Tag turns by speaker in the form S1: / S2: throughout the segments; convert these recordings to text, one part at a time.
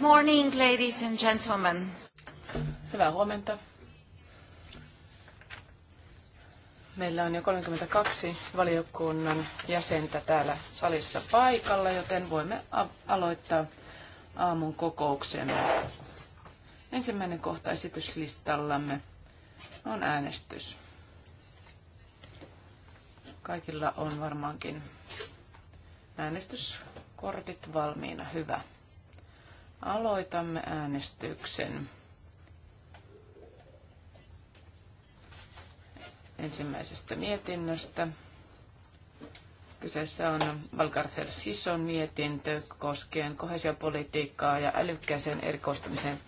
S1: Good morning, ladies and gentlemen. Hyvää huomenta. Meillä on jo 32 valiokunnan jäsentä täällä salissa paikalla, joten voimme aloittaa aamun kokouksemme. Ensimmäinen kohta esityslistallamme on äänestys. Kaikilla on varmaankin äänestyskortit valmiina. Hyvä. Aloitamme äänestyksen. Ensimmäisestä mietinnöstä. Kyseessä on Valkarther Sison mietintö koskien kohesiopolitiikkaa ja älykkäisen erikoistamisen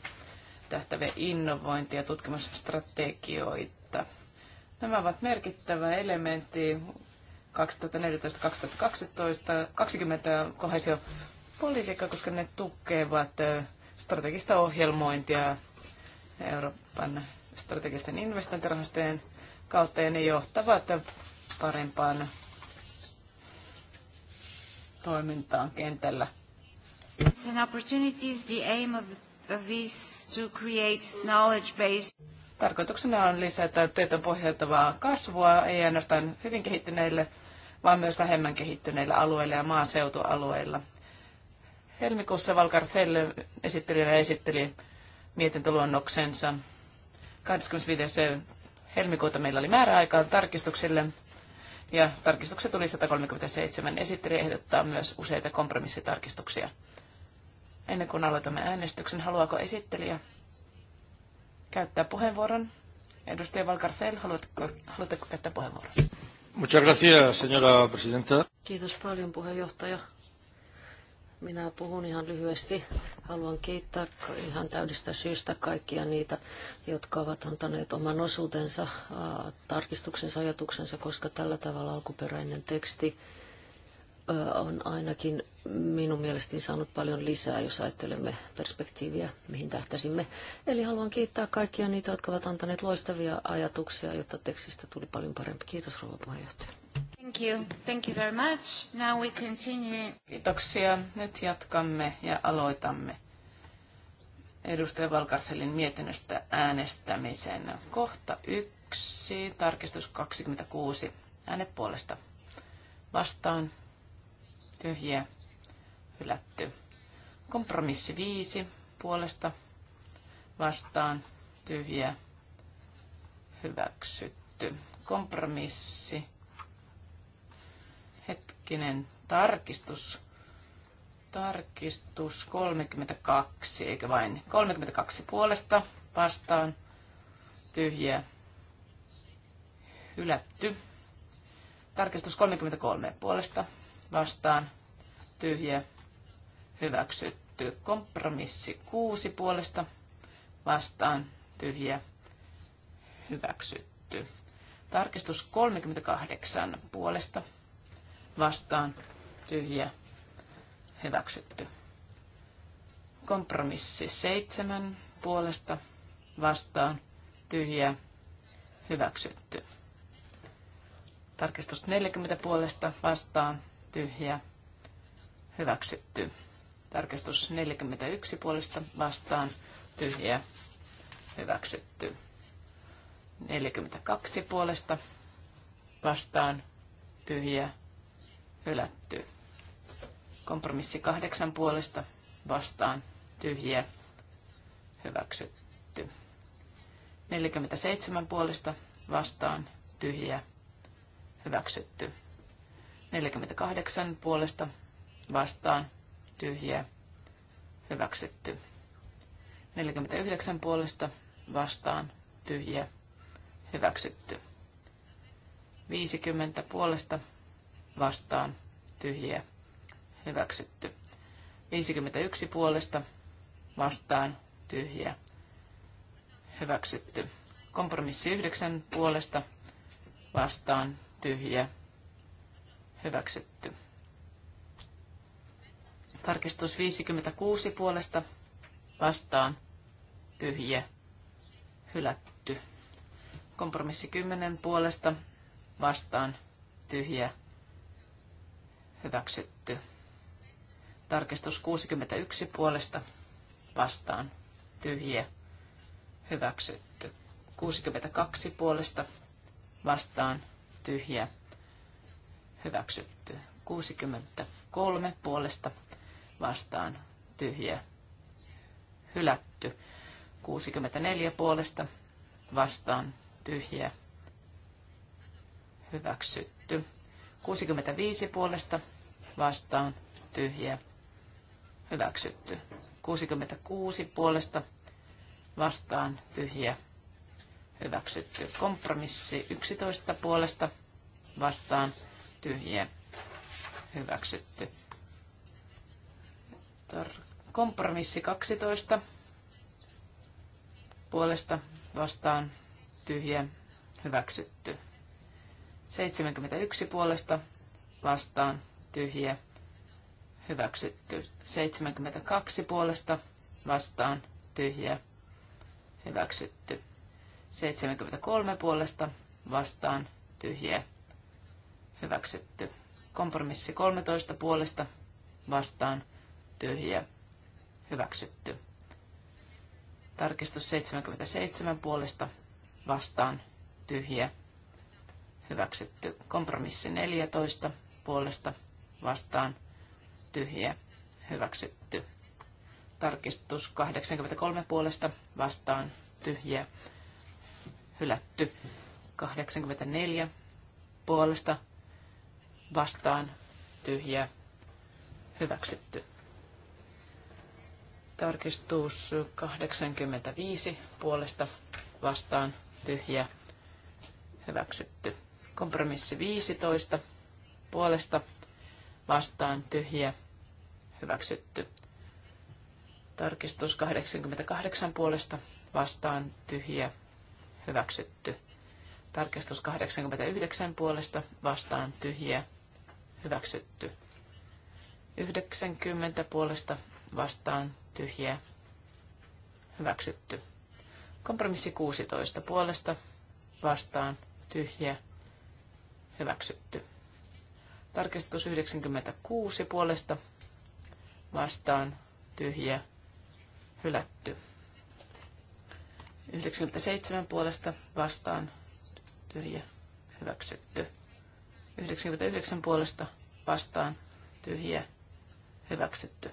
S1: tähtäviä innovointi- ja tutkimusstrategioita. Nämä ovat merkittävä elementti 2014-2020 kohesiopolitiikkaa politiikkaa, koska ne tukevat strategista ohjelmointia Euroopan strategisten investointirahastojen kautta ja ne johtavat parempaan toimintaan kentällä.
S2: It's an opportunities, the aim of, of this to create knowledge base.
S1: Tarkoituksena on lisätä tietoon pohjautuvaa kasvua, ei ainoastaan hyvin kehittyneille, vaan myös vähemmän kehittyneillä alueilla ja maaseutualueilla. Helmikuussa esitteli ja esitteli mietintöluonnoksensa. 25. helmikuuta meillä oli määräaikaa tarkistuksille ja tarkistukset tuli 137. Esittelijä ehdottaa myös useita kompromissitarkistuksia. Ennen kuin aloitamme äänestyksen, haluaako esittelijä käyttää puheenvuoron? Edustaja Valkarcel,
S3: haluatko haluatko käyttää puheenvuoron? Muchas gracias, señora presidenta. Kiitos paljon, puheenjohtaja. Minä puhun ihan lyhyesti. Haluan kiittää ihan täydestä syystä kaikkia niitä, jotka ovat antaneet oman osuutensa, tarkistuksensa, ajatuksensa, koska tällä tavalla alkuperäinen teksti on ainakin minun mielestäni saanut paljon lisää, jos ajattelemme perspektiiviä, mihin tähtäisimme. Eli haluan kiittää kaikkia niitä, jotka ovat antaneet loistavia ajatuksia, jotta tekstistä tuli paljon parempi. Kiitos, rouva puheenjohtaja.
S2: Thank you. Thank you very much. Now we continue.
S1: Kiitoksia. Nyt jatkamme ja aloitamme edustaja Valkarselin mietinnöstä äänestämisen. Kohta yksi, tarkistus 26. Äänet puolesta vastaan tyhjiä hylätty. Kompromissi viisi puolesta vastaan tyhjiä hyväksytty. Kompromissi. Hetkinen tarkistus. Tarkistus 32, eikö vain? 32 puolesta vastaan tyhjiä hylätty. Tarkistus 33 puolesta vastaan tyhjä hyväksytty. Kompromissi 6 puolesta vastaan tyhjä hyväksytty. Tarkistus 38 puolesta vastaan tyhjä hyväksytty. Kompromissi 7 puolesta vastaan tyhjä hyväksytty. Tarkistus 40 puolesta vastaan tyhjä, hyväksytty. Tarkistus 41 puolesta vastaan, tyhjä, hyväksytty. 42 puolesta vastaan, tyhjä, hylätty. Kompromissi 8 puolesta vastaan, tyhjä, hyväksytty. 47 puolesta vastaan, tyhjä, hyväksytty. 48 puolesta vastaan tyhjiä hyväksytty. 49 puolesta vastaan tyhjiä hyväksytty. 50 puolesta vastaan tyhjiä hyväksytty. 51 puolesta vastaan tyhjiä hyväksytty. Kompromissi 9 puolesta vastaan tyhjiä hyväksytty. Tarkistus 56 puolesta vastaan tyhjä hylätty. Kompromissi 10 puolesta vastaan tyhjä hyväksytty. Tarkistus 61 puolesta vastaan tyhjä hyväksytty. 62 puolesta vastaan tyhjä hyväksytty hyväksytty. 63 puolesta vastaan tyhjä hylätty. 64 puolesta vastaan tyhjä hyväksytty. 65 puolesta vastaan tyhjä hyväksytty. 66 puolesta vastaan tyhjä hyväksytty. Kompromissi 11 puolesta vastaan tyhjä tyhjiä hyväksytty. Kompromissi 12 puolesta vastaan tyhjiä hyväksytty. 71 puolesta vastaan tyhjiä hyväksytty. 72 puolesta vastaan tyhjiä hyväksytty. 73 puolesta vastaan tyhjiä hyväksytty. Kompromissi 13 puolesta vastaan tyhjä hyväksytty. Tarkistus 77 puolesta vastaan tyhjä hyväksytty. Kompromissi 14 puolesta vastaan tyhjä hyväksytty. Tarkistus 83 puolesta vastaan tyhjä hylätty. 84 puolesta vastaan tyhjä hyväksytty. Tarkistus 85 puolesta vastaan tyhjä hyväksytty. Kompromissi 15 puolesta vastaan tyhjä hyväksytty. Tarkistus 88 puolesta vastaan tyhjä hyväksytty. Tarkistus 89 puolesta vastaan tyhjä hyväksytty. 90 puolesta vastaan tyhjää hyväksytty. Kompromissi 16 puolesta vastaan tyhjä hyväksytty. Tarkistus 96 puolesta vastaan tyhjä hylätty. 97 puolesta vastaan tyhjä hyväksytty. 99 puolesta vastaan tyhjiä hyväksytty.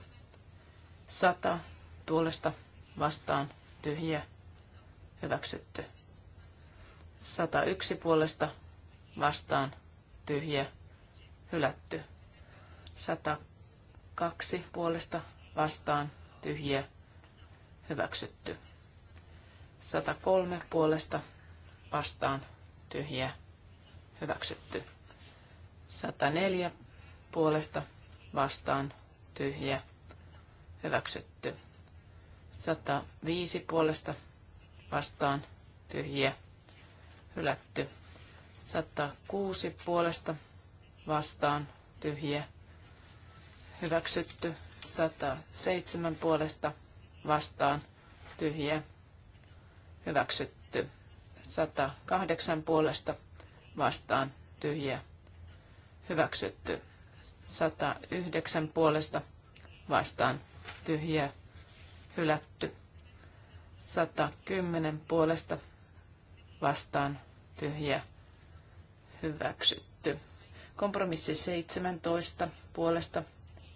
S1: 100 puolesta vastaan tyhjiä hyväksytty. 101 puolesta vastaan tyhjiä hylätty. 102 puolesta vastaan tyhjiä hyväksytty. 103 puolesta vastaan tyhjiä hyväksytty. 104 puolesta vastaan tyhjä hyväksytty. 105 puolesta vastaan tyhjä hylätty. 106 puolesta vastaan tyhjä hyväksytty. 107 puolesta vastaan tyhjä hyväksytty. 108 puolesta vastaan tyhjä hyväksytty. 109 puolesta vastaan tyhjä hylätty. 110 puolesta vastaan tyhjä hyväksytty. Kompromissi 17 puolesta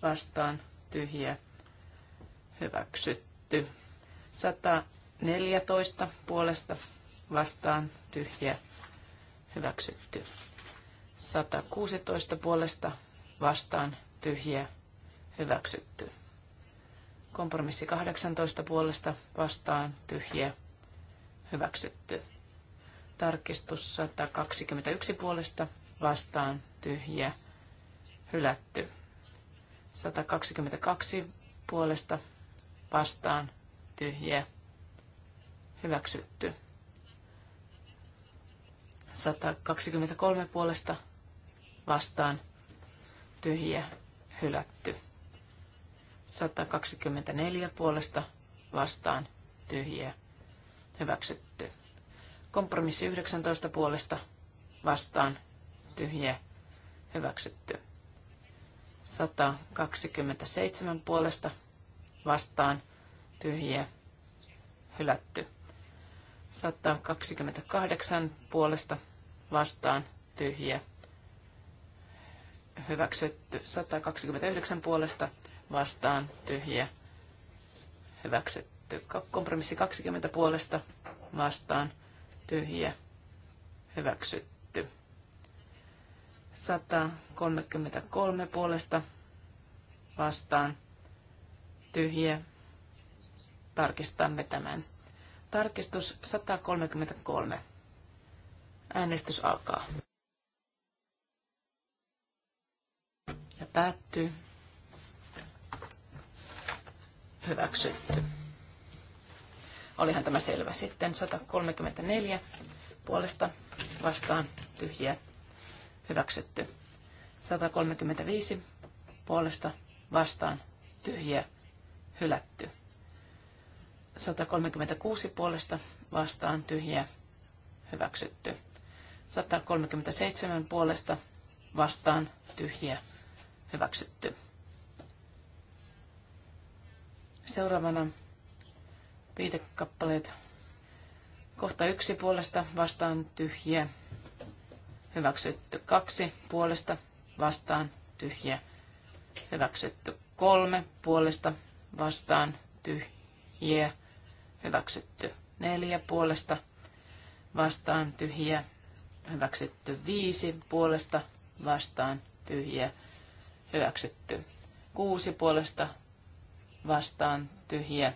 S1: vastaan tyhjä hyväksytty. 114 puolesta vastaan tyhjä hyväksytty. 116 puolesta vastaan tyhjiä hyväksytty. Kompromissi 18 puolesta vastaan tyhjiä hyväksytty. Tarkistus 121 puolesta vastaan tyhjiä hylätty. 122 puolesta vastaan tyhjiä hyväksytty. 123 puolesta vastaan tyhjä hylätty. 124 puolesta vastaan tyhjä hyväksytty. Kompromissi 19 puolesta vastaan tyhjä hyväksytty. 127 puolesta vastaan tyhjä hylätty. 128 puolesta vastaan tyhjä hyväksytty 129 puolesta vastaan tyhjiä hyväksytty. Kompromissi 20 puolesta vastaan tyhjiä hyväksytty. 133 puolesta vastaan tyhjiä. Tarkistamme tämän. Tarkistus 133. Äänestys alkaa. ja päättyy. Hyväksytty. Olihan tämä selvä. Sitten 134 puolesta vastaan tyhjiä. Hyväksytty. 135 puolesta vastaan tyhjiä. Hylätty. 136 puolesta vastaan tyhjiä. Hyväksytty. 137 puolesta vastaan tyhjiä hyväksytty. Seuraavana viitekappaleet. Kohta yksi puolesta vastaan tyhjiä. Hyväksytty kaksi puolesta vastaan tyhjiä. Hyväksytty kolme puolesta vastaan tyhjiä. Hyväksytty neljä puolesta vastaan tyhjiä. Hyväksytty viisi puolesta vastaan tyhjiä hyväksytty. Kuusi puolesta vastaan tyhjä,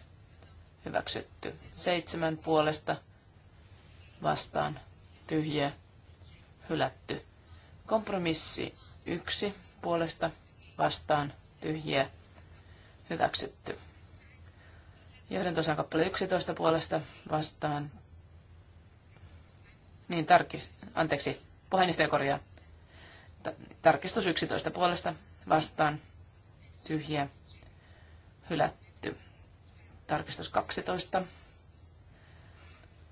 S1: hyväksytty. Seitsemän puolesta vastaan tyhjä, hylätty. Kompromissi yksi puolesta vastaan tyhjä, hyväksytty. Johdantosan kappale 11 puolesta vastaan. Niin, tarkis, anteeksi, puheenjohtaja korjaa. Tarkistus 11 puolesta vastaan tyhjä hylätty. Tarkistus 12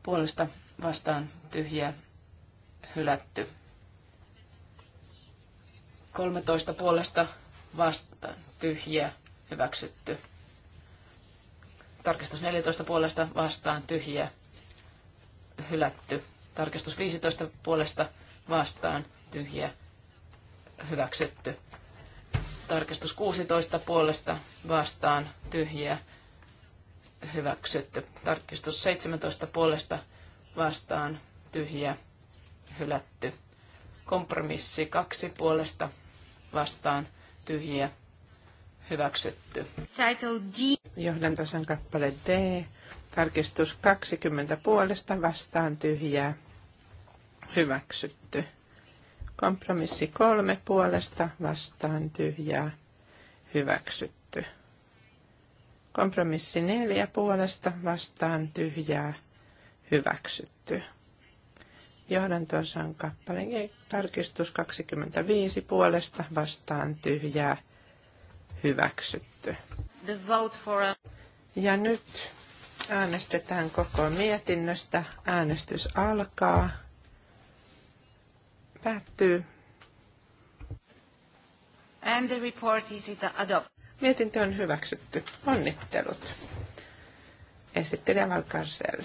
S1: puolesta vastaan tyhjä hylätty. 13 puolesta vastaan tyhjä hyväksytty. Tarkistus 14 puolesta vastaan tyhjä hylätty. Tarkistus 15 puolesta vastaan tyhjä hyväksytty. Tarkistus 16 puolesta vastaan tyhjiä hyväksytty. Tarkistus 17 puolesta vastaan tyhjiä hylätty. Kompromissi 2 puolesta vastaan tyhjiä
S2: hyväksytty. Johdantosan kappale D. Tarkistus 20 puolesta vastaan tyhjää hyväksytty. Kompromissi kolme puolesta vastaan tyhjää hyväksytty. Kompromissi neljä puolesta vastaan tyhjää hyväksytty. Johdantosan kappaleen e- tarkistus 25 puolesta vastaan tyhjää hyväksytty.
S3: The vote for a...
S2: Ja nyt äänestetään koko mietinnöstä. Äänestys alkaa. Päättyy.
S3: And the report is adopted.
S2: Mietintö on hyväksytty. Onnittelut. Esittelijä Valkarsel.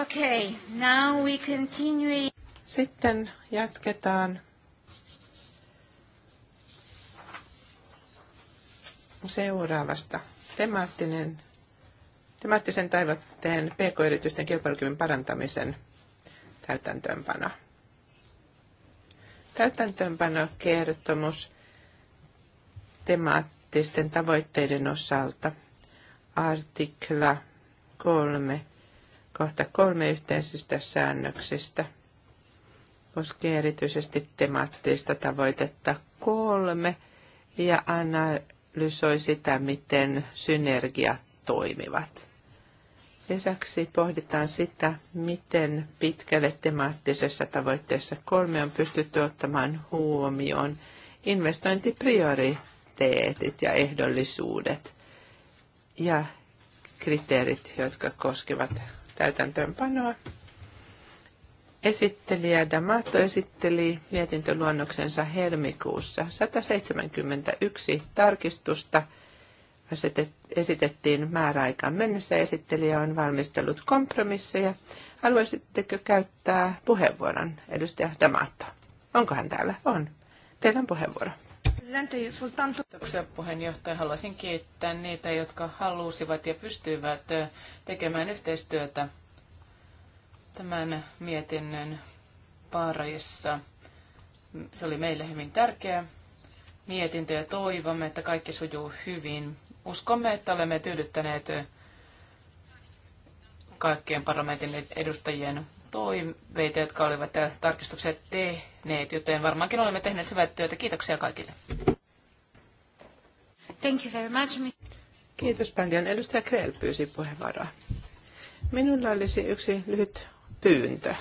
S2: Okay, now we continue. Sitten jatketaan seuraavasta. Temaattinen, temaattisen taivotteen pk-yritysten kilpailukyvyn parantamisen täytäntöönpano. kertomus temaattisten tavoitteiden osalta artikla 3, kohta kolme yhteisistä säännöksistä koskee erityisesti temaattista tavoitetta kolme ja analysoi sitä, miten synergiat toimivat. Lisäksi pohditaan sitä, miten pitkälle temaattisessa tavoitteessa kolme on pystytty ottamaan huomioon investointiprioriteetit ja ehdollisuudet ja kriteerit, jotka koskevat täytäntöönpanoa. Esittelijä Damato esitteli mietintöluonnoksensa helmikuussa 171 tarkistusta – esitettiin määräaikaan mennessä. Esittelijä on valmistellut kompromisseja. Haluaisitteko käyttää puheenvuoron, edustaja Damato? Onko hän täällä? On. Teillä on puheenvuoro.
S1: Kiitoksia puheenjohtaja. Haluaisin kiittää niitä, jotka halusivat ja pystyivät tekemään yhteistyötä tämän mietinnön parissa. Se oli meille hyvin tärkeä mietintö ja toivomme, että kaikki sujuu hyvin. Uskomme, että olemme tyydyttäneet kaikkien parlamentin edustajien toiveita, jotka olivat tarkistukset tehneet, joten varmaankin olemme tehneet hyvää työtä. Kiitoksia
S2: kaikille. Thank you very much. Kiitos paljon. Edustaja Krell pyysi puheenvuoroa. Minulla olisi yksi lyhyt pyyntö.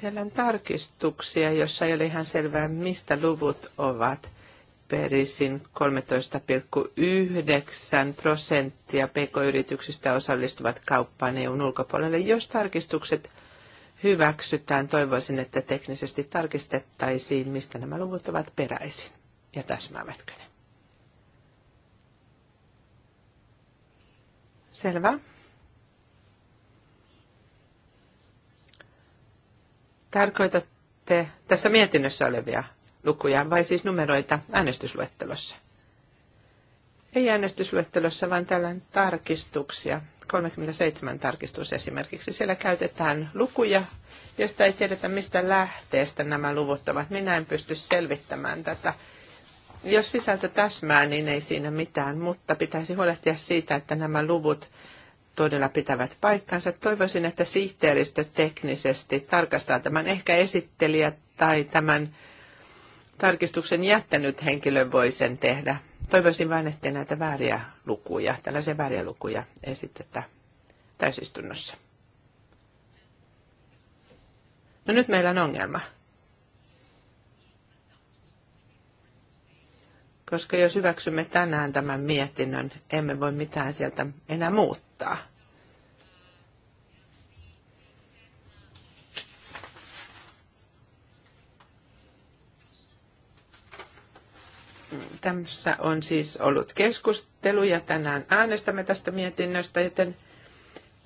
S2: Siellä on tarkistuksia, jossa ei ole ihan selvää, mistä luvut ovat perisin 13,9 prosenttia pk-yrityksistä osallistuvat kauppaan EUn ulkopuolelle. Jos tarkistukset hyväksytään, toivoisin, että teknisesti tarkistettaisiin, mistä nämä luvut ovat peräisin ja täsmäävätkö ne. Selvä. Tarkoitatte tässä mietinnössä olevia lukuja, vai siis numeroita äänestysluettelossa? Ei äänestysluettelossa, vaan täällä on tarkistuksia. 37 tarkistus esimerkiksi. Siellä käytetään lukuja, josta ei tiedetä, mistä lähteestä nämä luvut ovat. Minä en pysty selvittämään tätä. Jos sisältö täsmää, niin ei siinä mitään, mutta pitäisi huolehtia siitä, että nämä luvut todella pitävät paikkansa. Toivoisin, että sihteeristö teknisesti tarkastaa tämän ehkä esittelijä tai tämän tarkistuksen jättänyt henkilö voi sen tehdä. Toivoisin vain, ettei näitä vääriä lukuja, tällaisia vääriä lukuja esitetä täysistunnossa. No nyt meillä on ongelma. Koska jos hyväksymme tänään tämän mietinnön, emme voi mitään sieltä enää muuttaa. Tässä on siis ollut keskustelu ja tänään äänestämme tästä mietinnöstä, joten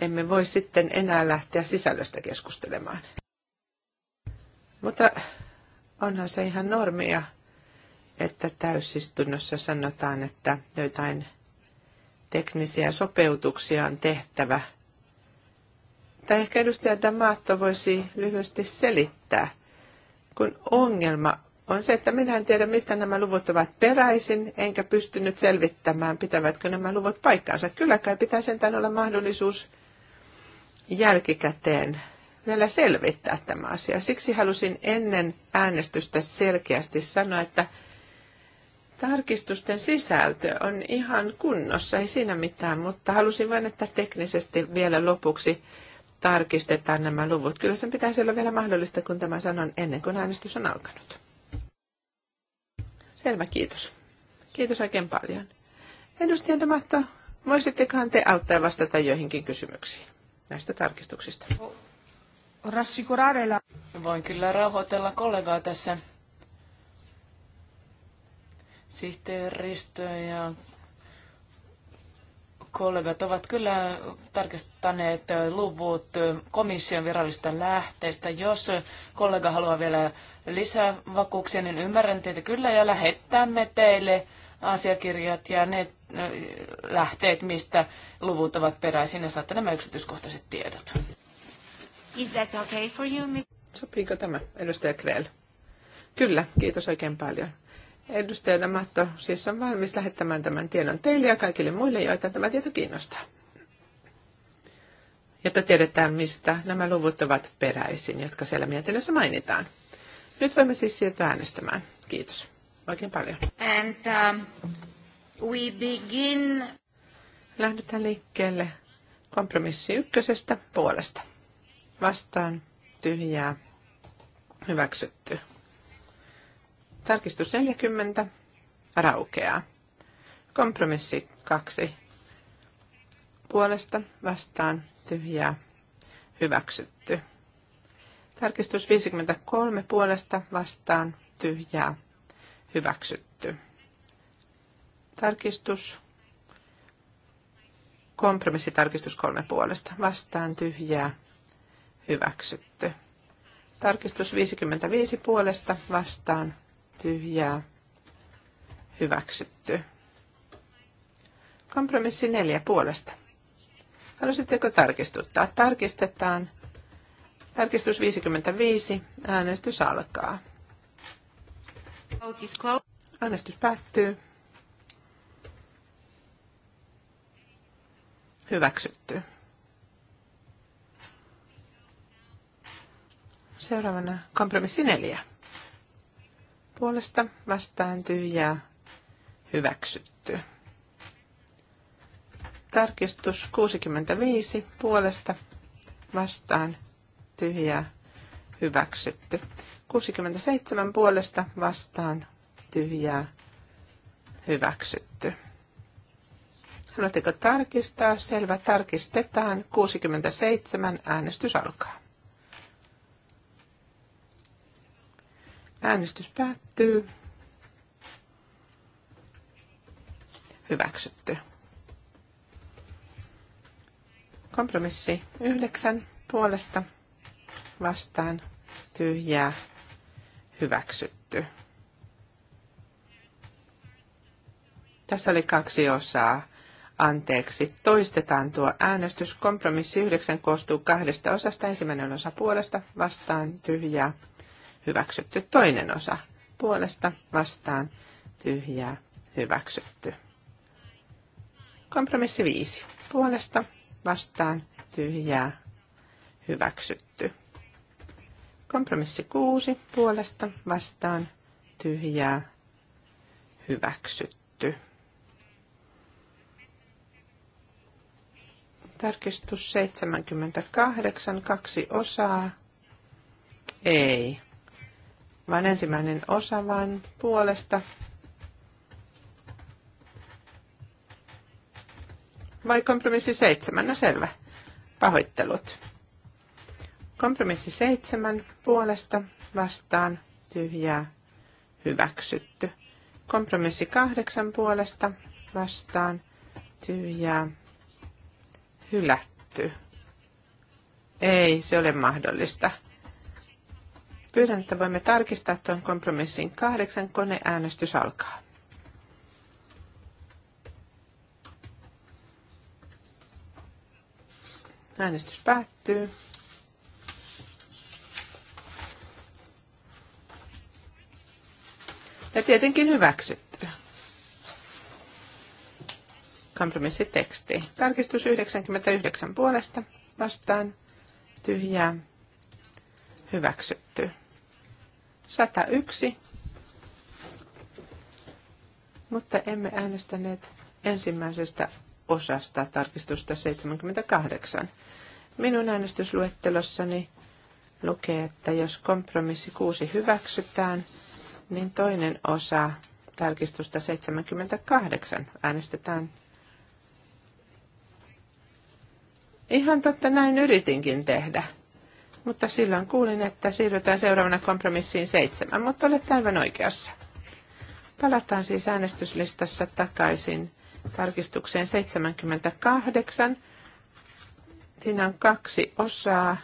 S2: emme voi sitten enää lähteä sisällöstä keskustelemaan. Mutta onhan se ihan normia, että täysistunnossa sanotaan, että jotain teknisiä sopeutuksia on tehtävä. Tai ehkä edustaja Damato voisi lyhyesti selittää, kun ongelma on se, että minä en tiedä, mistä nämä luvut ovat peräisin, enkä pystynyt selvittämään, pitävätkö nämä luvut paikkaansa. Kyllä kai pitää sentään olla mahdollisuus jälkikäteen vielä selvittää tämä asia. Siksi halusin ennen äänestystä selkeästi sanoa, että tarkistusten sisältö on ihan kunnossa, ei siinä mitään, mutta halusin vain, että teknisesti vielä lopuksi tarkistetaan nämä luvut. Kyllä sen pitäisi olla vielä mahdollista, kun tämä sanon ennen kuin äänestys on alkanut. Selvä, kiitos. Kiitos oikein paljon. Edustaja Damatta, voisittekohan te auttaa ja vastata joihinkin kysymyksiin näistä tarkistuksista?
S1: Rassicurarella. Voin kyllä rauhoitella kollegaa tässä sihteeristöä ja kollegat ovat kyllä tarkistaneet luvut komission virallisista lähteistä. Jos kollega haluaa vielä lisää vakuuksia, niin ymmärrän teitä kyllä ja lähettämme teille asiakirjat ja ne lähteet, mistä luvut ovat peräisin, ja saatte nämä yksityiskohtaiset tiedot.
S2: Is that okay for you, Sopiiko tämä, edustaja Krell? Kyllä, kiitos oikein paljon. Edustaja Damatto siis on valmis lähettämään tämän tiedon teille ja kaikille muille, joita tämä tieto kiinnostaa. Jotta tiedetään, mistä nämä luvut ovat peräisin, jotka siellä mietinnössä mainitaan. Nyt voimme siis siirtyä äänestämään. Kiitos oikein paljon. And um, we begin... Lähdetään liikkeelle kompromissi ykkösestä puolesta. Vastaan tyhjää hyväksytty. Tarkistus 40 raukeaa. Kompromissi 2 puolesta vastaan tyhjää hyväksytty. Tarkistus 53 puolesta vastaan tyhjää hyväksytty. Tarkistus kompromissitarkistus kolme puolesta vastaan tyhjää hyväksytty. Tarkistus 55 puolesta vastaan ja hyväksytty. Kompromissi neljä puolesta. Haluaisitteko tarkistuttaa? Tarkistetaan. Tarkistus 55. Äänestys alkaa. Äänestys päättyy. Hyväksytty. Seuraavana kompromissi neljä puolesta vastaan ja hyväksytty. Tarkistus 65 puolesta vastaan tyhjää hyväksytty. 67 puolesta vastaan tyhjää hyväksytty. Haluatteko tarkistaa? Selvä, tarkistetaan. 67 äänestys alkaa. Äänestys päättyy. Hyväksytty. Kompromissi yhdeksän puolesta vastaan tyhjää hyväksytty. Tässä oli kaksi osaa. Anteeksi, toistetaan tuo äänestys. Kompromissi 9 koostuu kahdesta osasta. Ensimmäinen osa puolesta, vastaan, tyhjää, hyväksytty. Toinen osa puolesta vastaan tyhjää hyväksytty. Kompromissi viisi puolesta vastaan tyhjää hyväksytty. Kompromissi kuusi puolesta vastaan tyhjää hyväksytty. Tarkistus 78, kaksi osaa. Ei vaan ensimmäinen osa vain puolesta. Vai kompromissi seitsemän? No selvä. Pahoittelut. Kompromissi seitsemän puolesta vastaan tyhjää hyväksytty. Kompromissi kahdeksan puolesta vastaan tyhjää hylätty. Ei se ole mahdollista. Pyydän, että voimme tarkistaa tuon kompromissin kahdeksan. Koneäänestys alkaa. Äänestys päättyy. Ja tietenkin hyväksytty. Kompromissiteksti. Tarkistus 99 puolesta vastaan tyhjää hyväksytty. 101, mutta emme äänestäneet ensimmäisestä osasta tarkistusta 78. Minun äänestysluettelossani lukee, että jos kompromissi 6 hyväksytään, niin toinen osa tarkistusta 78 äänestetään. Ihan totta näin yritinkin tehdä mutta silloin kuulin, että siirrytään seuraavana kompromissiin seitsemän, mutta olet aivan oikeassa. Palataan siis äänestyslistassa takaisin tarkistukseen 78. Siinä on kaksi osaa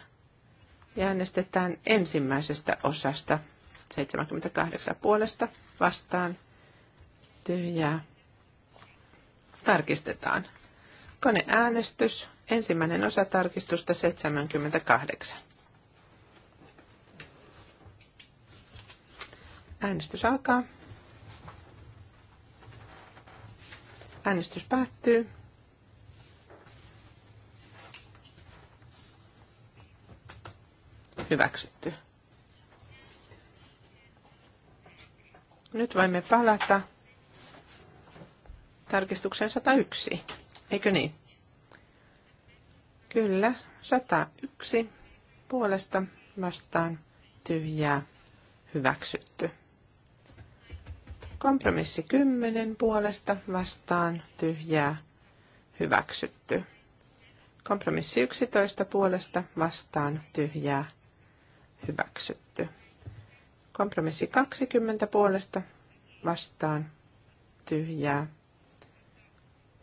S2: ja äänestetään ensimmäisestä osasta 78 puolesta vastaan tyhjää. Tarkistetaan. Koneäänestys. Ensimmäinen osa tarkistusta 78. Äänestys alkaa. Äänestys päättyy. Hyväksytty. Nyt voimme palata tarkistukseen 101, eikö niin? Kyllä, 101 puolesta vastaan tyhjää hyväksytty. Kompromissi 10 puolesta vastaan tyhjää hyväksytty. Kompromissi 11 puolesta vastaan tyhjää hyväksytty. Kompromissi 20 puolesta vastaan tyhjää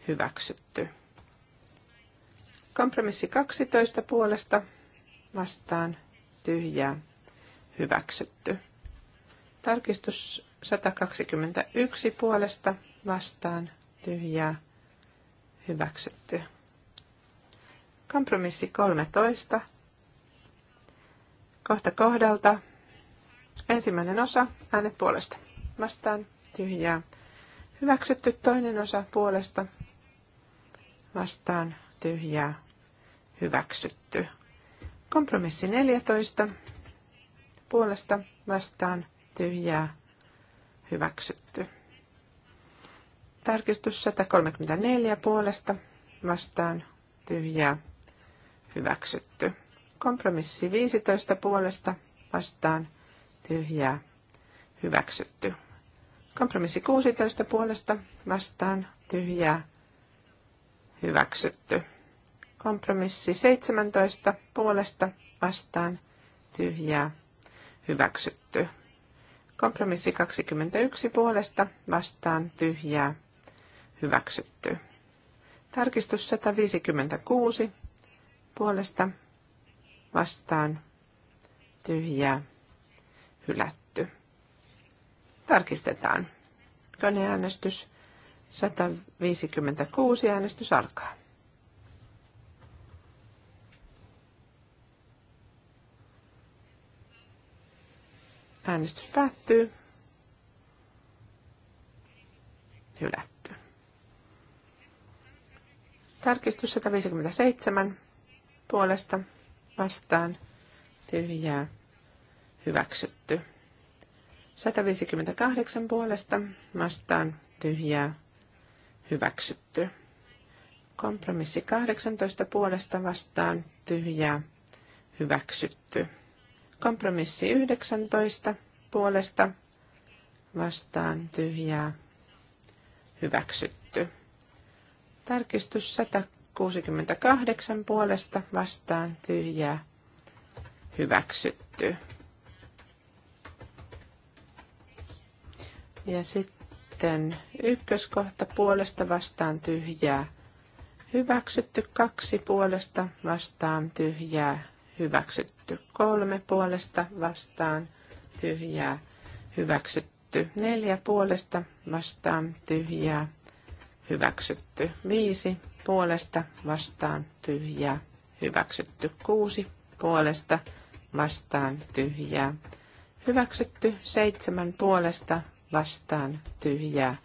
S2: hyväksytty. Kompromissi 12 puolesta vastaan tyhjää hyväksytty. Tarkistus 121 puolesta vastaan tyhjää hyväksytty. Kompromissi 13. Kohta kohdalta. Ensimmäinen osa, äänet puolesta. Vastaan tyhjää. Hyväksytty toinen osa puolesta. Vastaan tyhjää. Hyväksytty. Kompromissi 14. Puolesta vastaan tyhjää hyväksytty. Tarkistus 134 puolesta vastaan tyhjää hyväksytty. Kompromissi 15 puolesta vastaan tyhjää hyväksytty. Kompromissi 16 puolesta vastaan tyhjää hyväksytty. Kompromissi 17 puolesta vastaan tyhjää hyväksytty. Kompromissi 21 puolesta vastaan tyhjää hyväksytty. Tarkistus 156 puolesta vastaan tyhjää hylätty. Tarkistetaan. Koneäänestys 156 äänestys alkaa. Äänestys päättyy. Hylätty. Tarkistus 157 puolesta vastaan tyhjää hyväksytty. 158 puolesta vastaan tyhjää hyväksytty. Kompromissi 18 puolesta vastaan tyhjää hyväksytty. Kompromissi 19 puolesta vastaan tyhjää hyväksytty. Tarkistus 168 puolesta vastaan tyhjää hyväksytty. Ja sitten ykköskohta puolesta vastaan tyhjää hyväksytty, kaksi puolesta vastaan tyhjää hyväksytty hyväksytty. Kolme puolesta vastaan tyhjää hyväksytty. Neljä puolesta vastaan tyhjää hyväksytty. Viisi puolesta vastaan tyhjää hyväksytty. Kuusi puolesta vastaan tyhjää hyväksytty. Seitsemän puolesta vastaan tyhjää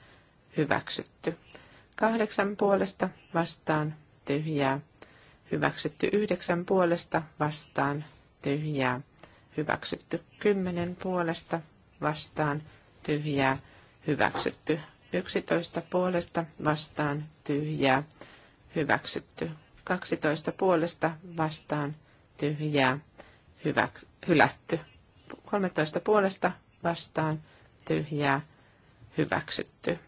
S2: hyväksytty. Kahdeksan puolesta vastaan tyhjää hyväksytty yhdeksän puolesta vastaan, tyhjää, hyväksytty. kymmenen puolesta vastaan, tyhjää, hyväksytty. yksitoista puolesta vastaan, tyhjää, hyväksytty. kaksitoista puolesta vastaan, tyhjää, hyvä, hylätty. kolmetoista puolesta vastaan, tyhjää, hyväksytty.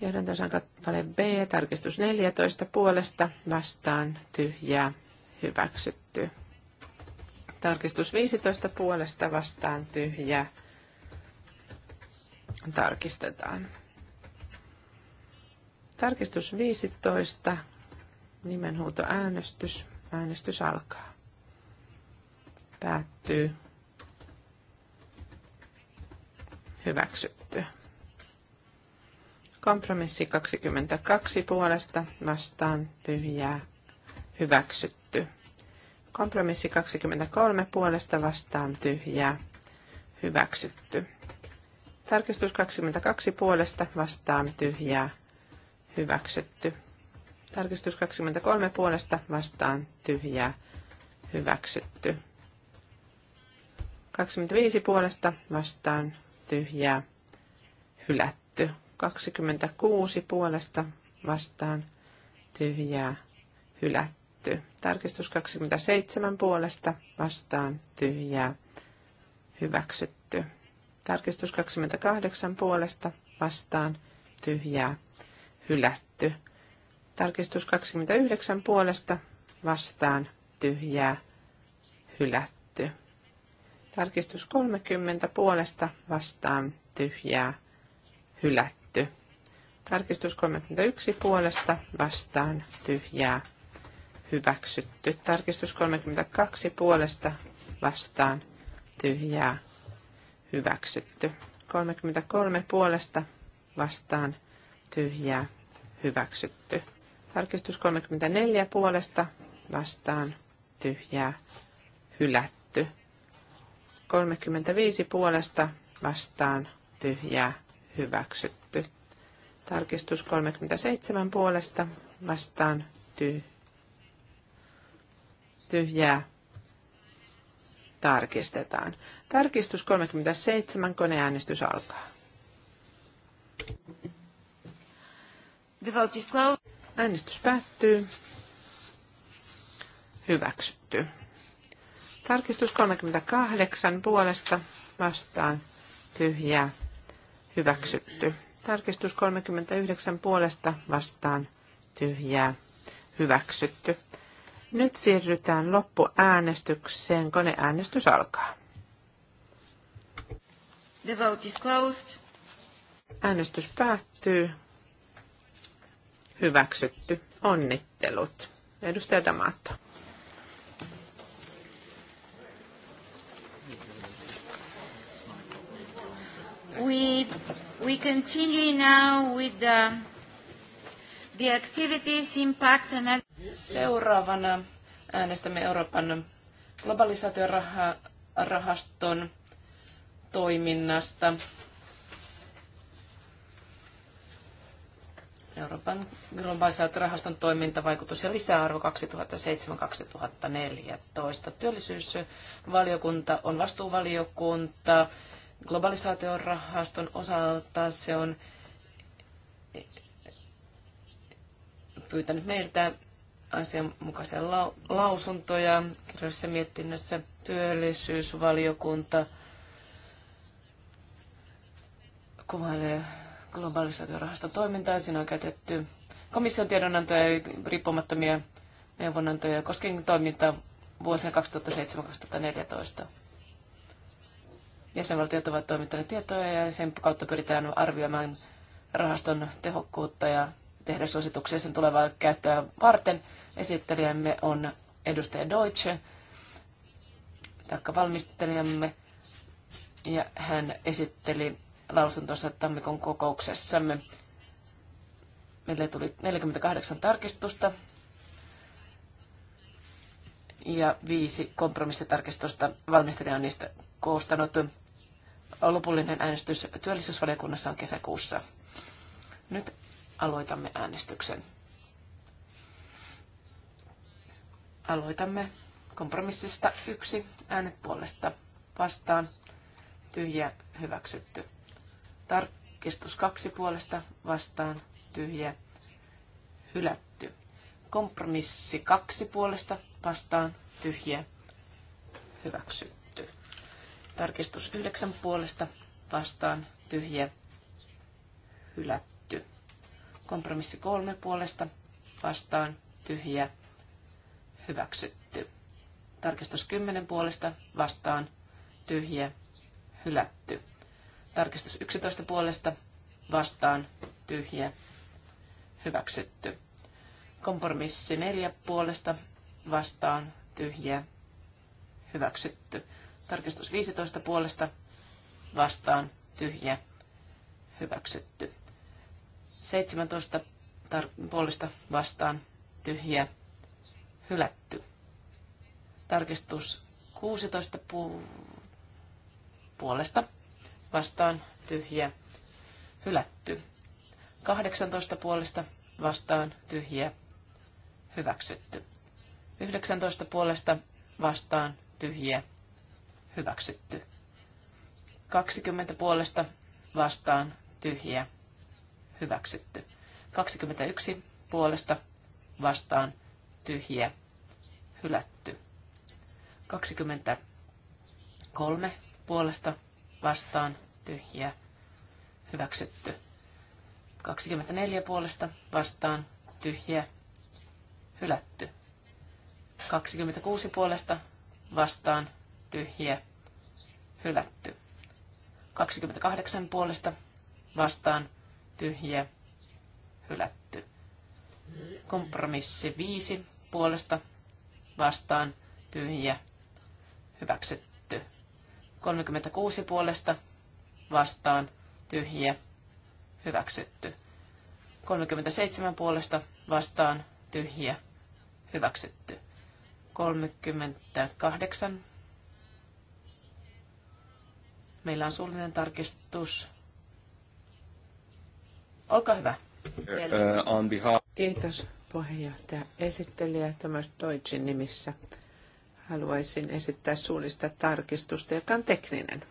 S2: Johdantosan kappale B, tarkistus 14 puolesta vastaan, tyhjää, hyväksytty. Tarkistus 15 puolesta vastaan tyhjä. Tarkistetaan. Tarkistus 15. Nimenhuutoäänestys. Äänestys alkaa. Päättyy. Hyväksytty. Kompromissi 22 puolesta vastaan tyhjää. Hyväksytty Kompromissi 23 puolesta vastaan tyhjää. Hyväksytty. Tarkistus 22 puolesta vastaan tyhjää. Hyväksytty. Tarkistus 23 puolesta vastaan tyhjää. Hyväksytty. 25 puolesta vastaan tyhjää. Hylätty. 26 puolesta vastaan tyhjää. Hylätty hylätty. Tarkistus 27 puolesta vastaan tyhjää hyväksytty. Tarkistus 28 puolesta vastaan tyhjää hylätty. Tarkistus 29 puolesta vastaan tyhjää hylätty. Tarkistus 30 puolesta vastaan tyhjää hylätty. Tarkistus 31 puolesta vastaan tyhjää hyväksytty. Tarkistus 32 puolesta vastaan tyhjää hyväksytty. 33 puolesta vastaan tyhjää hyväksytty. Tarkistus 34 puolesta vastaan tyhjää hylätty. 35 puolesta vastaan tyhjää hyväksytty. Tarkistus 37 puolesta vastaan tyhjää tyhjää tarkistetaan. Tarkistus 37, koneäänestys alkaa. The vote is closed. Äänestys päättyy. Hyväksytty. Tarkistus 38 puolesta vastaan tyhjää. Hyväksytty. Tarkistus 39 puolesta vastaan tyhjää. Hyväksytty. Nyt siirrytään loppuäänestykseen. Koneäänestys alkaa.
S3: The vote is closed.
S2: Äänestys päättyy. Hyväksytty. Onnittelut. Edustaja Damato.
S3: We, we continue now with the, the activities impact and Seuraavana
S1: äänestämme Euroopan globalisaatiorahaston toiminnasta. Euroopan globalisaatiorahaston vaikutus ja lisäarvo 2007-2014. Työllisyysvaliokunta on vastuuvaliokunta globalisaatiorahaston osalta. Se on pyytänyt meiltä asianmukaisia lausuntoja. Kirjallisessa mietinnössä työllisyysvaliokunta kuvailee globalisaatiorahaston toimintaa. Siinä on käytetty komission tiedonantoja ja riippumattomia neuvonantoja koskien toimintaa vuosina 2007-2014. Jäsenvaltiot ovat toimittaneet tietoja ja sen kautta pyritään arvioimaan rahaston tehokkuutta ja tehdä suosituksia sen tulevaa käyttöä varten. Esittelijämme on edustaja Deutsche, taikka valmistelijamme, ja hän esitteli lausuntonsa tammikuun kokouksessamme. Meille tuli 48 tarkistusta ja viisi kompromissitarkistusta. Valmistelija on niistä koostanut. Lopullinen äänestys työllisyysvaliokunnassa on kesäkuussa. Nyt aloitamme äänestyksen. Aloitamme kompromissista yksi äänet puolesta vastaan tyhjä hyväksytty. Tarkistus kaksi puolesta vastaan tyhjä hylätty. Kompromissi kaksi puolesta vastaan tyhjä hyväksytty. Tarkistus yhdeksän puolesta vastaan tyhjä hylätty. Kompromissi kolme puolesta vastaan tyhjä hylätty hyväksytty. Tarkistus 10 puolesta vastaan tyhjä hylätty. Tarkistus 11 puolesta vastaan tyhjä hyväksytty. Kompromissi 4 puolesta vastaan tyhjä hyväksytty. Tarkistus 15 puolesta vastaan tyhjä hyväksytty. 17 tar- puolesta vastaan tyhjä hylätty. Tarkistus 16 pu- puolesta vastaan tyhjä hylätty. 18 puolesta vastaan tyhjä hyväksytty. 19 puolesta vastaan tyhjä hyväksytty. 20 puolesta vastaan tyhjä hyväksytty. 21 puolesta vastaan tyhjä, hylätty. 23 puolesta vastaan tyhjä, hyväksytty. 24 puolesta vastaan tyhjä, hylätty. 26 puolesta vastaan tyhjä, hylätty. 28 puolesta vastaan tyhjä, hylätty. Kompromissi 5 puolesta vastaan tyhjä hyväksytty. 36 puolesta vastaan tyhjä hyväksytty. 37 puolesta vastaan tyhjä hyväksytty. 38. Meillä on suullinen
S2: tarkistus. Olkaa hyvä. on behalf... Kiitos puheenjohtaja esittelijä Thomas Deutschin nimissä. Haluaisin esittää suullista tarkistusta, joka on tekninen.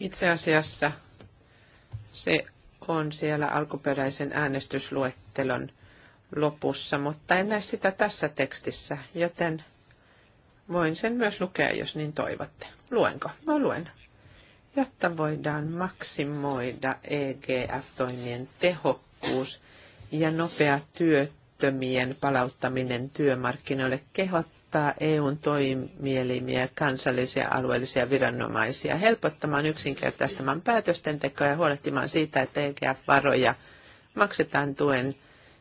S2: Itse asiassa se on siellä alkuperäisen äänestysluettelon lopussa, mutta en näe sitä tässä tekstissä, joten voin sen myös lukea, jos niin toivotte. Luenko? No luen. Jotta voidaan maksimoida EGF-toimien tehokkuus, ja nopea työttömien palauttaminen työmarkkinoille kehottaa EUn toimielimiä, kansallisia alueellisia viranomaisia helpottamaan yksinkertaistamaan päätösten tekoa ja huolehtimaan siitä, että EGF-varoja maksetaan tuen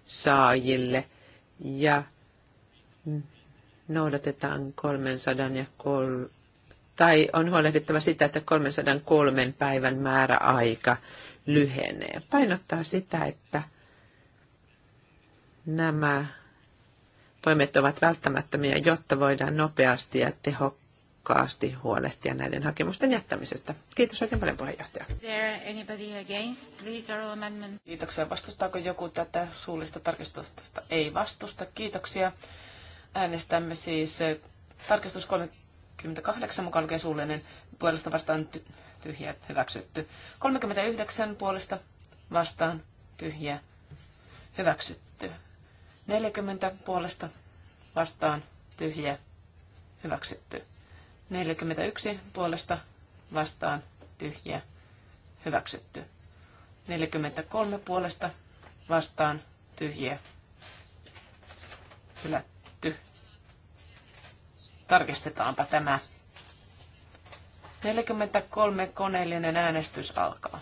S2: saajille ja noudatetaan 300 ja kol- tai on huolehdittava sitä, että 303 päivän määräaika lyhenee. Painottaa sitä, että Nämä toimet ovat välttämättömiä, jotta voidaan nopeasti ja tehokkaasti huolehtia näiden hakemusten jättämisestä. Kiitos oikein paljon puheenjohtaja.
S1: Kiitoksia. Vastustaako joku tätä suullista tarkistusta? Ei vastusta. Kiitoksia. Äänestämme siis eh, tarkistus 38 mukaan lukee suullinen puolesta vastaan tyhjä hyväksytty. 39 puolesta vastaan tyhjä hyväksytty. 40 puolesta vastaan tyhjä hyväksytty. 41 puolesta vastaan tyhjä hyväksytty. 43 puolesta vastaan tyhjä hylätty. Tarkistetaanpa tämä. 43 koneellinen äänestys alkaa.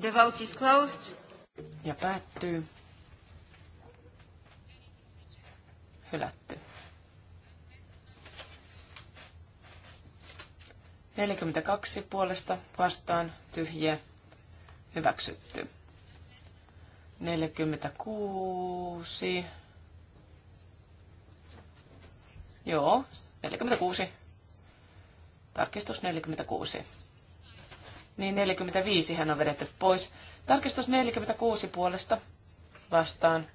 S1: The vote is closed. Ja päättyy. Hylätty. 42 puolesta vastaan tyhjä hyväksytty. 46. Joo, 46. Tarkistus 46 niin 45 hän on vedetty pois. Tarkistus 46 puolesta vastaan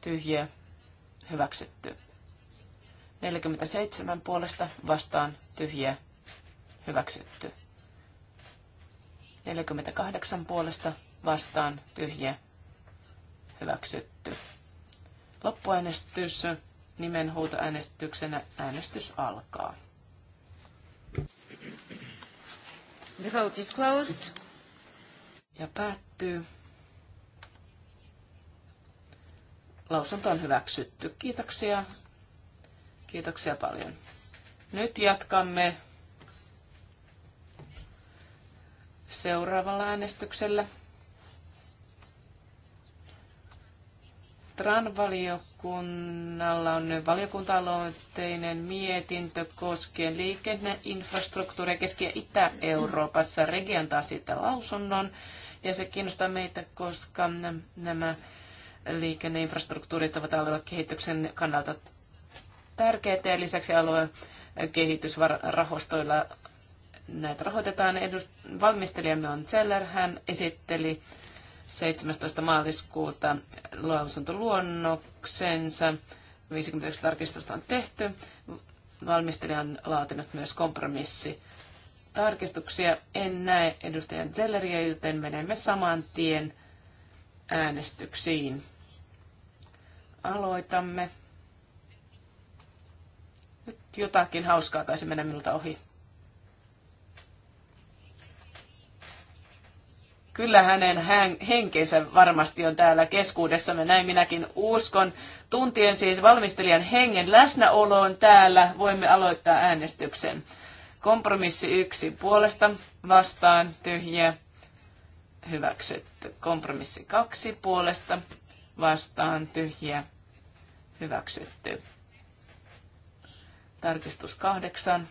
S1: tyhjiä hyväksytty. 47 puolesta vastaan tyhjiä hyväksytty. 48 puolesta vastaan tyhjiä hyväksytty. Loppuäänestys nimenhuutoäänestyksenä äänestys alkaa. The vote is closed. Ja päättyy. Lausunto on hyväksytty. Kiitoksia. Kiitoksia paljon. Nyt jatkamme seuraavalla äänestyksellä. TRAN-valiokunnalla on valiokunta mietintö koskien liikenneinfrastruktuuria Keski- ja Itä-Euroopassa. Regi antaa siitä lausunnon ja se kiinnostaa meitä, koska nämä liikenneinfrastruktuurit ovat alueen kehityksen kannalta tärkeitä ja lisäksi alueen kehitysrahoistoilla näitä rahoitetaan. Edust- valmistelijamme on Zeller, hän esitteli 17. maaliskuuta lausuntoluonnoksensa. 51 tarkistusta on tehty. Valmistelija on laatinut myös kompromissi. Tarkistuksia en näe edustajan Zelleriä, joten menemme saman tien äänestyksiin. Aloitamme. Nyt jotakin hauskaa taisi mennä minulta ohi. kyllä hänen henkensä varmasti on täällä keskuudessamme, näin minäkin uskon. Tuntien siis valmistelijan hengen läsnäoloon täällä voimme aloittaa äänestyksen. Kompromissi yksi puolesta, vastaan, tyhjä, hyväksytty. Kompromissi kaksi puolesta, vastaan, tyhjä, hyväksytty. Tarkistus kahdeksan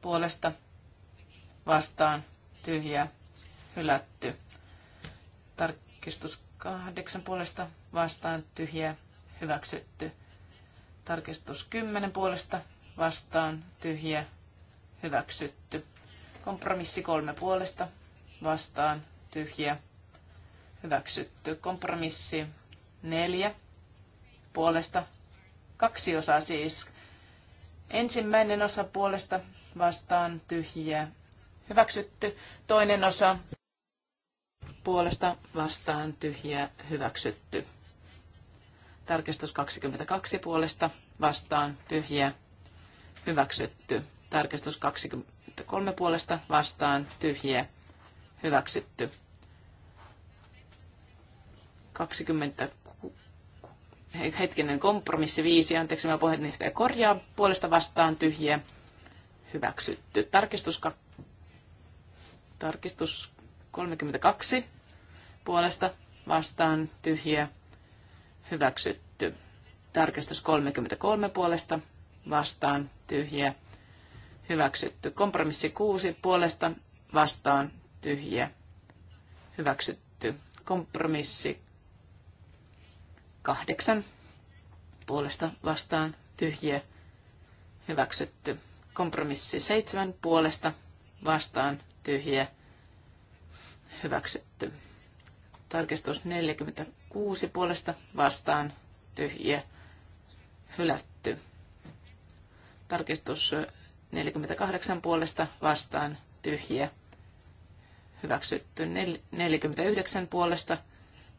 S1: puolesta, vastaan, tyhjä, hylätty. Tarkistus kahdeksan puolesta vastaan tyhjä hyväksytty. Tarkistus kymmenen puolesta vastaan tyhjä hyväksytty. Kompromissi kolme puolesta vastaan tyhjä hyväksytty. Kompromissi neljä puolesta. Kaksi osaa siis. Ensimmäinen osa puolesta vastaan tyhjä hyväksytty. Toinen osa puolesta vastaan tyhjä hyväksytty. Tarkistus 22 puolesta vastaan tyhjä hyväksytty. Tarkistus 23 puolesta vastaan tyhjä hyväksytty. 20, hetkinen kompromissi viisi anteeksi mä puheenjohtaja korjaa, puolesta vastaan tyhjä, hyväksytty. Tarkistus, tarkistus 32 puolesta vastaan tyhjiä hyväksytty. Tarkistus 33 puolesta vastaan tyhjiä hyväksytty. Kompromissi 6 puolesta vastaan tyhjiä hyväksytty. Kompromissi 8 puolesta vastaan tyhjiä hyväksytty. Kompromissi 7 puolesta vastaan tyhjiä hyväksytty. Tarkistus 46 puolesta vastaan tyhjiä hylätty. Tarkistus 48 puolesta vastaan tyhjiä hyväksytty. 49 puolesta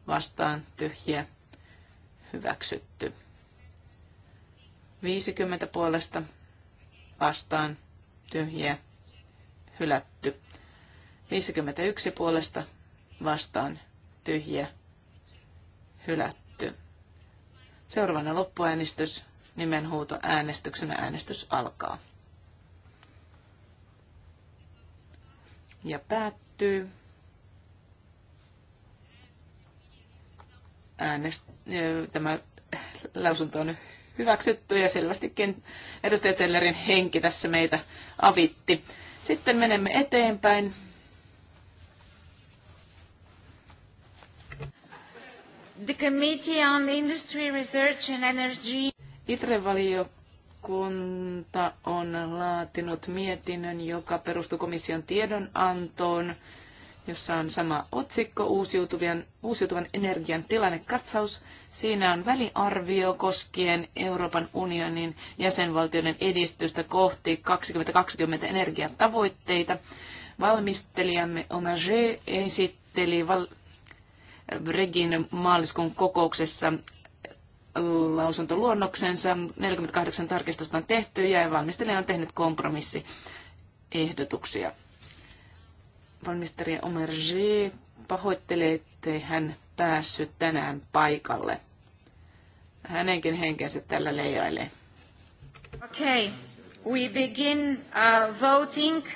S1: vastaan tyhjiä hyväksytty. 50 puolesta vastaan tyhjiä hylätty. 51 puolesta vastaan tyhjä, hylätty. Seuraavana loppuäänestys, nimenhuuto äänestyksenä äänestys alkaa. Ja päättyy. Äänest, tämä lausunto on hyväksytty ja selvästikin edustaja Zellerin henki tässä meitä avitti. Sitten menemme eteenpäin. The Committee on Industry, Research and Energy. ITRE-valiokunta on laatinut mietinnön, joka perustuu komission tiedonantoon, jossa on sama otsikko, uusiutuvan, uusiutuvan energian tilannekatsaus. Siinä on väliarvio koskien Euroopan unionin jäsenvaltioiden edistystä kohti 2020 energiatavoitteita. Valmistelijamme Omage esitteli val- Regin maaliskuun kokouksessa lausuntoluonnoksensa. 48 tarkistusta on tehty ja valmistelija on tehnyt kompromissiehdotuksia. Valmistelija Omer G. pahoittelee, että hän päässyt tänään paikalle. Hänenkin henkensä tällä leijailee.
S2: Okay. We begin uh, voting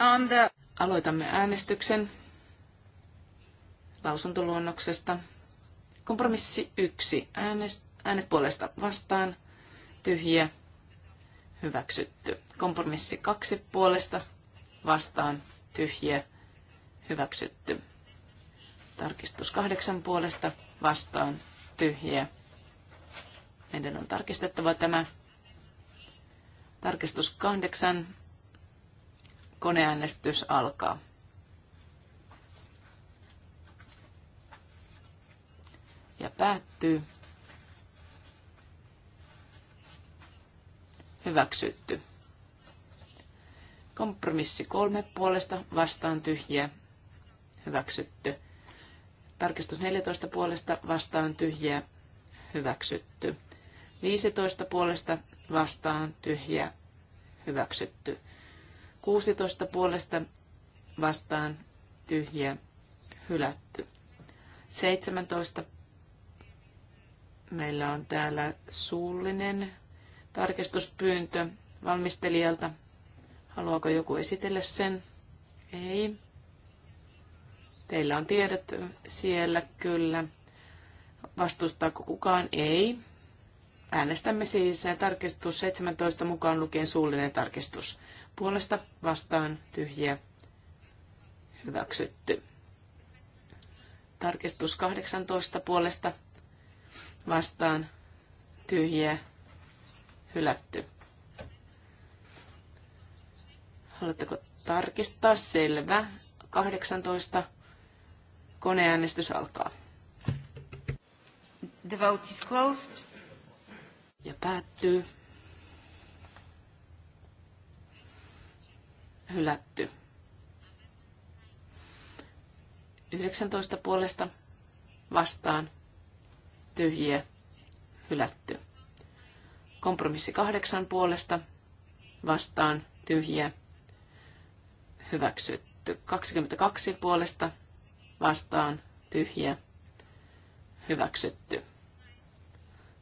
S2: on the...
S1: Aloitamme äänestyksen lausuntoluonnoksesta. Kompromissi 1. äänet puolesta vastaan. Tyhjä. Hyväksytty. Kompromissi 2 puolesta vastaan. tyhjä Hyväksytty. Tarkistus 8 puolesta vastaan. tyhjä Meidän on tarkistettava tämä. Tarkistus 8. Koneäänestys alkaa. ja päättyy. Hyväksytty. Kompromissi kolme puolesta vastaan tyhjiä. Hyväksytty. Tarkistus 14 puolesta vastaan tyhjiä. Hyväksytty. 15 puolesta vastaan tyhjiä. Hyväksytty. 16 puolesta vastaan tyhjiä. Hylätty. 17 Meillä on täällä suullinen tarkistuspyyntö valmistelijalta. Haluaako joku esitellä sen? Ei. Teillä on tiedot siellä, kyllä. Vastustaako kukaan? Ei. Äänestämme siis tarkistus 17 mukaan lukien suullinen tarkistus. Puolesta vastaan tyhjiä hyväksytty. Tarkistus 18 puolesta vastaan tyhjiä hylätty. Haluatteko tarkistaa? Selvä. 18. Koneäänestys alkaa. The vote is closed. Ja päättyy. Hylätty. 19 puolesta vastaan tyhjiä, hylätty. Kompromissi kahdeksan puolesta, vastaan, tyhjiä, hyväksytty. 22 puolesta, vastaan, tyhjiä, hyväksytty.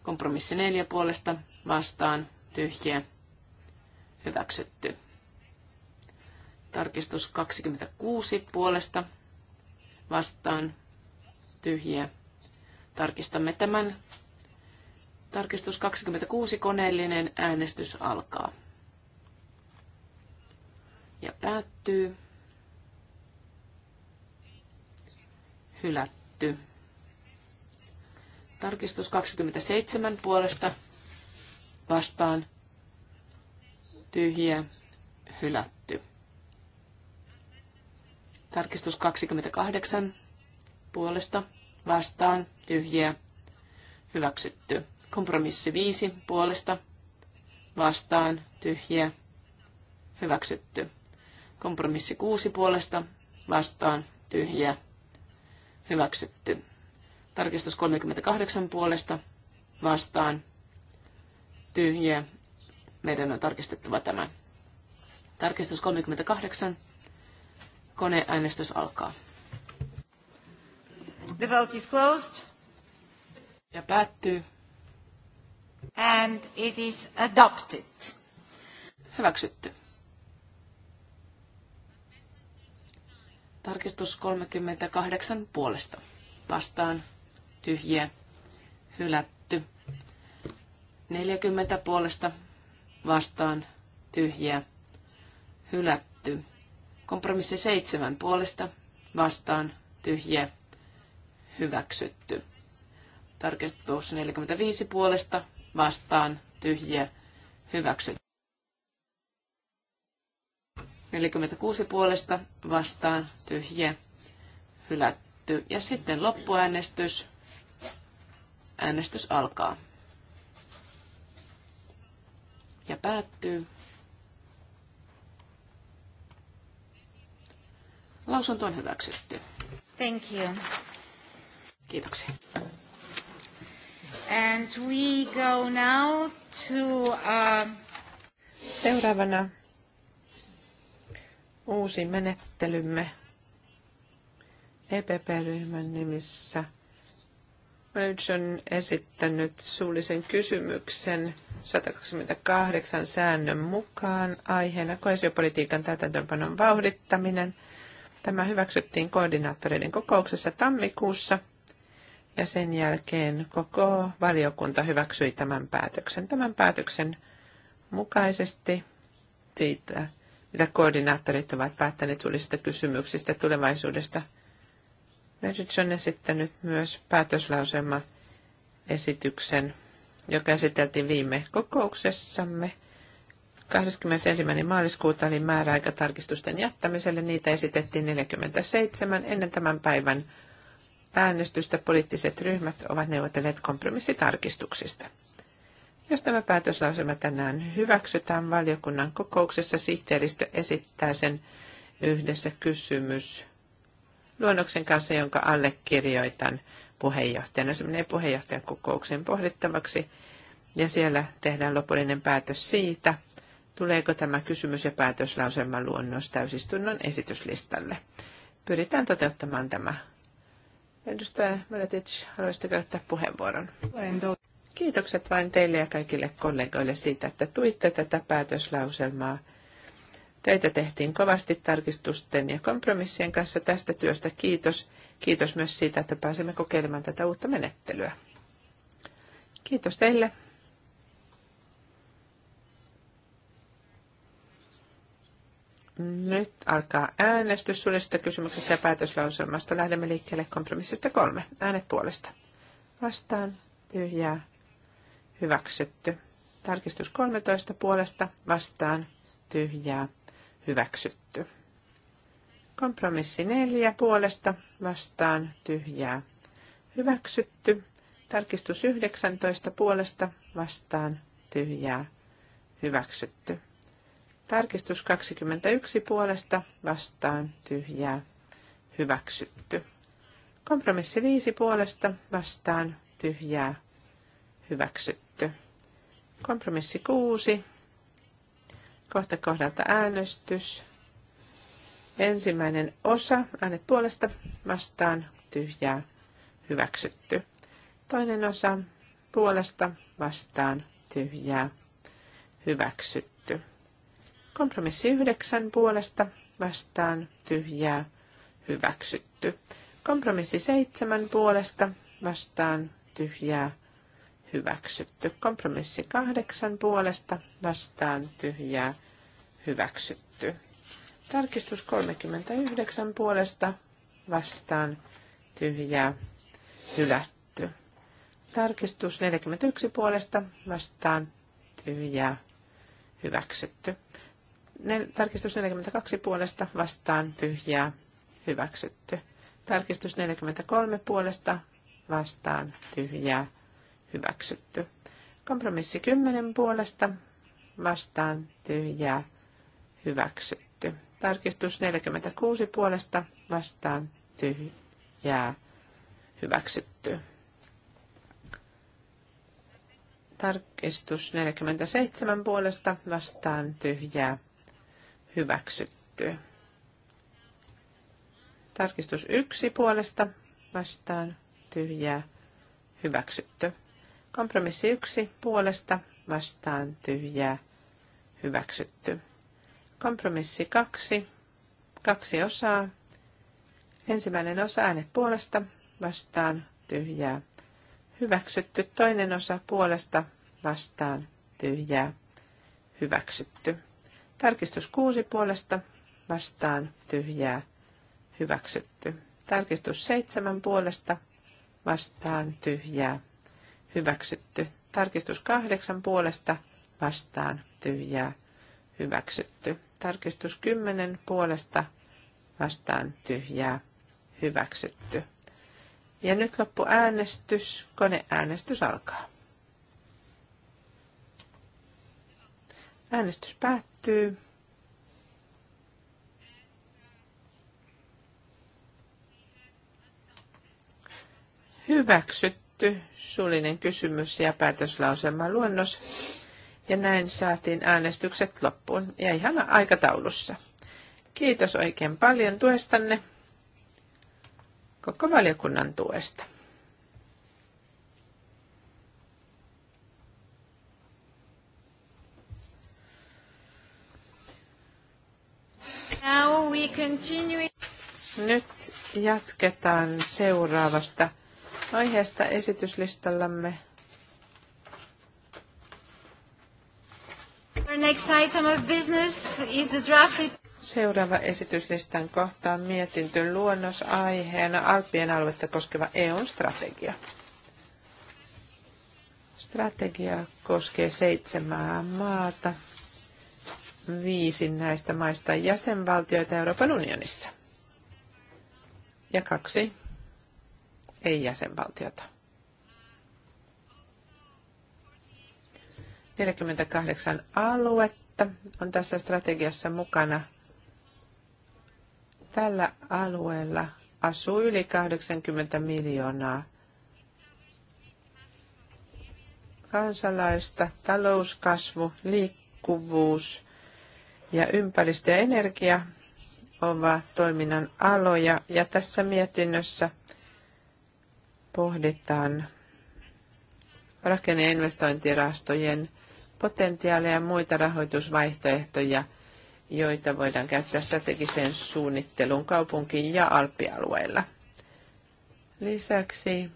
S1: Kompromissi neljä puolesta, vastaan, tyhjiä, hyväksytty. Tarkistus 26 puolesta, vastaan, tyhjiä, Tarkistamme tämän. Tarkistus 26, koneellinen äänestys alkaa. Ja päättyy. Hylätty. Tarkistus 27 puolesta vastaan Tyhjä. hylätty. Tarkistus 28 puolesta vastaan tyhjiä hyväksytty. Kompromissi viisi puolesta vastaan tyhjiä hyväksytty. Kompromissi kuusi puolesta vastaan tyhjiä hyväksytty. Tarkistus 38 puolesta vastaan tyhjiä. Meidän on tarkistettava tämä. Tarkistus 38. Koneäänestys alkaa. The vote is closed. Ja päättyy. And it is adopted. Hyväksytty. Tarkistus 38 puolesta. Vastaan tyhjiä. Hylätty. 40 puolesta. Vastaan tyhjiä. Hylätty. Kompromissi 7 puolesta. Vastaan tyhjiä hyväksytty. Tarkistus 45 puolesta vastaan tyhjiä hyväksytty. 46 puolesta vastaan tyhjiä hylätty. Ja sitten loppuäänestys. Äänestys alkaa. Ja päättyy. Lausunto on hyväksytty. Thank you. Kiitoksia.
S2: And we go now to, uh... Seuraavana uusi menettelymme EPP-ryhmän nimissä. Manage on esittänyt suullisen kysymyksen 128 säännön mukaan aiheena koesiopolitiikan täytäntöönpanon vauhdittaminen. Tämä hyväksyttiin koordinaattoreiden kokouksessa tammikuussa ja sen jälkeen koko valiokunta hyväksyi tämän päätöksen. Tämän päätöksen mukaisesti siitä, mitä koordinaattorit ovat päättäneet suullisista kysymyksistä tulevaisuudesta. Merit on esittänyt myös päätöslauselma esityksen, joka esiteltiin viime kokouksessamme. 21. maaliskuuta oli määräaika tarkistusten jättämiselle. Niitä esitettiin 47 ennen tämän päivän äänestystä poliittiset ryhmät ovat neuvotelleet kompromissitarkistuksista. Jos tämä päätöslauselma tänään hyväksytään valiokunnan kokouksessa, sihteeristö esittää sen yhdessä kysymys luonnoksen kanssa, jonka allekirjoitan puheenjohtajana. Se menee puheenjohtajan kokouksen pohdittavaksi ja siellä tehdään lopullinen päätös siitä, tuleeko tämä kysymys ja päätöslauselma luonnos täysistunnon esityslistalle. Pyritään toteuttamaan tämä Edustaja Meletic, haluaisitte käyttää puheenvuoron? Kiitokset vain teille ja kaikille kollegoille siitä, että tuitte tätä päätöslauselmaa. Teitä tehtiin kovasti tarkistusten ja kompromissien kanssa tästä työstä. Kiitos. Kiitos myös siitä, että pääsemme kokeilemaan tätä uutta menettelyä. Kiitos teille. Nyt alkaa äänestys suullisesta kysymyksestä ja päätöslauselmasta. Lähdemme liikkeelle kompromissista kolme. Äänet puolesta. Vastaan. Tyhjää. Hyväksytty. Tarkistus 13 puolesta. Vastaan. Tyhjää. Hyväksytty. Kompromissi neljä puolesta. Vastaan. Tyhjää. Hyväksytty. Tarkistus 19 puolesta. Vastaan. Tyhjää. Hyväksytty Tarkistus 21 puolesta vastaan tyhjää hyväksytty. Kompromissi 5 puolesta vastaan tyhjää hyväksytty. Kompromissi 6. Kohta kohdalta äänestys. Ensimmäinen osa, äänet puolesta vastaan tyhjää hyväksytty. Toinen osa puolesta vastaan tyhjää hyväksytty Kompromissi yhdeksän puolesta vastaan tyhjää hyväksytty. Kompromissi seitsemän puolesta vastaan tyhjää hyväksytty. Kompromissi kahdeksan puolesta vastaan tyhjää hyväksytty. Tarkistus 39 puolesta vastaan tyhjää hylätty. Tarkistus 41 puolesta vastaan tyhjää hyväksytty tarkistus 42 puolesta vastaan tyhjää hyväksytty. Tarkistus 43 puolesta vastaan tyhjää hyväksytty. Kompromissi 10 puolesta vastaan tyhjää hyväksytty. Tarkistus 46 puolesta vastaan tyhjää hyväksytty. Tarkistus 47 puolesta vastaan tyhjää hyväksytty. Tarkistus yksi puolesta vastaan tyhjää hyväksytty. Kompromissi yksi puolesta vastaan tyhjää hyväksytty. Kompromissi kaksi, kaksi osaa. Ensimmäinen osa äänet puolesta vastaan tyhjää hyväksytty. Toinen osa puolesta vastaan tyhjää hyväksytty. Tarkistus kuusi puolesta vastaan tyhjää hyväksytty. Tarkistus seitsemän puolesta vastaan tyhjää hyväksytty. Tarkistus kahdeksan puolesta vastaan tyhjää hyväksytty. Tarkistus kymmenen puolesta vastaan tyhjää hyväksytty. Ja nyt loppu äänestys. Koneäänestys alkaa. Äänestys päättyy liittyy. Hyväksytty suullinen kysymys ja päätöslauselma luonnos. Ja näin saatiin äänestykset loppuun ja ihan aikataulussa. Kiitos oikein paljon tuestanne, koko valiokunnan tuesta.
S3: Now we continue.
S2: Nyt jatketaan seuraavasta aiheesta esityslistallamme. Our next item of business is the draft Seuraava esityslistan kohta on mietintö luonnos aiheena Alpien aluetta koskeva EU-strategia. Strategia koskee seitsemää maata, viisi näistä maista jäsenvaltioita Euroopan unionissa. Ja kaksi ei-jäsenvaltiota. 48 aluetta on tässä strategiassa mukana. Tällä alueella asuu yli 80 miljoonaa kansalaista, talouskasvu, liikkuvuus ja ympäristö ja energia ovat toiminnan aloja. Ja tässä mietinnössä pohditaan investointirahastojen potentiaalia ja muita rahoitusvaihtoehtoja, joita voidaan käyttää strategiseen suunnitteluun kaupunkiin ja alppialueilla. Lisäksi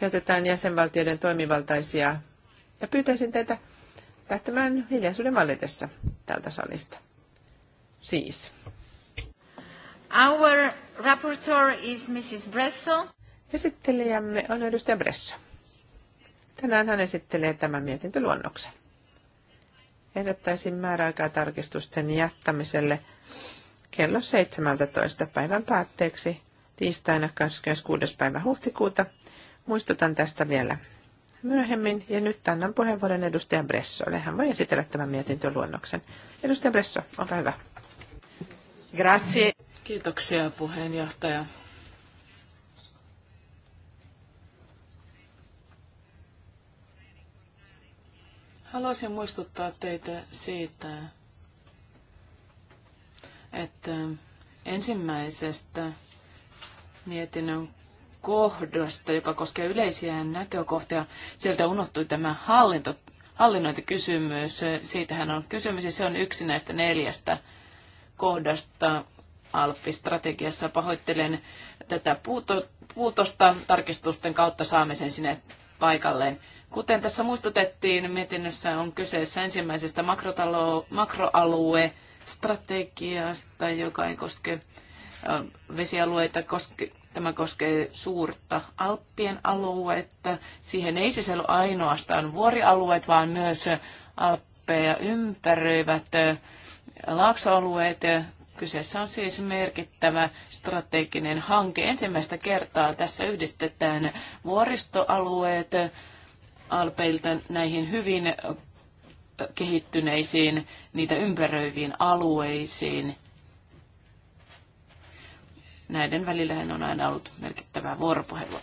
S2: käytetään jäsenvaltioiden toimivaltaisia ja pyytäisin teitä lähtemään hiljaisuuden vallitessa tältä salista. Siis. Our rapporteur is Mrs. Bresso. Esittelijämme on edustaja Bresso. Tänään hän esittelee tämän mietintöluonnoksen. Ehdottaisin määräaikaa tarkistusten jättämiselle kello 17 päivän päätteeksi tiistaina 26. päivä huhtikuuta. Muistutan tästä vielä myöhemmin. Ja nyt annan puheenvuoron edustaja Bressolle. Hän voi esitellä tämän mietintöluonnoksen. Edustaja Bresso, olkaa hyvä.
S1: Grazie. Kiitoksia puheenjohtaja. Haluaisin muistuttaa teitä siitä, että ensimmäisestä mietinnön kohdasta, joka koskee yleisiä näkökohtia. Sieltä unohtui tämä hallinto, hallinnointikysymys. Siitähän on kysymys ja se on yksi näistä neljästä kohdasta Alppi-strategiassa. Pahoittelen tätä puuto, puutosta tarkistusten kautta saamisen sinne paikalleen. Kuten tässä muistutettiin, mietinnössä on kyseessä ensimmäisestä makrotalo- makroalue-strategiasta, joka ei koske vesialueita, koske, Tämä koskee suurta Alppien aluetta. Siihen ei sisälly ainoastaan vuorialueet, vaan myös Alppeja ympäröivät laaksoalueet. Kyseessä on siis merkittävä strateginen hanke. Ensimmäistä kertaa tässä yhdistetään vuoristoalueet Alpeilta näihin hyvin kehittyneisiin, niitä ympäröiviin alueisiin näiden hän on aina ollut merkittävää vuoropuhelua.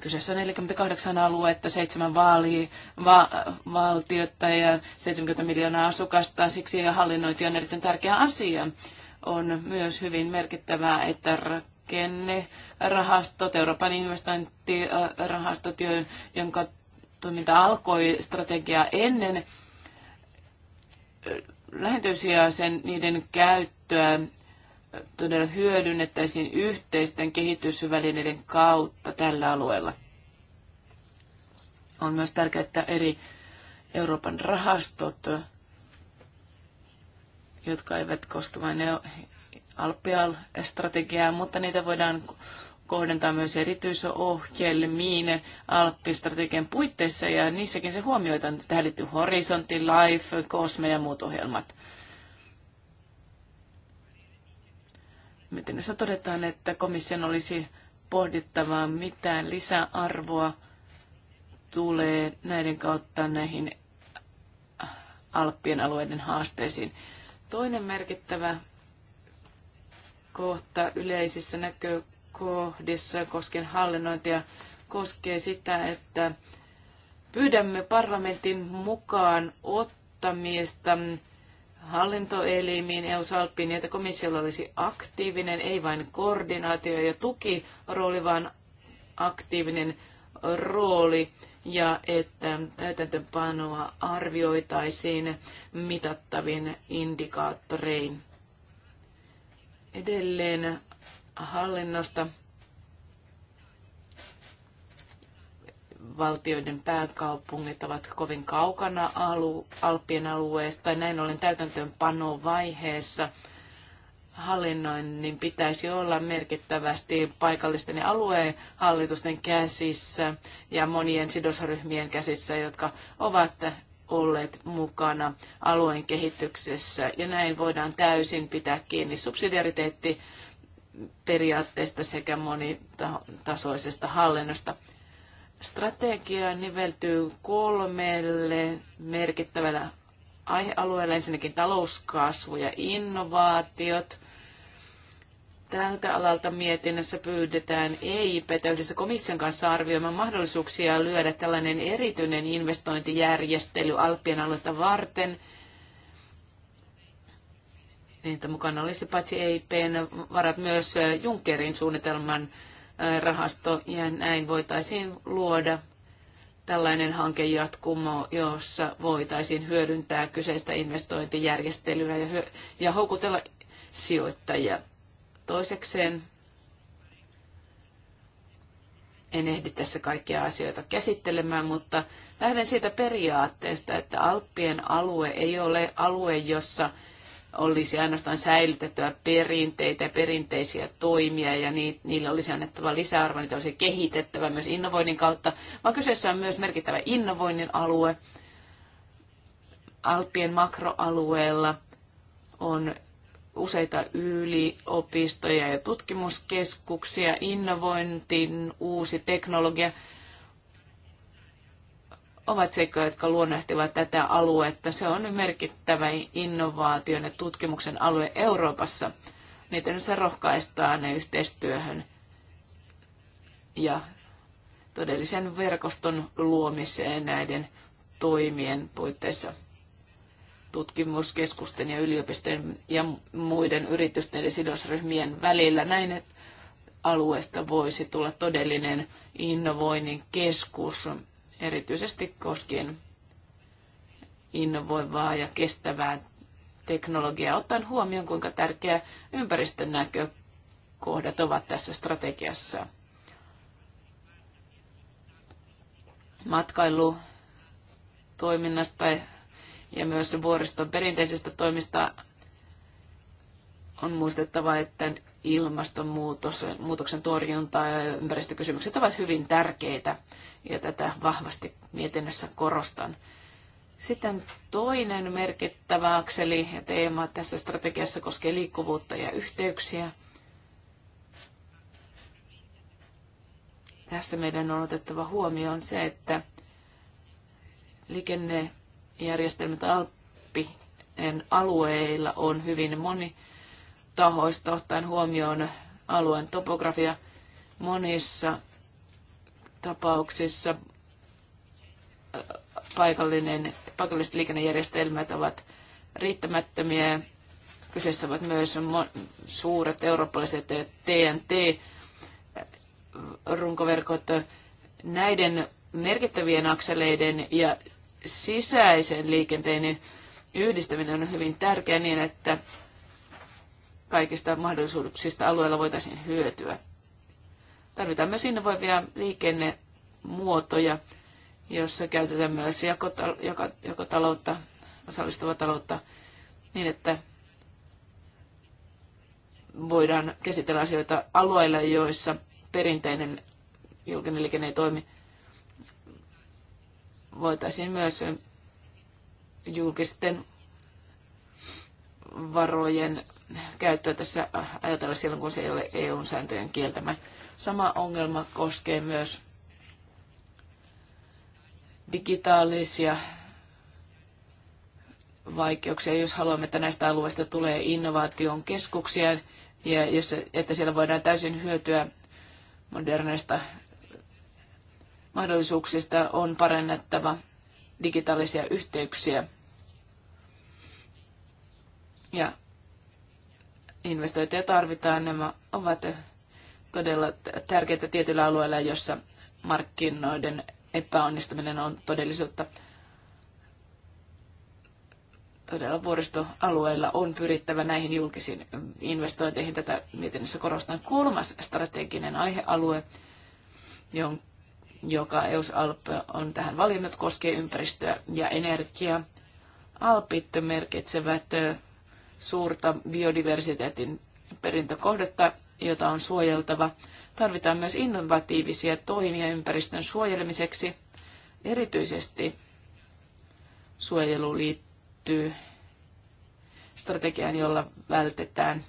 S1: Kyseessä on 48 aluetta, seitsemän vaali, va, valtiota ja 70 miljoonaa asukasta. Siksi hallinnointi on erittäin tärkeä asia. On myös hyvin merkittävää, että rakennerahastot, Euroopan investointirahastot, jonka toiminta alkoi strategiaa ennen, lähentyisi sen, niiden käyttöä todella hyödynnettäisiin yhteisten kehityshyvälineiden kautta tällä alueella. On myös tärkeää, että eri Euroopan rahastot, jotka eivät koske vain Alppia-strategiaa, mutta niitä voidaan kohdentaa myös erityisohjelmiin Alppi-strategian puitteissa, ja niissäkin se että Tähän liittyy Horisontti, Life, Cosme ja muut ohjelmat. mietinnössä todetaan, että komission olisi pohdittavaa, mitä lisäarvoa tulee näiden kautta näihin Alppien alueiden haasteisiin. Toinen merkittävä kohta yleisissä näkökohdissa koskien hallinnointia koskee sitä, että pyydämme parlamentin mukaan ottamista hallintoelimiin, EU-salppiin, että komissiolla olisi aktiivinen, ei vain koordinaatio ja tuki rooli, vaan aktiivinen rooli ja että täytäntöpanoa arvioitaisiin mitattavin indikaattorein. Edelleen hallinnosta valtioiden pääkaupungit ovat kovin kaukana alu, Alppien alueesta. Näin ollen täytäntöönpanon vaiheessa hallinnoinnin pitäisi olla merkittävästi paikallisten ja alueen hallitusten käsissä ja monien sidosryhmien käsissä, jotka ovat olleet mukana alueen kehityksessä. Ja näin voidaan täysin pitää kiinni subsidiariteetti periaatteesta sekä monitasoisesta hallinnosta. Strategia niveltyy kolmelle merkittävällä aihealueella. Ensinnäkin talouskasvu ja innovaatiot. Tältä alalta mietinnössä pyydetään EIPtä yhdessä komission kanssa arvioimaan mahdollisuuksia lyödä tällainen erityinen investointijärjestely Alppien aluetta varten – niin että mukana olisi paitsi EIPn varat myös Junckerin suunnitelman rahasto ja näin voitaisiin luoda tällainen hankejatkumo, jossa voitaisiin hyödyntää kyseistä investointijärjestelyä ja, hyö- ja houkutella sijoittajia. Toisekseen en ehdi tässä kaikkia asioita käsittelemään, mutta lähden siitä periaatteesta, että Alppien alue ei ole alue, jossa olisi ainoastaan säilytettävä perinteitä ja perinteisiä toimia ja niille olisi annettava lisäarvo, niitä olisi kehitettävä myös innovoinnin kautta, vaan kyseessä on myös merkittävä innovoinnin alue. Alppien makroalueella on useita yliopistoja ja tutkimuskeskuksia, innovointin uusi teknologia – ovat seikkoja, jotka luonnehtivat tätä aluetta. Se on merkittävä innovaation ja tutkimuksen alue Euroopassa. Miten se rohkaistaan yhteistyöhön ja todellisen verkoston luomiseen näiden toimien puitteissa tutkimuskeskusten ja yliopistojen ja muiden yritysten ja sidosryhmien välillä. Näin, että alueesta voisi tulla todellinen innovoinnin keskus erityisesti koskien innovoivaa ja kestävää teknologiaa, ottaen huomioon, kuinka tärkeä ympäristön näkökohdat ovat tässä strategiassa. Matkailu toiminnasta ja myös vuoriston perinteisestä toimista on muistettava, että ilmastonmuutoksen torjunta ja ympäristökysymykset ovat hyvin tärkeitä ja tätä vahvasti mietinnössä korostan. Sitten toinen merkittävä akseli ja teema tässä strategiassa koskee liikkuvuutta ja yhteyksiä. Tässä meidän on otettava huomioon se, että liikennejärjestelmät Alppien alueilla on hyvin monitahoista ottaen huomioon alueen topografia. Monissa tapauksissa äh, paikallinen, paikalliset liikennejärjestelmät ovat riittämättömiä. Kyseessä ovat myös suuret eurooppalaiset TNT-runkoverkot. Äh, Näiden merkittävien akseleiden ja sisäisen liikenteen yhdistäminen on hyvin tärkeää niin, että kaikista mahdollisuuksista alueella voitaisiin hyötyä. Tarvitaan myös innovoivia liikennemuotoja, joissa käytetään myös taloutta, osallistuvaa taloutta, niin että voidaan käsitellä asioita alueilla, joissa perinteinen julkinen liikenne ei toimi. Voitaisiin myös julkisten varojen käyttöä tässä ajatella silloin, kun se ei ole EU-sääntöjen kieltämä. Sama ongelma koskee myös digitaalisia vaikeuksia, jos haluamme, että näistä alueista tulee innovaation keskuksia ja jos, että siellä voidaan täysin hyötyä moderneista mahdollisuuksista, on parannettava digitaalisia yhteyksiä ja investointeja tarvitaan. Nämä ovat todella tärkeitä tietyillä alueilla, joissa markkinoiden epäonnistuminen on todellisuutta. Todella vuoristoalueilla on pyrittävä näihin julkisiin investointeihin. Tätä mietinnössä korostan kolmas strateginen aihealue, joka EUS Alp on tähän valinnut, koskee ympäristöä ja energiaa. Alpit merkitsevät suurta biodiversiteetin perintökohdetta jota on suojeltava. Tarvitaan myös innovatiivisia toimia ympäristön suojelemiseksi. Erityisesti suojelu liittyy strategiaan, jolla vältetään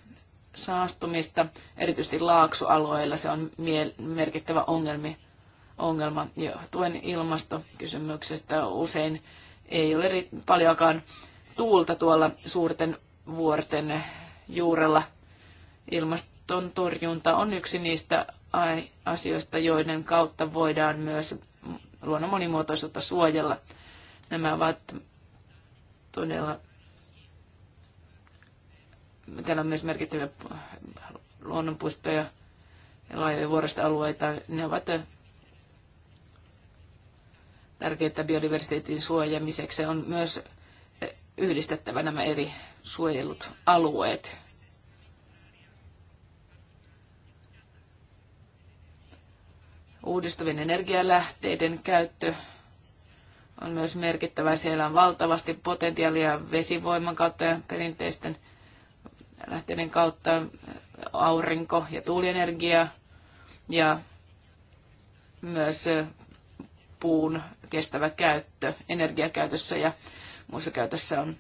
S1: saastumista. Erityisesti laaksoalueilla se on merkittävä ongelmi, ongelma johtuen ilmastokysymyksestä. Usein ei ole paljonkaan tuulta tuolla suurten vuorten juurella. ilmasto ilmaston torjunta on yksi niistä asioista, joiden kautta voidaan myös luonnon monimuotoisuutta suojella. Nämä ovat todella, täällä on myös merkittäviä luonnonpuistoja ja laajoja vuoristoalueita. Ne ovat tärkeitä biodiversiteetin suojaamiseksi. On myös yhdistettävä nämä eri suojelut alueet Uudistuvien energialähteiden käyttö on myös merkittävä. Siellä on valtavasti potentiaalia vesivoiman kautta ja perinteisten lähteiden kautta aurinko- ja tuulienergia ja myös puun kestävä käyttö energiakäytössä ja muussa käytössä on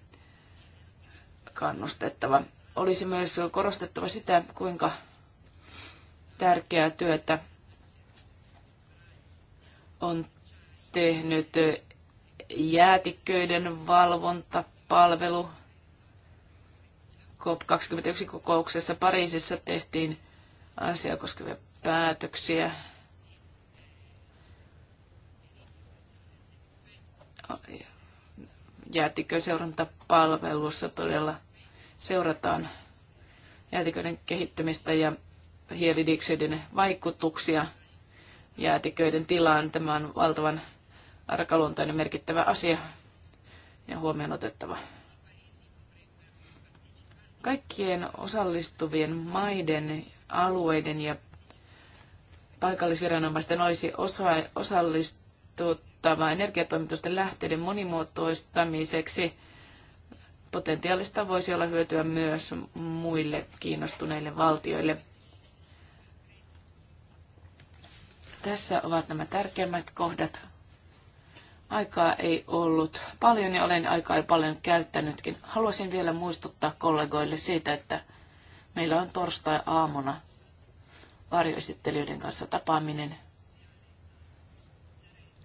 S1: kannustettava. Olisi myös korostettava sitä, kuinka tärkeää työtä on tehnyt jäätiköiden valvontapalvelu. COP21-kokouksessa Pariisissa tehtiin asiaa koskevia päätöksiä. Jäätiköseurantapalvelussa todella seurataan jäätiköiden kehittämistä ja hiilidioksidin vaikutuksia – jäätiköiden tilaan. Tämä on valtavan arkaluontoinen merkittävä asia ja huomioon otettava. Kaikkien osallistuvien maiden, alueiden ja paikallisviranomaisten olisi osa- osallistuttava energiatoimitusten lähteiden monimuotoistamiseksi. Potentiaalista voisi olla hyötyä myös muille kiinnostuneille valtioille – Tässä ovat nämä tärkeimmät kohdat. Aikaa ei ollut paljon ja olen aikaa jo paljon käyttänytkin. Haluaisin vielä muistuttaa kollegoille siitä, että meillä on torstai-aamuna varjoesittelijöiden kanssa tapaaminen.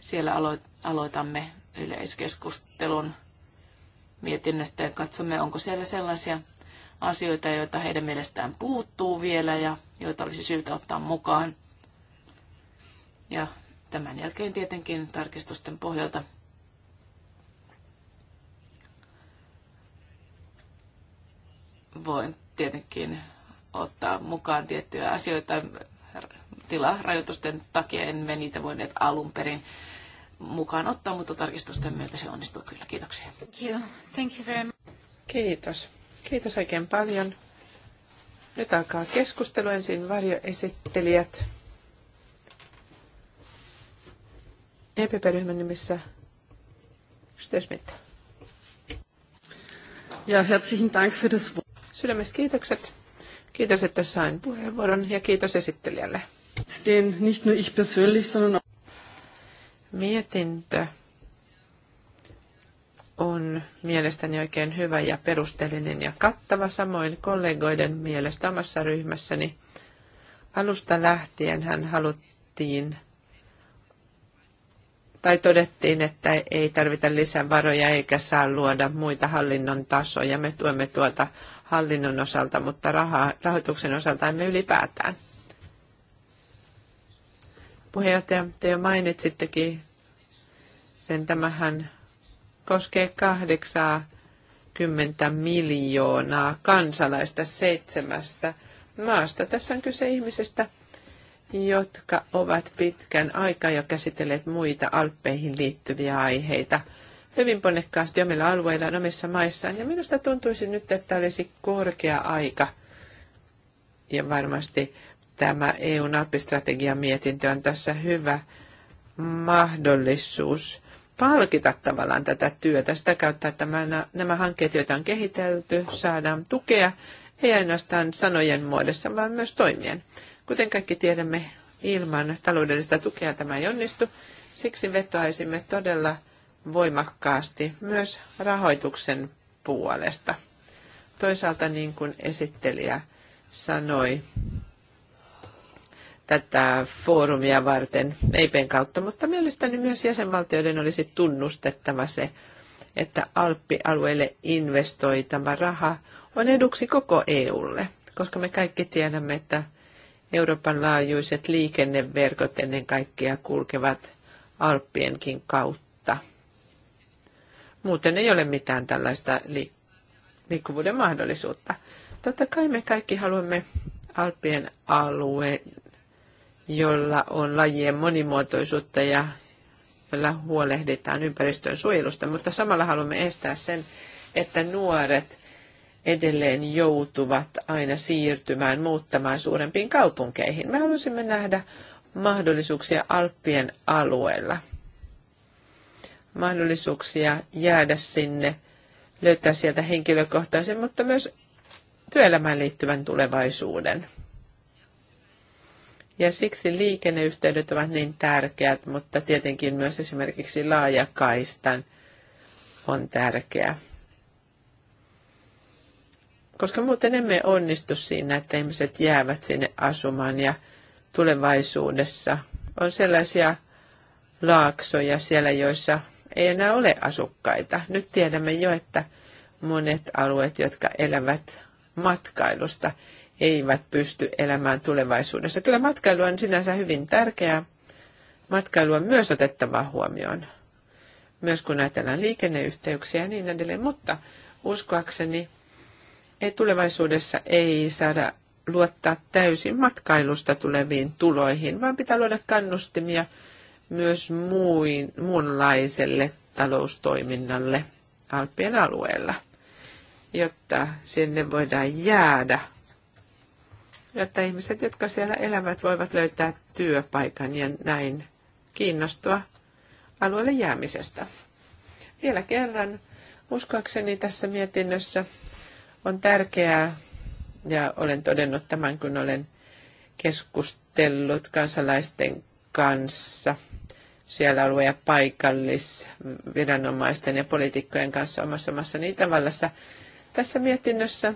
S1: Siellä aloitamme yleiskeskustelun mietinnöstä ja katsomme, onko siellä sellaisia asioita, joita heidän mielestään puuttuu vielä ja joita olisi syytä ottaa mukaan. Ja tämän jälkeen tietenkin tarkistusten pohjalta voin tietenkin ottaa mukaan tiettyjä asioita tilarajoitusten takia. En me niitä voineet alun perin mukaan ottaa,
S2: mutta tarkistusten myötä se onnistuu kyllä. Kiitoksia. Thank you. Thank you very much. Kiitos. Kiitos oikein paljon. Nyt alkaa keskustelu ensin varjoesittelijät. EPP-ryhmän nimissä Steschmidt. Ja herzlichen Dank für das Sydämestä kiitokset. Kiitos, että sain puheenvuoron ja kiitos esittelijälle. Den nicht nur ich persönlich, sondern Mietintö on mielestäni oikein hyvä ja perusteellinen ja kattava samoin kollegoiden mielestä omassa ryhmässäni. Alusta lähtien hän haluttiin tai todettiin, että ei tarvita lisävaroja eikä saa luoda muita hallinnon tasoja. Me tuemme tuota hallinnon osalta, mutta raha, rahoituksen osalta emme ylipäätään. Puheenjohtaja, te jo mainitsittekin sen, tämähän koskee 80 miljoonaa kansalaista seitsemästä maasta. Tässä on kyse ihmisestä, jotka ovat pitkän aikaa jo käsitelleet muita alppeihin liittyviä aiheita hyvin ponnekkaasti omilla alueillaan, omissa maissaan. Ja minusta tuntuisi nyt, että olisi korkea aika. Ja varmasti tämä EUn alppistrategian mietintö on tässä hyvä mahdollisuus palkita tavallaan tätä työtä sitä kautta, että nämä, nämä hankkeet, joita on kehitelty, saadaan tukea ei ainoastaan sanojen muodossa, vaan myös toimien. Kuten kaikki tiedämme, ilman taloudellista tukea tämä ei onnistu. Siksi vetoaisimme todella voimakkaasti myös rahoituksen puolesta. Toisaalta niin kuin esittelijä sanoi, tätä foorumia varten EIPen kautta, mutta mielestäni myös jäsenvaltioiden olisi tunnustettava se, että Alpi-alueelle investoitava raha on eduksi koko EUlle, koska me kaikki tiedämme, että Euroopan laajuiset liikenneverkot ennen kaikkea kulkevat Alppienkin kautta. Muuten ei ole mitään tällaista li- liikkuvuuden mahdollisuutta. Totta kai me kaikki haluamme Alppien alue, jolla on lajien monimuotoisuutta ja jolla huolehditaan ympäristön suojelusta, mutta samalla haluamme estää sen, että nuoret edelleen joutuvat aina siirtymään muuttamaan suurempiin kaupunkeihin. Me halusimme nähdä mahdollisuuksia Alppien alueella. Mahdollisuuksia jäädä sinne, löytää sieltä henkilökohtaisen, mutta myös työelämään liittyvän tulevaisuuden. Ja siksi liikenneyhteydet ovat niin tärkeät, mutta tietenkin myös esimerkiksi laajakaistan on tärkeä koska muuten emme onnistu siinä, että ihmiset jäävät sinne asumaan ja tulevaisuudessa on sellaisia laaksoja siellä, joissa ei enää ole asukkaita. Nyt tiedämme jo, että monet alueet, jotka elävät matkailusta, eivät pysty elämään tulevaisuudessa. Kyllä matkailu on sinänsä hyvin tärkeää. Matkailu on myös otettava huomioon, myös kun ajatellaan liikenneyhteyksiä ja niin edelleen, mutta uskoakseni ei tulevaisuudessa ei saada luottaa täysin matkailusta tuleviin tuloihin, vaan pitää luoda kannustimia myös muin, muunlaiselle taloustoiminnalle Alppien alueella, jotta sinne voidaan jäädä, jotta ihmiset, jotka siellä elävät, voivat löytää työpaikan ja näin kiinnostua alueelle jäämisestä. Vielä kerran, uskoakseni tässä mietinnössä on tärkeää, ja olen todennut tämän, kun olen keskustellut kansalaisten kanssa siellä alue- ja paikallisviranomaisten ja poliitikkojen kanssa omassa maassani niin Itävallassa. Tässä mietinnössä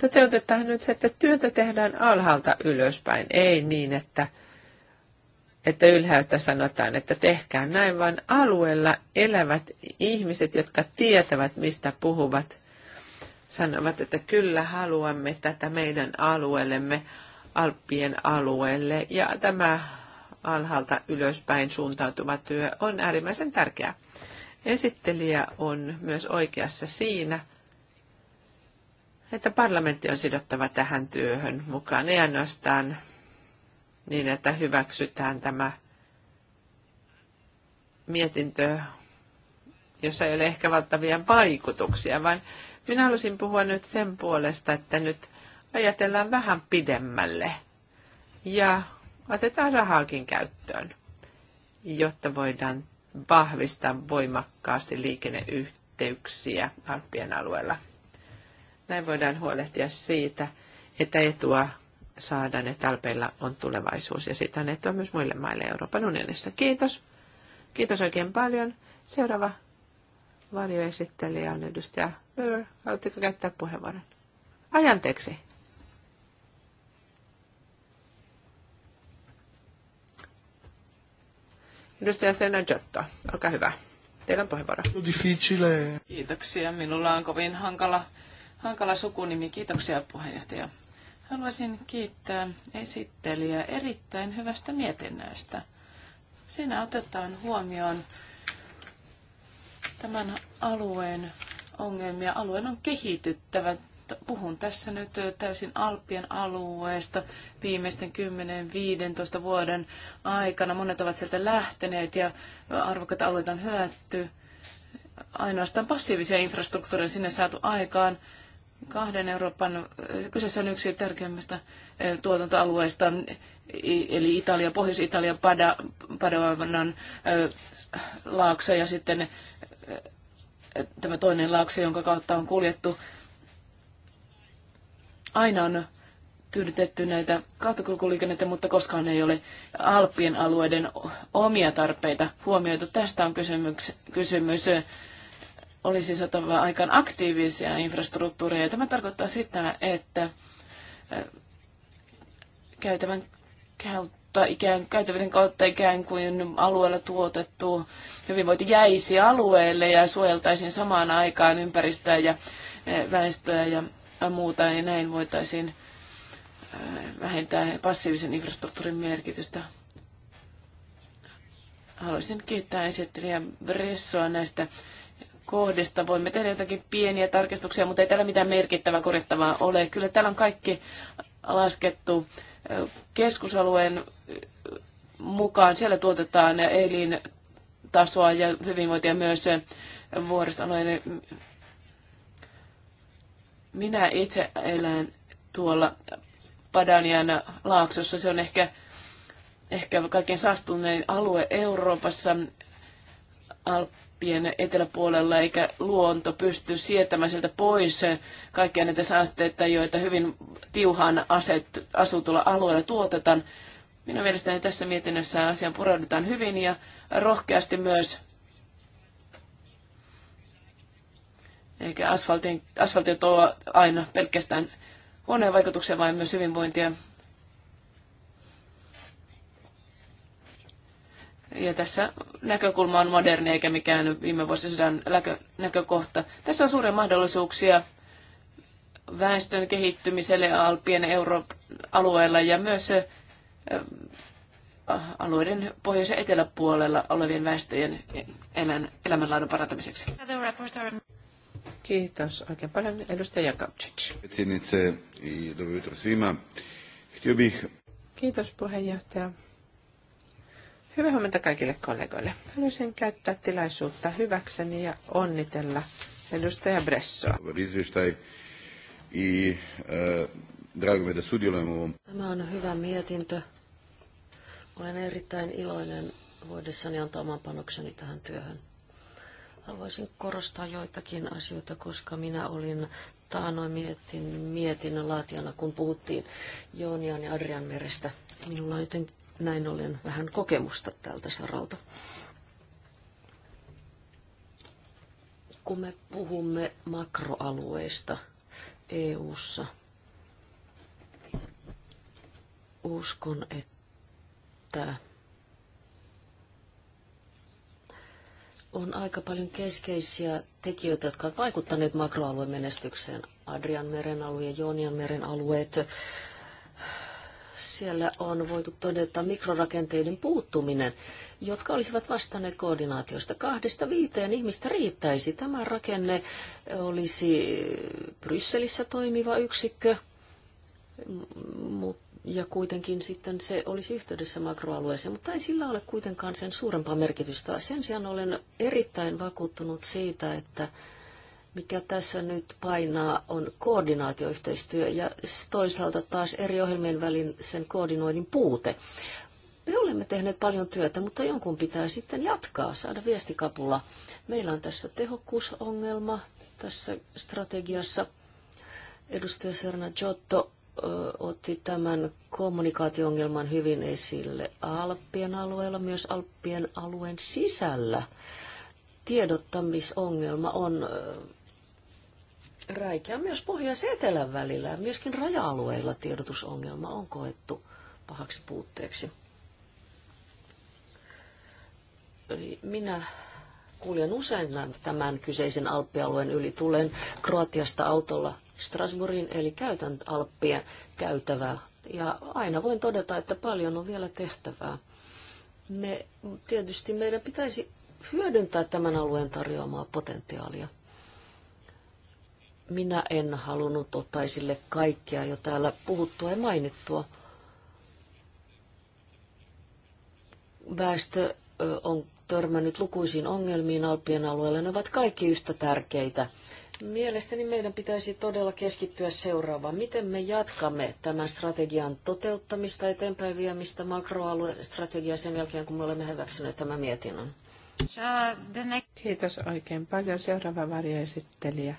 S2: toteutetaan nyt se, että työtä tehdään alhaalta ylöspäin, ei niin, että, että ylhäältä sanotaan, että tehkää näin, vaan alueella elävät ihmiset, jotka tietävät, mistä puhuvat, sanovat, että kyllä haluamme tätä meidän alueellemme, Alppien alueelle, ja tämä alhaalta ylöspäin suuntautuva työ on äärimmäisen tärkeää. Esittelijä on myös oikeassa siinä, että parlamentti on sidottava tähän työhön mukaan, ei ainoastaan niin, että hyväksytään tämä mietintö, jossa ei ole ehkä valtavia vaikutuksia, vaan minä halusin puhua nyt sen puolesta, että nyt ajatellaan vähän pidemmälle ja otetaan rahaakin käyttöön, jotta voidaan vahvistaa voimakkaasti liikenneyhteyksiä Alppien alueella. Näin voidaan huolehtia siitä, että etua saadaan, että Alpeilla on tulevaisuus ja sitä on etua myös muille maille Euroopan unionissa. Kiitos. Kiitos oikein paljon. Seuraava Varjoesittelijä on edustaja Myr. Haluatteko käyttää puheenvuoron? Ajanteeksi. Edustaja Senna Giotto, olkaa hyvä. Teillä on puheenvuoro. Difficile.
S1: Kiitoksia. Minulla on kovin hankala, hankala sukunimi. Kiitoksia puheenjohtaja. Haluaisin kiittää esittelijää erittäin hyvästä mietinnöstä. Siinä otetaan huomioon tämän alueen ongelmia. Alueen on kehityttävä. Puhun tässä nyt täysin Alppien alueesta viimeisten 10-15 vuoden aikana. Monet ovat sieltä lähteneet ja arvokkaita alueita on hylätty. Ainoastaan passiivisia infrastruktuureja sinne saatu aikaan kahden Euroopan, kyseessä on yksi tärkeimmistä eh, tuotantoalueista, eli Italia, Pohjois-Italia, Padovanan eh, laakso ja sitten eh, tämä toinen laakso, jonka kautta on kuljettu. Aina on tyydytetty näitä kauttakulkuliikennettä, mutta koskaan ei ole Alppien alueiden omia tarpeita huomioitu. Tästä on kysymys, kysymys olisi saatava aikaan aktiivisia infrastruktuureja. Tämä tarkoittaa sitä, että käytävän kautta, ikään, käytäviden kautta ikään kuin alueella tuotettu hyvinvointi jäisi alueelle ja suojeltaisiin samaan aikaan ympäristöä ja väestöä ja muuta, ja näin voitaisiin vähentää passiivisen infrastruktuurin merkitystä. Haluaisin kiittää esittelijä Brissoa näistä kohdista voimme tehdä jotakin pieniä tarkistuksia, mutta ei täällä mitään merkittävää korjattavaa ole. Kyllä täällä on kaikki laskettu keskusalueen mukaan. Siellä tuotetaan elintasoa ja hyvinvointia myös noin. Minä itse elän tuolla Padanian laaksossa. Se on ehkä, ehkä kaikkein saastunein alue Euroopassa. Alp- Alppien eteläpuolella, eikä luonto pysty sietämään sieltä pois kaikkia näitä saasteita, joita hyvin tiuhaan aset, asutulla alueella tuotetaan. Minun mielestäni tässä mietinnössä asiaan pureudutaan hyvin ja rohkeasti myös. Eikä asfaltin, asfaltin tuo aina pelkästään huoneen vaikutuksia, vaan myös hyvinvointia Ja tässä näkökulma on moderni eikä mikään viime vuosisadan näkökohta. Tässä on suuria mahdollisuuksia väestön kehittymiselle Alpien Euroopan alueella ja myös alueiden pohjois- ja eteläpuolella olevien väestöjen
S2: elän, elämänlaadun parantamiseksi. Kiitos oikein paljon. Edustaja Jakobčić. Kiitos puheenjohtaja. Hyvää huomenta kaikille kollegoille. Haluaisin käyttää tilaisuutta hyväkseni ja onnitella edustaja Bressoa.
S3: E, e, Tämä on hyvä mietintö. Olen erittäin iloinen vuodessani antaa oman panokseni tähän työhön. Haluaisin korostaa joitakin asioita, koska minä olin taanoin mietin, mietin laatijana, kun puhuttiin Joonian ja Adrian merestä. Minulla on jotenkin näin ollen vähän kokemusta tältä saralta. Kun me puhumme makroalueista EU:ssa, uskon, että on aika paljon keskeisiä tekijöitä, jotka ovat vaikuttaneet makroalueen menestykseen. Adrian meren alue ja Joonian meren alueet siellä on voitu todeta mikrorakenteiden puuttuminen, jotka olisivat vastanneet koordinaatiosta. Kahdesta viiteen ihmistä riittäisi. Tämä rakenne olisi Brysselissä toimiva yksikkö, mutta ja kuitenkin sitten se olisi yhteydessä makroalueeseen, mutta ei sillä ole kuitenkaan sen suurempaa merkitystä. Sen sijaan olen erittäin vakuuttunut siitä, että mikä tässä nyt painaa, on koordinaatioyhteistyö ja toisaalta taas eri ohjelmien välin sen koordinoinnin puute. Me olemme tehneet paljon työtä, mutta jonkun pitää sitten jatkaa, saada viestikapulla. Meillä on tässä tehokkuusongelma tässä strategiassa. Edustaja Serna Giotto otti tämän kommunikaatioongelman hyvin esille Alppien alueella, myös Alppien alueen sisällä tiedottamisongelma on räikeä myös pohjois- ja etelän välillä myöskin raja-alueilla tiedotusongelma on koettu pahaksi puutteeksi. Minä kuljen usein tämän kyseisen Alppialueen yli. Tulen Kroatiasta autolla Strasbourgin, eli käytän Alppien käytävää. Ja aina voin todeta, että paljon on vielä tehtävää. Me, tietysti meidän pitäisi hyödyntää tämän alueen tarjoamaa potentiaalia – minä en halunnut ottaa esille kaikkia jo täällä puhuttua ja mainittua. Väestö on törmännyt lukuisiin ongelmiin Alpien alueella. Ne ovat kaikki yhtä tärkeitä. Mielestäni meidän pitäisi todella keskittyä seuraavaan. Miten me jatkamme tämän strategian toteuttamista eteenpäin viemistä makroaluestrategiaa sen jälkeen, kun me olemme hyväksyneet tämän mietinnön?
S2: Kiitos oikein paljon. Seuraava varjoesittelijä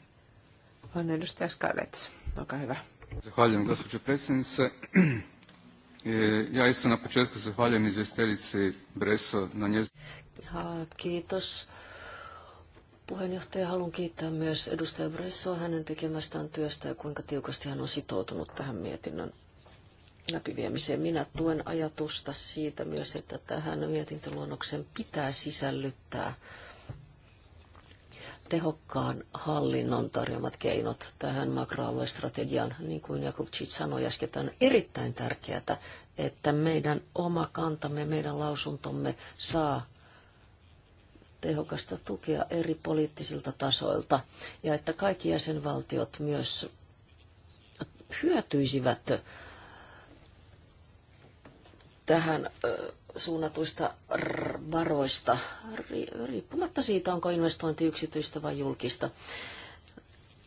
S2: on edustaja Skarlets. Olkaa hyvä.
S3: Zahvaljujem, gospođo predsjednice. E, ja isto na početku zahvaljujem izvjestiteljici Breso na njezinu. Kiitos. Puheenjohtaja, haluan kiittää myös edustaja Bressoa hänen tekemästään työstä ja kuinka tiukasti hän on sitoutunut tähän mietinnön läpiviemiseen. Minä tuen ajatusta siitä myös, että tähän mietintöluonnoksen pitää sisällyttää tehokkaan hallinnon tarjomat keinot tähän makroaluestrategiaan, niin kuin Jakubcic sanoi äsken, on erittäin tärkeää, että meidän oma kantamme, meidän lausuntomme saa tehokasta tukea eri poliittisilta tasoilta ja että kaikki jäsenvaltiot myös hyötyisivät tähän suunnatuista varoista, riippumatta siitä, onko investointi yksityistä vai julkista.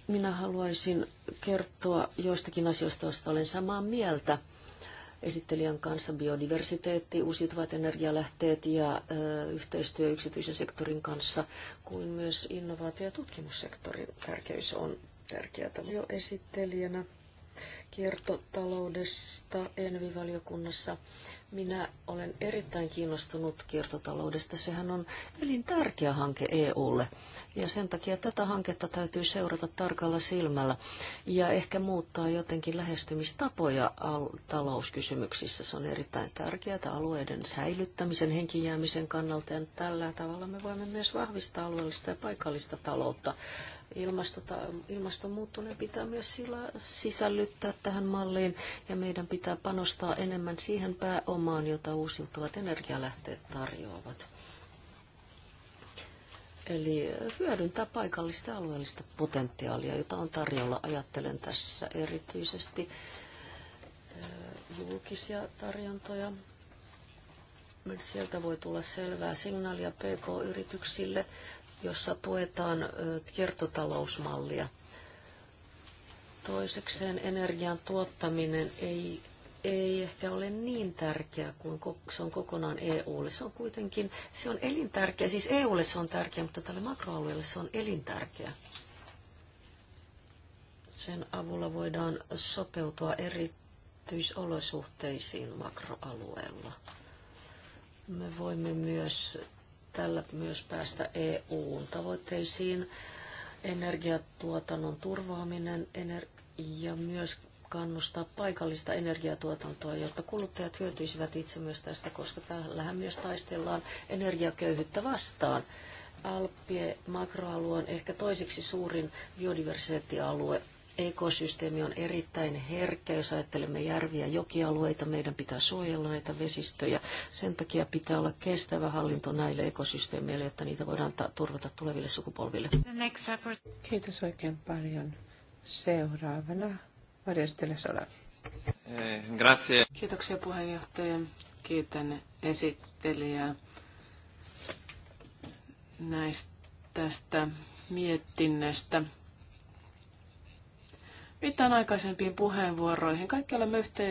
S3: Minä haluaisin kertoa joistakin asioista, joista olen samaa mieltä esittelijän kanssa biodiversiteetti, uusiutuvat energialähteet ja ö, yhteistyö yksityisen sektorin kanssa, kuin myös innovaatio- ja tutkimussektorin tärkeys on tärkeää. Jo esittelijänä kiertotaloudesta Envi-valiokunnassa minä olen erittäin kiinnostunut kiertotaloudesta. Sehän on elintärkeä hanke EUlle. Ja sen takia tätä hanketta täytyy seurata tarkalla silmällä ja ehkä muuttaa jotenkin lähestymistapoja talouskysymyksissä. Se on erittäin tärkeää alueiden säilyttämisen, henkijäämisen kannalta ja tällä tavalla me voimme myös vahvistaa alueellista ja paikallista taloutta ilmastota, ilmaston muuttuneen pitää myös sillä sisällyttää tähän malliin ja meidän pitää panostaa enemmän siihen pääomaan, jota uusiutuvat energialähteet tarjoavat. Eli hyödyntää paikallista ja alueellista potentiaalia, jota on tarjolla. Ajattelen tässä erityisesti eh, julkisia tarjontoja. Sieltä voi tulla selvää signaalia PK-yrityksille jossa tuetaan kiertotalousmallia. Toisekseen energian tuottaminen ei, ei ehkä ole niin tärkeä kuin se on kokonaan EUlle. Se on kuitenkin se on elintärkeä. Siis EUlle se on tärkeä, mutta tälle makroalueelle se on elintärkeä. Sen avulla voidaan sopeutua erityisolosuhteisiin makroalueella. Me voimme myös tällä myös päästä EUn tavoitteisiin. Energiatuotannon turvaaminen ener- ja myös kannustaa paikallista energiatuotantoa, jotta kuluttajat hyötyisivät itse myös tästä, koska täällähän myös taistellaan energiaköyhyyttä vastaan. Alppien makroalue on ehkä toiseksi suurin biodiversiteettialue ekosysteemi on erittäin herkkä. Jos ajattelemme järviä ja jokialueita, meidän pitää suojella näitä vesistöjä. Sen takia pitää olla kestävä hallinto näille ekosysteemeille, jotta niitä voidaan turvata tuleville sukupolville.
S2: Kiitos oikein paljon. Seuraavana Maria Sola. Eh, Kiitoksia
S1: puheenjohtaja. Kiitän esittelijää näistä tästä mietinnöstä. Viittaan aikaisempiin puheenvuoroihin. Kaikki olemme yhtä,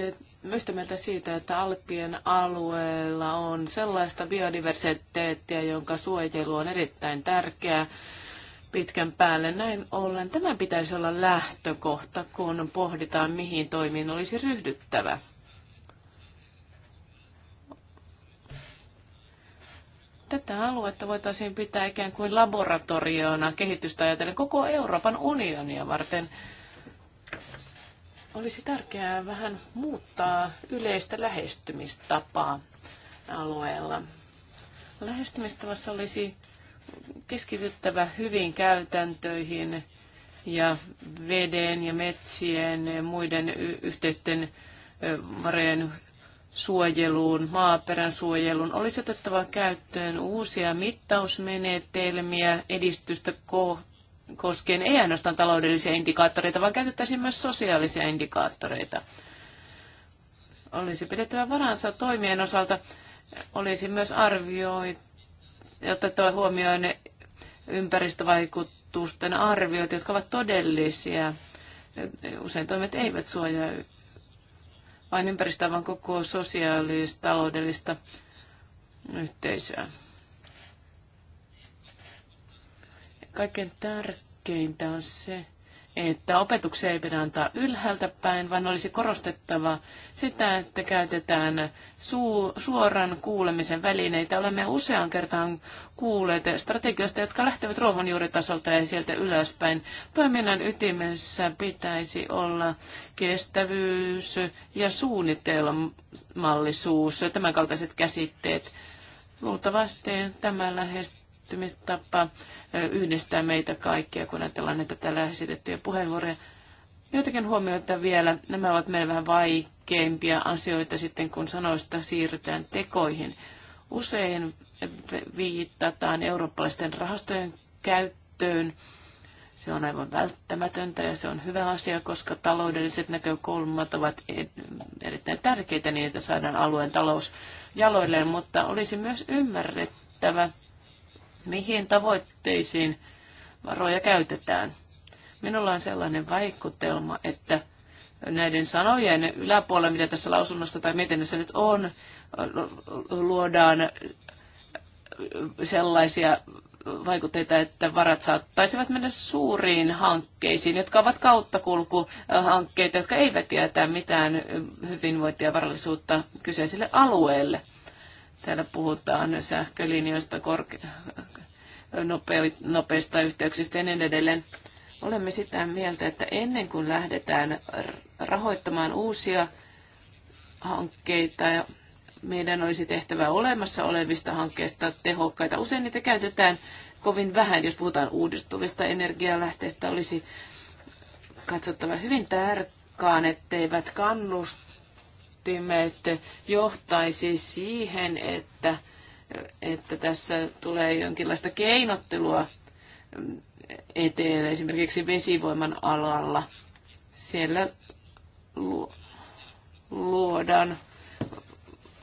S1: yhtä mieltä siitä, että Alppien alueella on sellaista biodiversiteettiä, jonka suojelu on erittäin tärkeää pitkän päälle. Näin ollen tämä pitäisi olla lähtökohta, kun pohditaan, mihin toimiin olisi ryhdyttävä. Tätä aluetta voitaisiin pitää ikään kuin laboratoriona kehitystä ajatellen koko Euroopan unionia varten – olisi tärkeää vähän muuttaa yleistä lähestymistapaa alueella. Lähestymistavassa olisi keskityttävä hyvin käytäntöihin ja veden ja metsien ja muiden yhteisten varojen suojeluun, maaperän suojeluun. Olisi otettava käyttöön uusia mittausmenetelmiä edistystä kohti koskien ei ainoastaan taloudellisia indikaattoreita, vaan käytettäisiin myös sosiaalisia indikaattoreita. Olisi pidettävä varansa toimien osalta, olisi myös arvioi, jotta tuo huomioon ympäristövaikutusten arviot, jotka ovat todellisia. Usein toimet eivät suojaa vain ympäristöä, vaan koko sosiaalista, taloudellista yhteisöä. Kaikkein tärkeintä on se, että opetuksia ei pidä antaa ylhäältä päin, vaan olisi korostettava sitä, että käytetään suu, suoran kuulemisen välineitä. Olemme useaan kertaan kuulleet strategioista, jotka lähtevät ruohonjuuritasolta ja sieltä ylöspäin. Toiminnan ytimessä pitäisi olla kestävyys ja suunnitelmallisuus, tämänkaltaiset käsitteet. Luultavasti tämä lähestyy lähestymistapa yhdistää meitä kaikkia, kun ajatellaan näitä täällä esitettyjä puheenvuoroja. Joitakin huomioita vielä. Nämä ovat meille vähän vaikeimpia asioita sitten, kun sanoista siirrytään tekoihin. Usein viittataan eurooppalaisten rahastojen käyttöön. Se on aivan välttämätöntä ja se on hyvä asia, koska taloudelliset näkökulmat ovat erittäin tärkeitä niin, että saadaan alueen talous jaloilleen, mutta olisi myös ymmärrettävä, mihin tavoitteisiin varoja käytetään. Minulla on sellainen vaikutelma, että näiden sanojen yläpuolella, mitä tässä lausunnossa tai mietinnössä nyt on, luodaan sellaisia vaikutteita, että varat saattaisivat mennä suuriin hankkeisiin, jotka ovat kauttakulkuhankkeita, jotka eivät tietää mitään hyvinvointia ja varallisuutta kyseiselle alueelle. Täällä puhutaan sähkölinjoista, korke- nopeista yhteyksistä ja niin edelleen. Olemme sitä mieltä, että ennen kuin lähdetään rahoittamaan uusia hankkeita, meidän olisi tehtävä olemassa olevista hankkeista tehokkaita. Usein niitä käytetään kovin vähän, jos puhutaan uudistuvista energialähteistä, olisi katsottava hyvin tarkkaan, etteivät kannustimet johtaisi siihen, että että tässä tulee jonkinlaista keinottelua eteen esimerkiksi vesivoiman alalla. Siellä luodaan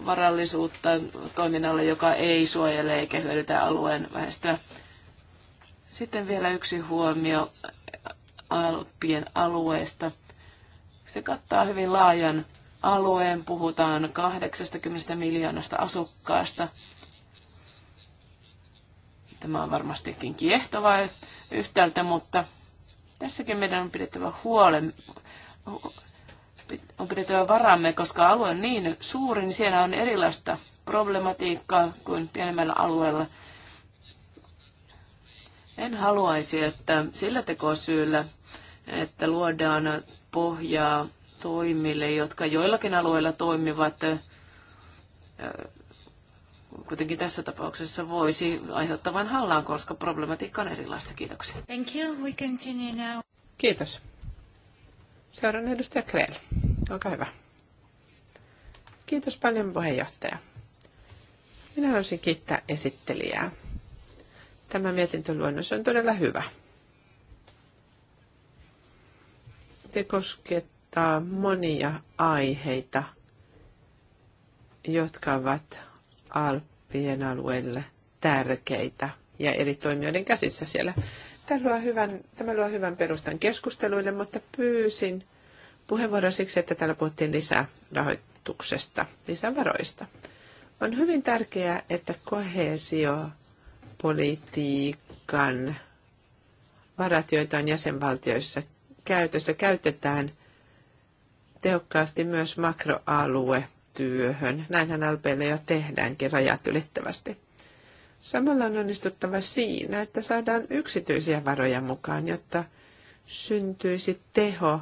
S1: varallisuutta toiminnalle, joka ei suojele eikä hyödytä alueen väestöä. Sitten vielä yksi huomio Alppien alueesta. Se kattaa hyvin laajan alueen. Puhutaan 80 miljoonasta asukkaasta. Tämä on varmastikin kiehtova yhtäältä, mutta tässäkin meidän on pidettävä huolen, on pidettävä varamme, koska alue on niin suuri, niin siellä on erilaista problematiikkaa kuin pienemmällä alueella. En haluaisi, että sillä tekosyyllä, että luodaan pohjaa toimille, jotka joillakin alueilla toimivat, kuitenkin tässä tapauksessa voisi aiheuttaa vain
S2: hallaan, koska problematiikka on erilaista. Kiitoksia.
S3: Thank you. We continue now.
S2: Kiitos. Seuraan edustaja Krell. Olkaa hyvä. Kiitos paljon puheenjohtaja. Minä haluaisin kiittää esittelijää. Tämä mietintöluonnos on todella hyvä. Se koskettaa monia aiheita, jotka ovat Alppien alueelle tärkeitä ja eri toimijoiden käsissä siellä. Tämä luo hyvän, tämä luo hyvän perustan keskusteluille, mutta pyysin puheenvuoron siksi, että täällä puhuttiin lisää rahoituksesta, lisävaroista. On hyvin tärkeää, että kohesiopolitiikan varat, joita on jäsenvaltioissa käytössä, käytetään tehokkaasti myös makroalue työhön. Näinhän LPlle jo tehdäänkin rajat ylittävästi. Samalla on onnistuttava siinä, että saadaan yksityisiä varoja mukaan, jotta syntyisi teho,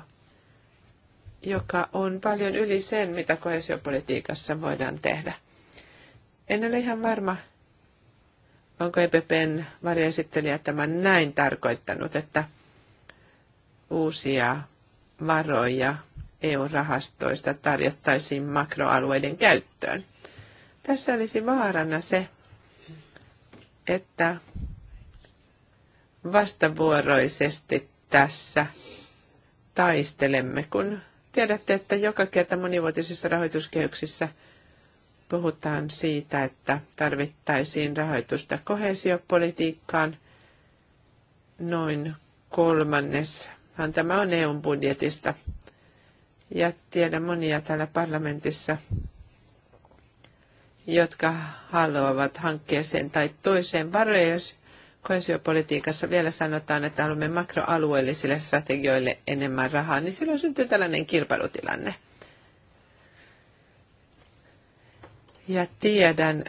S2: joka on paljon yli sen, mitä kohesiopolitiikassa voidaan tehdä. En ole ihan varma, onko EPPn varjoesittelijä tämän näin tarkoittanut, että uusia varoja EU-rahastoista tarjottaisiin makroalueiden käyttöön. Tässä olisi vaarana se, että vastavuoroisesti tässä taistelemme, kun tiedätte, että joka kerta monivuotisissa rahoituskehyksissä puhutaan siitä, että tarvittaisiin rahoitusta kohesiopolitiikkaan noin kolmannes. Tämä on EUn budjetista ja tiedän monia täällä parlamentissa, jotka haluavat hankkeeseen tai toiseen varoja, jos koesiopolitiikassa vielä sanotaan, että haluamme makroalueellisille strategioille enemmän rahaa, niin silloin syntyy tällainen kilpailutilanne. Ja tiedän,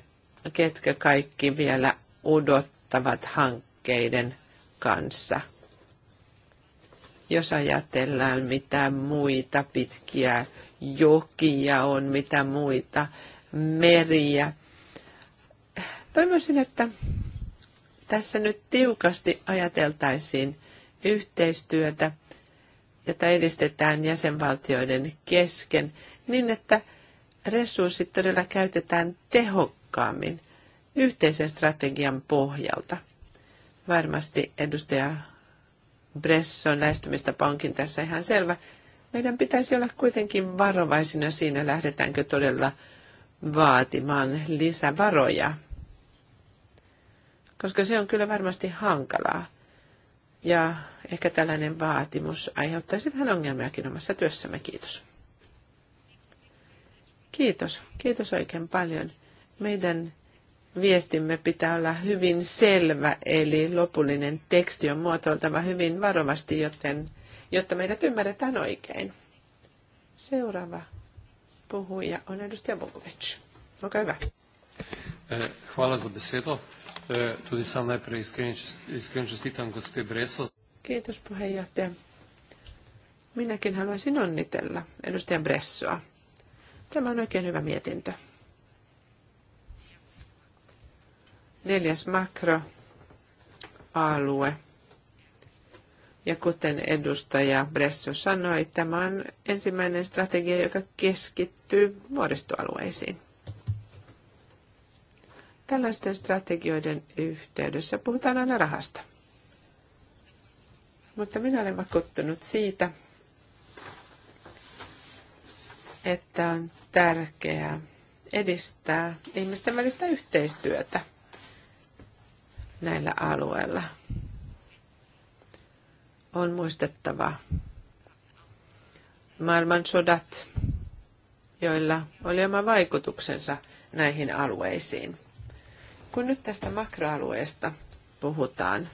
S2: ketkä kaikki vielä odottavat hankkeiden kanssa – jos ajatellaan mitä muita pitkiä jokia on, mitä muita meriä. Toivoisin, että tässä nyt tiukasti ajateltaisiin yhteistyötä, jota edistetään jäsenvaltioiden kesken, niin että resurssit todella käytetään tehokkaammin yhteisen strategian pohjalta. Varmasti edustaja Bresson lähestymistä pankin tässä ihan selvä. Meidän pitäisi olla kuitenkin varovaisina siinä, lähdetäänkö todella vaatimaan lisävaroja. Koska se on kyllä varmasti hankalaa. Ja ehkä tällainen vaatimus aiheuttaisi vähän ongelmiakin omassa työssämme. Kiitos. Kiitos. Kiitos oikein paljon. Meidän viestimme pitää olla hyvin selvä, eli lopullinen teksti on muotoiltava hyvin varovasti, joten, jotta meidät ymmärretään oikein. Seuraava puhuja on edustaja Bogovic. Olkaa hyvä.
S1: Eh, hvala za besedo. Eh, tudi sam najprej iskren čestitam gospe Breso.
S2: Kiitos puheenjohtaja. Minäkin haluaisin onnitella edustaja Bressoa. Tämä on oikein hyvä mietintö. Neljäs makroalue. Ja kuten edustaja Bresso sanoi, tämä on ensimmäinen strategia, joka keskittyy vuoristoalueisiin. Tällaisten strategioiden yhteydessä puhutaan aina rahasta. Mutta minä olen vakuuttunut siitä, että on tärkeää edistää ihmisten välistä yhteistyötä – näillä alueilla. On muistettava maailmansodat, joilla oli oma vaikutuksensa näihin alueisiin. Kun nyt tästä makroalueesta puhutaan,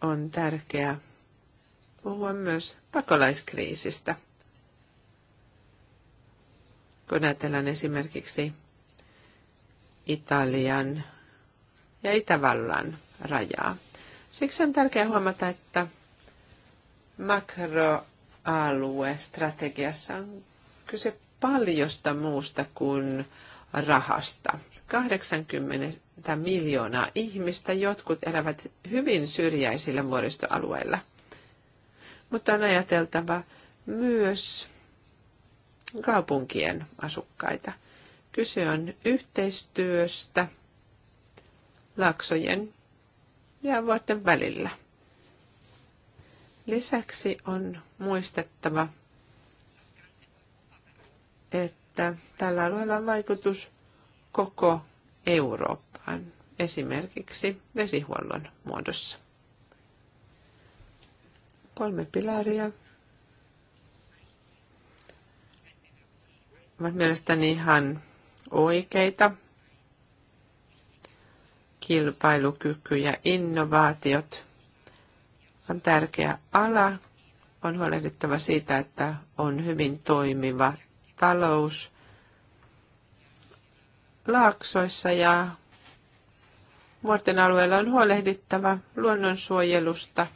S2: on tärkeää puhua myös pakolaiskriisistä. Kun ajatellaan esimerkiksi Italian ja Itävallan rajaa. Siksi on tärkeää huomata, että makroaluestrategiassa on kyse paljosta muusta kuin rahasta. 80 miljoonaa ihmistä, jotkut elävät hyvin syrjäisillä vuoristoalueilla. Mutta on ajateltava myös kaupunkien asukkaita – Kyse on yhteistyöstä laksojen ja vuorten välillä. Lisäksi on muistettava, että tällä alueella on vaikutus koko Eurooppaan, esimerkiksi vesihuollon muodossa. Kolme pilaria ovat mielestäni ihan oikeita. Kilpailukyky ja innovaatiot on tärkeä ala. On huolehdittava siitä, että on hyvin toimiva talous laaksoissa ja vuorten alueella on huolehdittava luonnonsuojelusta,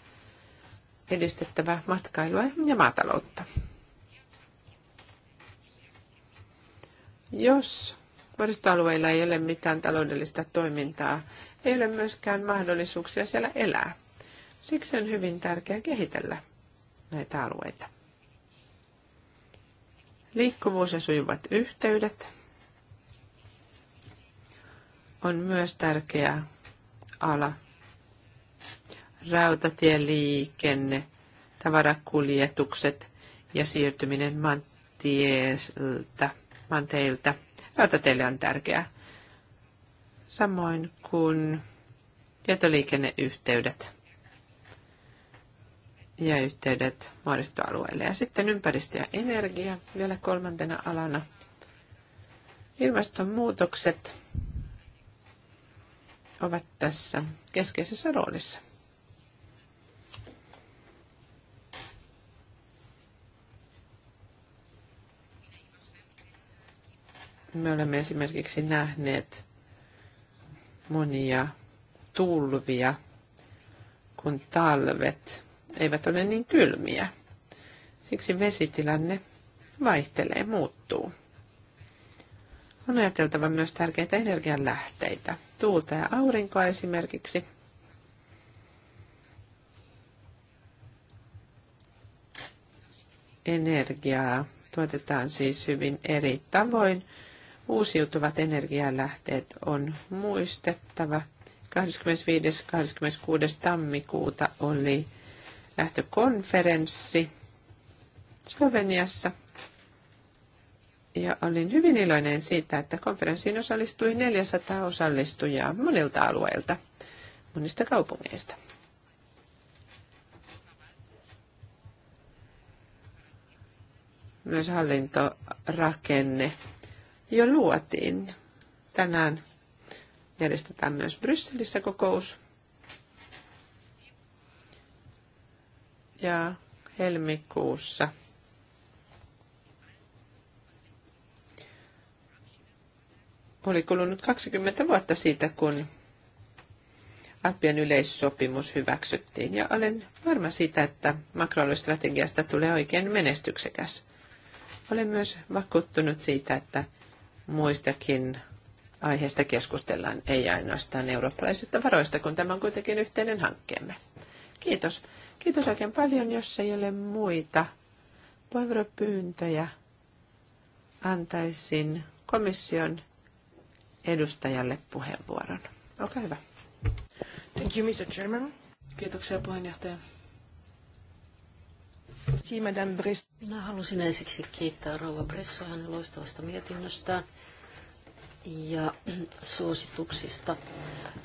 S2: edistettävä matkailua ja maataloutta. Jos Vuoristoalueilla ei ole mitään taloudellista toimintaa, ei ole myöskään mahdollisuuksia siellä elää. Siksi on hyvin tärkeää kehitellä näitä alueita. Liikkuvuus ja sujuvat yhteydet on myös tärkeä ala. Rautatieliikenne, tavarakuljetukset ja siirtyminen mantieltä, manteilta – jota teille on tärkeää. Samoin kuin tietoliikenneyhteydet ja yhteydet maaristoalueelle. Ja sitten ympäristö ja energia vielä kolmantena alana. Ilmastonmuutokset ovat tässä keskeisessä roolissa. Me olemme esimerkiksi nähneet monia tulvia, kun talvet eivät ole niin kylmiä. Siksi vesitilanne vaihtelee, muuttuu. On ajateltava myös tärkeitä energianlähteitä, tuulta ja aurinkoa esimerkiksi. Energiaa tuotetaan siis hyvin eri tavoin – Uusiutuvat energialähteet on muistettava. 25.–26. tammikuuta oli lähtökonferenssi Sloveniassa. Ja olin hyvin iloinen siitä, että konferenssiin osallistui 400 osallistujaa monilta alueilta, monista kaupungeista. Myös hallintorakenne jo luotiin. Tänään järjestetään myös Brysselissä kokous. Ja helmikuussa oli kulunut 20 vuotta siitä, kun Appian yleissopimus hyväksyttiin, ja olen varma siitä, että makroalustrategiasta tulee oikein menestyksekäs. Olen myös vakuuttunut siitä, että muistakin aiheesta keskustellaan, ei ainoastaan eurooppalaisista varoista, kun tämä on kuitenkin yhteinen hankkeemme. Kiitos. Kiitos oikein paljon, jos ei ole muita puheenvuoropyyntöjä. Antaisin komission edustajalle puheenvuoron. Olkaa hyvä. Thank you, Mr. Chairman. Kiitoksia
S3: puheenjohtaja. Minä halusin ensiksi kiittää rouva Bressoa hänen loistavasta mietinnöstään ja suosituksista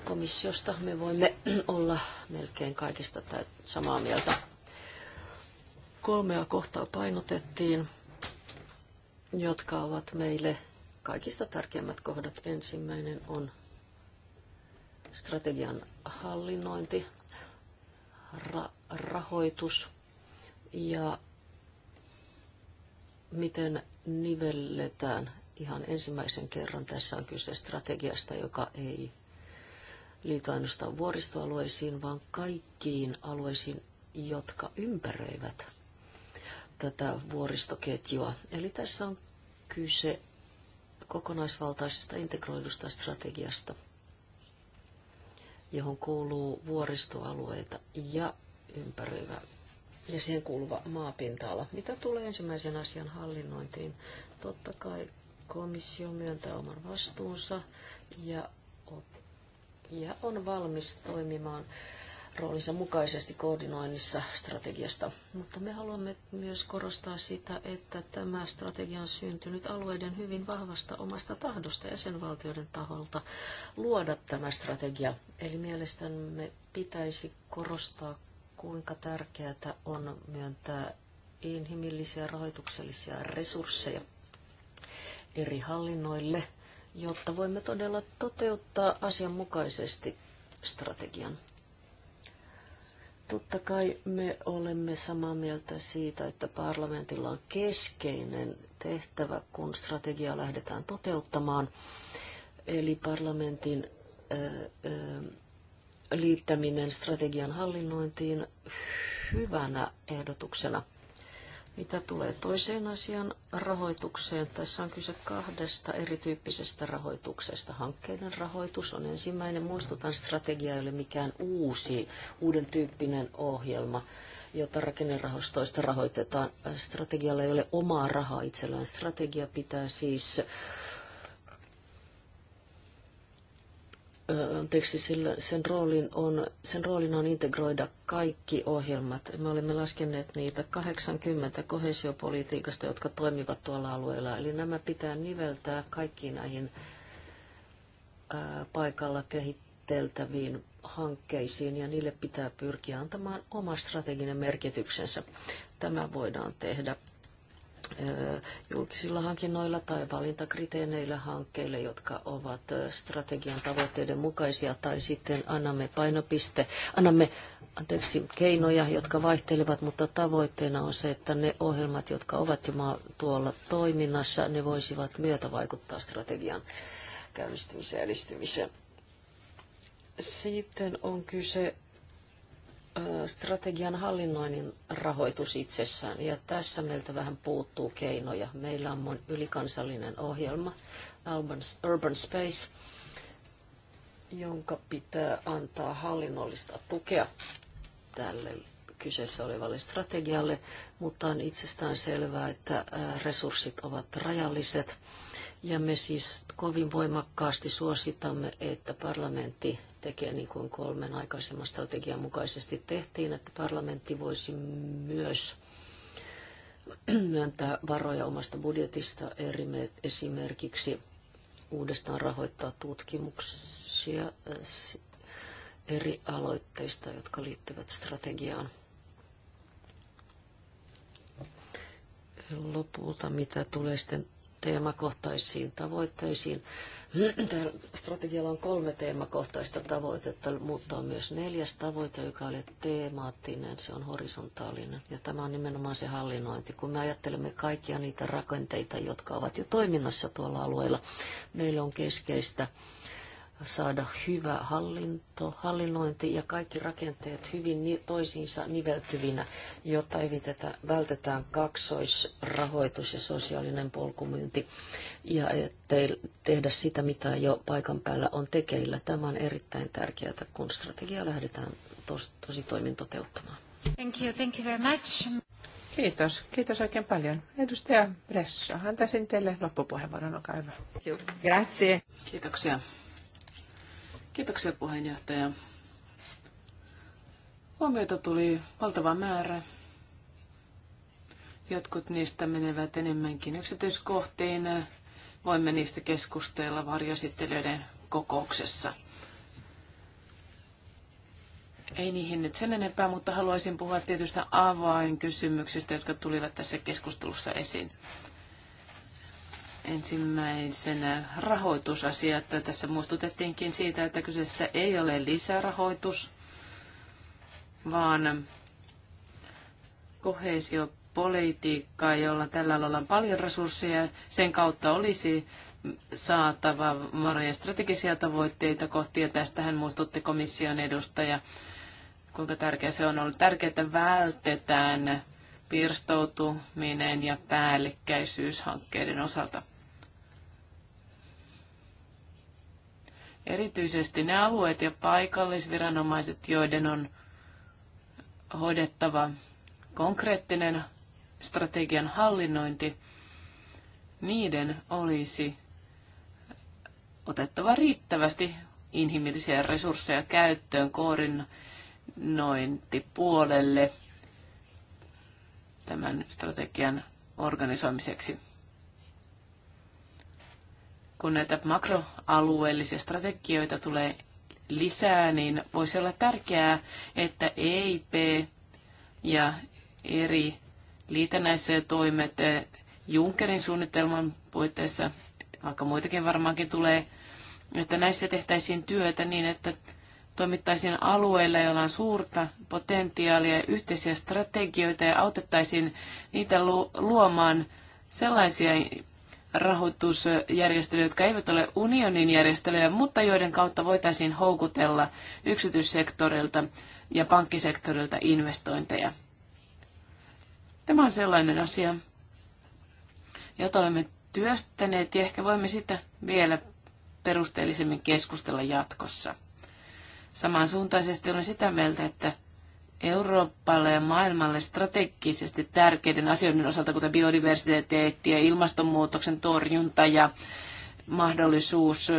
S3: komissiosta me voimme olla melkein kaikista samaa mieltä. Kolmea kohtaa painotettiin, jotka ovat meille kaikista tärkeimmät kohdat. Ensimmäinen on strategian hallinnointi, ra- rahoitus ja miten nivelletään Ihan ensimmäisen kerran tässä on kyse strategiasta, joka ei liity ainoastaan vuoristoalueisiin, vaan kaikkiin alueisiin, jotka ympäröivät tätä vuoristoketjua. Eli tässä on kyse kokonaisvaltaisesta integroidusta strategiasta, johon kuuluu vuoristoalueita ja ympäröivä ja siihen kuuluva maapinta-ala. Mitä tulee ensimmäisen asian hallinnointiin? Totta kai komissio myöntää oman vastuunsa ja, ja on valmis toimimaan roolinsa mukaisesti koordinoinnissa strategiasta. Mutta me haluamme myös korostaa sitä, että tämä strategia on syntynyt alueiden hyvin vahvasta omasta tahdosta jäsenvaltioiden taholta luoda tämä strategia. Eli mielestämme pitäisi korostaa, kuinka tärkeää on myöntää inhimillisiä rahoituksellisia resursseja eri hallinnoille, jotta voimme todella toteuttaa asianmukaisesti strategian. Totta kai me olemme samaa mieltä siitä, että parlamentilla on keskeinen tehtävä, kun strategiaa lähdetään toteuttamaan. Eli parlamentin liittäminen strategian hallinnointiin hyvänä ehdotuksena – mitä tulee toiseen asian rahoitukseen, tässä on kyse kahdesta erityyppisestä rahoituksesta. Hankkeiden rahoitus on ensimmäinen. Muistutan, strategia ei ole mikään uusi, uuden tyyppinen ohjelma, jota rakennerahastoista rahoitetaan. Strategialla ei ole omaa rahaa itsellään. Strategia pitää siis anteeksi, sillä sen, roolin on, sen roolina on integroida kaikki ohjelmat. Me olemme laskeneet niitä 80 kohesiopolitiikasta, jotka toimivat tuolla alueella. Eli nämä pitää niveltää kaikkiin näihin paikalla kehitteltäviin hankkeisiin ja niille pitää pyrkiä antamaan oma strateginen merkityksensä. Tämä voidaan tehdä julkisilla hankinnoilla tai valintakriteereillä hankkeille, jotka ovat strategian tavoitteiden mukaisia, tai sitten annamme painopiste, annamme anteeksi, keinoja, jotka vaihtelevat, mutta tavoitteena on se, että ne ohjelmat, jotka ovat jo tuolla toiminnassa, ne voisivat myötä vaikuttaa strategian käynnistymiseen ja edistymiseen. Sitten on kyse strategian hallinnoinnin rahoitus itsessään, ja tässä meiltä vähän puuttuu keinoja. Meillä on ylikansallinen ohjelma, Urban Space, jonka pitää antaa hallinnollista tukea tälle kyseessä olevalle strategialle, mutta on itsestään selvää, että resurssit ovat rajalliset. Ja me siis kovin voimakkaasti suositamme, että parlamentti tekee niin kuin kolmen aikaisemman strategian mukaisesti tehtiin, että parlamentti voisi myös myöntää varoja omasta budjetista eri, esimerkiksi uudestaan rahoittaa tutkimuksia äh, eri aloitteista, jotka liittyvät strategiaan. Lopulta mitä tulee sitten teemakohtaisiin tavoitteisiin. Tällä strategialla on kolme teemakohtaista tavoitetta, mutta on myös neljäs tavoite, joka oli teemaattinen, se on horisontaalinen. Ja tämä on nimenomaan se hallinnointi. Kun me ajattelemme kaikkia niitä rakenteita, jotka ovat jo toiminnassa tuolla alueella, meillä on keskeistä saada hyvä hallinto, hallinnointi ja kaikki rakenteet hyvin toisiinsa niveltyvinä, jotta evitetä, vältetään kaksoisrahoitus ja sosiaalinen polkumyynti ja ettei tehdä sitä, mitä jo paikan päällä on tekeillä. Tämä on erittäin tärkeää, kun strategia lähdetään tos, tosi toimin toteuttamaan.
S2: Thank you, thank you very much.
S3: Kiitos, kiitos oikein paljon.
S2: Edustaja Bressa, antaisin teille loppupuheenvuoron, olkaa hyvä. Grazie. Kiitoksia.
S1: Kiitoksia puheenjohtaja. Huomioita tuli valtava määrä. Jotkut niistä menevät enemmänkin yksityiskohtiin. Voimme niistä keskustella varjosittelijöiden kokouksessa. Ei niihin nyt sen enempää, mutta haluaisin puhua tietystä avainkysymyksistä, jotka tulivat tässä keskustelussa esiin. Ensimmäisenä rahoitusasiat. Tässä muistutettiinkin siitä, että kyseessä ei ole lisärahoitus, vaan kohesiopolitiikkaa, jolla tällä alalla on paljon resursseja. Sen kautta olisi saatava varoja strategisia tavoitteita kohti, ja tästähän muistutti komission edustaja, kuinka tärkeä se on ollut. Tärkeää, että vältetään pirstoutuminen ja päällekkäisyys hankkeiden osalta. Erityisesti ne alueet ja paikallisviranomaiset, joiden on hoidettava konkreettinen strategian hallinnointi, niiden olisi otettava riittävästi inhimillisiä resursseja käyttöön koordinointipuolelle tämän strategian organisoimiseksi kun näitä makroalueellisia strategioita tulee lisää, niin voisi olla tärkeää, että EIP ja eri liitännäiset toimet Junckerin suunnitelman puitteissa, vaikka muitakin varmaankin tulee, että näissä tehtäisiin työtä niin, että toimittaisiin alueilla, joilla on suurta potentiaalia ja yhteisiä strategioita ja autettaisiin niitä luomaan sellaisia rahoitusjärjestelyjä, jotka eivät ole unionin järjestelyjä, mutta joiden kautta voitaisiin houkutella yksityissektorilta ja pankkisektorilta investointeja. Tämä on sellainen asia, jota olemme työstäneet ja ehkä voimme sitä vielä perusteellisemmin keskustella jatkossa. Samansuuntaisesti olen sitä mieltä, että Euroopalle ja maailmalle strategisesti tärkeiden asioiden osalta, kuten biodiversiteetti ja ilmastonmuutoksen torjunta ja mahdollisuus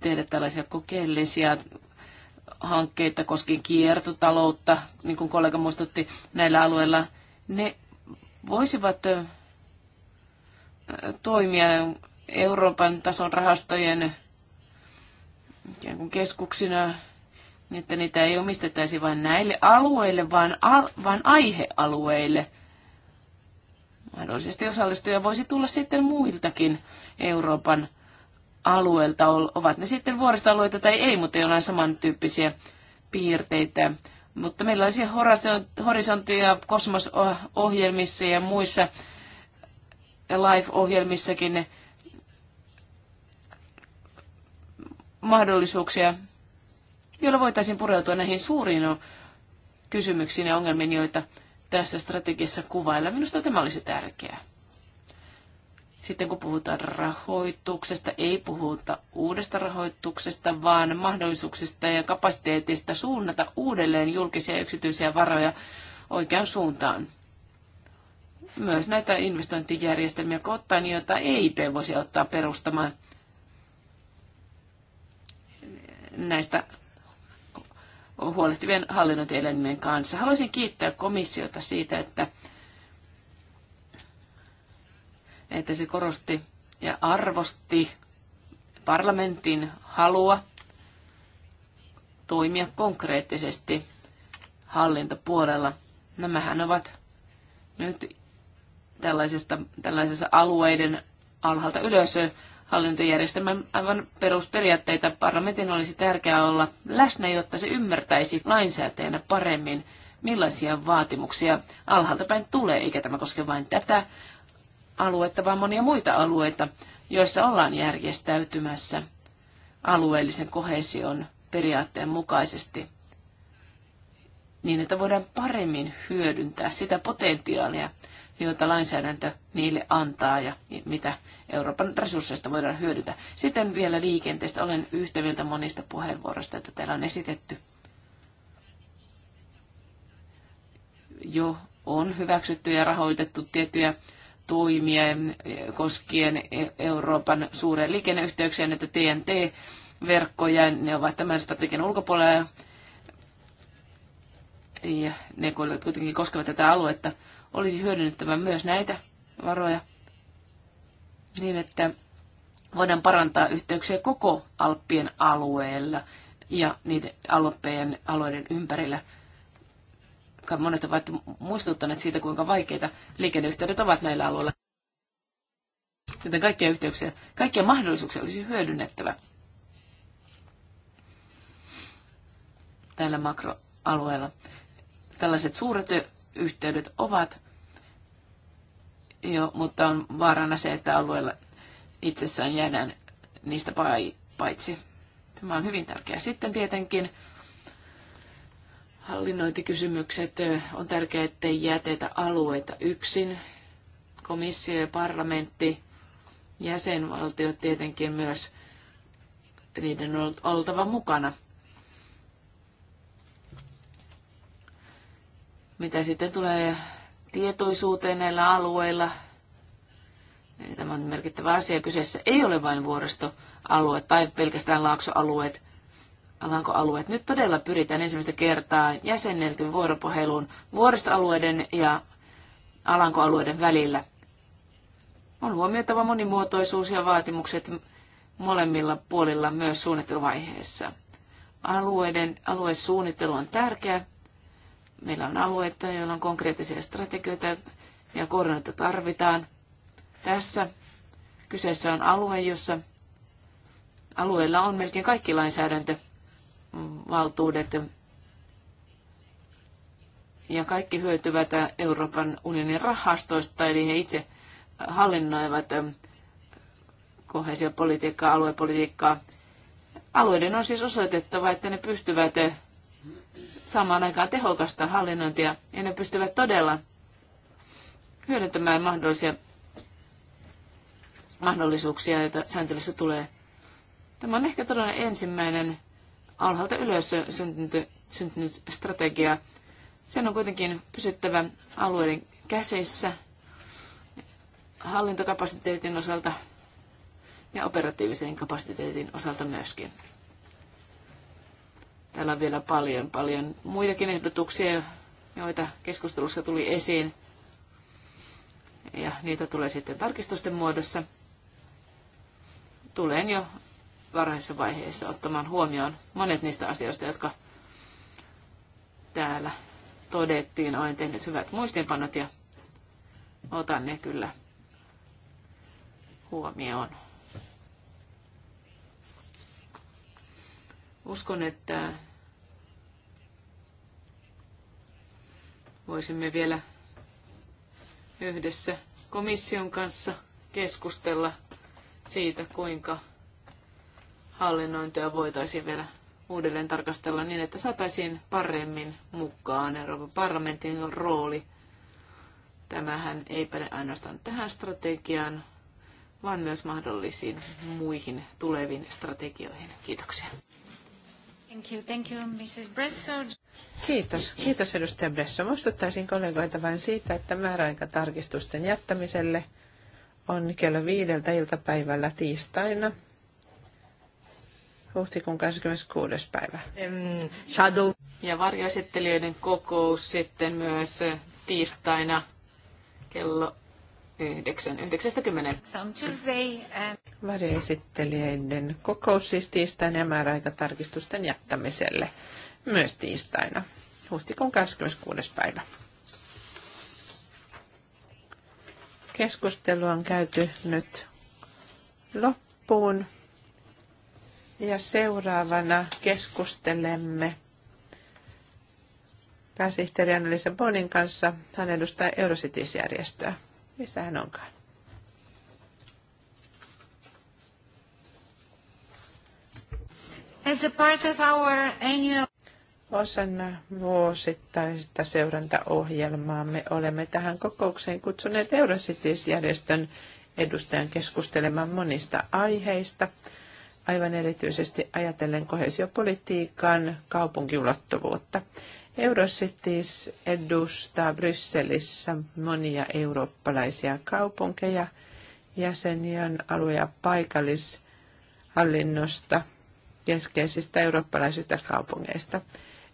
S1: tehdä tällaisia kokeellisia hankkeita koskien kiertotaloutta, niin kuin kollega muistutti näillä alueilla, ne voisivat toimia Euroopan tason rahastojen keskuksina että niitä ei omistettaisi vain näille alueille, vaan, a vaan aihealueille. Mahdollisesti osallistuja voisi tulla sitten muiltakin Euroopan alueelta, ovat ne sitten vuoristoalueita tai ei, mutta jollain samantyyppisiä piirteitä. Mutta meillä olisi horisontti- ja kosmosohjelmissa ja muissa live-ohjelmissakin mahdollisuuksia joilla voitaisiin pureutua näihin suuriin kysymyksiin ja ongelmiin, joita tässä strategiassa kuvailla. Minusta tämä olisi tärkeää. Sitten kun puhutaan rahoituksesta, ei puhuta uudesta rahoituksesta, vaan mahdollisuuksista ja kapasiteetista suunnata uudelleen julkisia ja yksityisiä varoja oikeaan suuntaan. Myös näitä investointijärjestelmiä kohtaan, joita EIP voisi ottaa perustamaan näistä huolehtivien hallinnointielimien kanssa. Haluaisin kiittää komissiota siitä, että, että se korosti ja arvosti parlamentin halua toimia konkreettisesti hallintopuolella. Nämähän ovat nyt tällaisesta, tällaisessa alueiden alhaalta ylös hallintojärjestelmän aivan perusperiaatteita. Parlamentin olisi tärkeää olla läsnä, jotta se ymmärtäisi lainsäätäjänä paremmin, millaisia vaatimuksia alhaalta päin tulee, eikä tämä koske vain tätä aluetta, vaan monia muita alueita, joissa ollaan järjestäytymässä alueellisen kohesion periaatteen mukaisesti, niin että voidaan paremmin hyödyntää sitä potentiaalia, joita lainsäädäntö niille antaa ja mitä Euroopan resursseista voidaan hyödytä. Sitten vielä liikenteestä. Olen yhtä mieltä monista puheenvuoroista, joita täällä on esitetty. Jo on hyväksytty ja rahoitettu tiettyjä toimia koskien Euroopan suureen liikenneyhteyksiä, näitä TNT-verkkoja. Ne ovat tämän strategian ulkopuolella ja ne kuitenkin koskevat tätä aluetta olisi hyödynnettävä myös näitä varoja niin, että voidaan parantaa yhteyksiä koko Alppien alueella ja niiden alppien alueiden ympärillä. Monet ovat muistuttaneet siitä, kuinka vaikeita liikenneyhteydet ovat näillä alueilla. Joten kaikkia yhteyksiä, kaikkia mahdollisuuksia olisi hyödynnettävä tällä makroalueella. Tällaiset suuret yhteydet ovat Joo, mutta on vaarana se, että alueella itsessään jäädään niistä paitsi. Tämä on hyvin tärkeää. Sitten tietenkin hallinnointikysymykset. On tärkeää, ettei jätetä alueita yksin. Komissio ja parlamentti, jäsenvaltiot tietenkin myös, niiden on oltava mukana. Mitä sitten tulee tietoisuuteen näillä alueilla. Tämä on merkittävä asia. Kyseessä ei ole vain vuoristoalue tai pelkästään laaksoalueet, alankoalueet. Nyt todella pyritään ensimmäistä kertaa jäsenneltyyn vuoropuheluun vuoristoalueiden ja alankoalueiden välillä. On huomioitava monimuotoisuus ja vaatimukset molemmilla puolilla myös suunnitteluvaiheessa. Alueiden, aluesuunnittelu on tärkeä Meillä on alueita, joilla on konkreettisia strategioita ja koordinoita tarvitaan. Tässä kyseessä on alue, jossa alueella on melkein kaikki lainsäädäntövaltuudet ja kaikki hyötyvät Euroopan unionin rahastoista, eli he itse hallinnoivat kohesiopolitiikkaa, aluepolitiikkaa. Alueiden on siis osoitettava, että ne pystyvät saamaan aikaan tehokasta hallinnointia ja ne pystyvät todella hyödyntämään mahdollisia mahdollisuuksia, joita sääntelyssä tulee. Tämä on ehkä todella ensimmäinen alhaalta ylös syntynyt, syntynyt strategia. Sen on kuitenkin pysyttävä alueiden käsissä hallintokapasiteetin osalta ja operatiivisen kapasiteetin osalta myöskin. Täällä on vielä paljon, paljon muitakin ehdotuksia, joita keskustelussa tuli esiin. Ja niitä tulee sitten tarkistusten muodossa. Tulen jo varhaisessa vaiheessa ottamaan huomioon monet niistä asioista, jotka täällä todettiin. Olen tehnyt hyvät muistiinpanot ja otan ne kyllä huomioon. Uskon, että voisimme vielä yhdessä komission kanssa keskustella siitä, kuinka hallinnointia voitaisiin vielä uudelleen tarkastella niin, että saataisiin paremmin mukaan Euroopan parlamentin rooli. Tämähän ei päde ainoastaan tähän strategiaan, vaan myös mahdollisiin muihin
S2: tuleviin strategioihin. Kiitoksia. Thank you, thank you, Mrs. Bresso. Kiitos, kiitos edustaja Bresso. Muistuttaisin kollegoita vain siitä, että määräaika tarkistusten jättämiselle on kello viideltä iltapäivällä tiistaina huhtikuun 26. päivä. Shadow.
S1: Ja varjoesittelijöiden kokous sitten myös tiistaina kello 9, 90.
S2: Uh, kokous siis tiistaina ja määräaika tarkistusten jättämiselle myös tiistaina, huhtikuun 26. päivä. Keskustelu on käyty nyt loppuun ja seuraavana keskustelemme pääsihteeri Annelisa Bonin kanssa. Hän edustaa Eurocities-järjestöä. Missä hän onkaan? As a part of our annual... Osana vuosittaista seurantaohjelmaa me olemme tähän kokoukseen kutsuneet Eurocities-järjestön edustajan keskustelemaan monista aiheista, aivan erityisesti ajatellen kohesiopolitiikan kaupunkiulottuvuutta. Eurocities edustaa Brysselissä monia eurooppalaisia kaupunkeja, jäseniä alue- ja paikallishallinnosta, keskeisistä eurooppalaisista kaupungeista.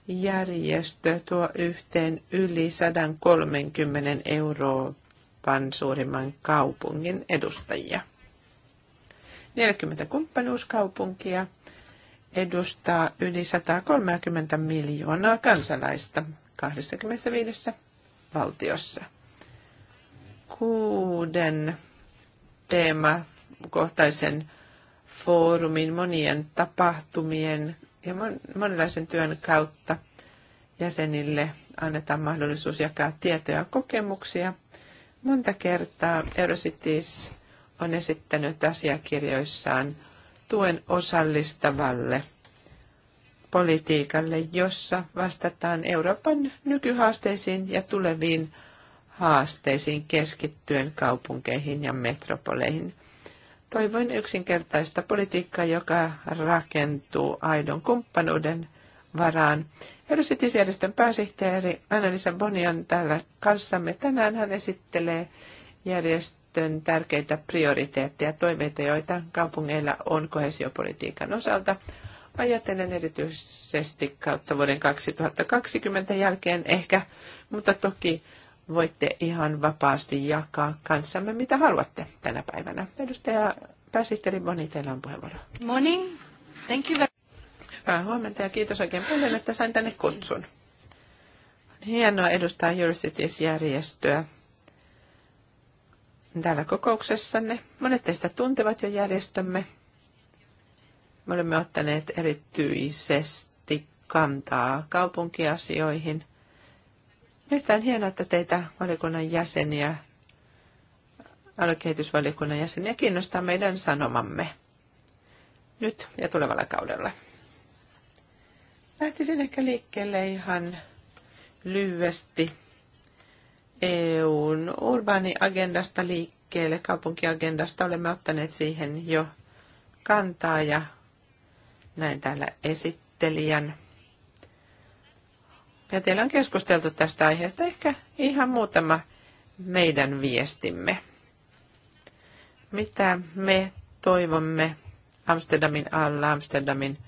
S2: Järjestö tuo yhteen yli 130 Euroopan suurimman kaupungin edustajia. 40 kumppanuuskaupunkia – edustaa yli 130 miljoonaa kansalaista 25 valtiossa. Kuuden teemakohtaisen foorumin monien tapahtumien ja monenlaisen työn kautta jäsenille annetaan mahdollisuus jakaa tietoja ja kokemuksia. Monta kertaa Eurocities on esittänyt asiakirjoissaan – tuen osallistavalle politiikalle, jossa vastataan Euroopan nykyhaasteisiin ja tuleviin haasteisiin keskittyen kaupunkeihin ja metropoleihin. Toivoin yksinkertaista politiikkaa, joka rakentuu aidon kumppanuuden varaan. Eurositisjärjestön pääsihteeri Annalisa Boni on täällä kanssamme. Tänään hän esittelee järjestön käyttöön tärkeitä prioriteetteja toiveita, joita kaupungeilla on kohesiopolitiikan osalta. Ajattelen erityisesti kautta vuoden 2020 jälkeen ehkä, mutta toki voitte ihan vapaasti jakaa kanssamme, mitä haluatte tänä päivänä. Edustaja pääsihteeri Moni, teillä on puheenvuoro. Morning. Thank you very Hyvää huomenta ja kiitos oikein paljon, että sain tänne kutsun. Hienoa edustaa Eurocities-järjestöä täällä kokouksessanne. Monet teistä tuntevat jo järjestömme. Me olemme ottaneet erityisesti kantaa kaupunkiasioihin. Meistä on hienoa, että teitä valiokunnan jäseniä, aluekehitysvaliokunnan jäseniä kiinnostaa meidän sanomamme nyt ja tulevalla kaudella. Lähtisin ehkä liikkeelle ihan lyhyesti EU urbaaniagendasta liikkeelle, kaupunkiagendasta. Olemme ottaneet siihen jo kantaa ja näin täällä esittelijän. Ja teillä on keskusteltu tästä aiheesta ehkä ihan muutama meidän viestimme. Mitä me toivomme Amsterdamin alla, Amsterdamin –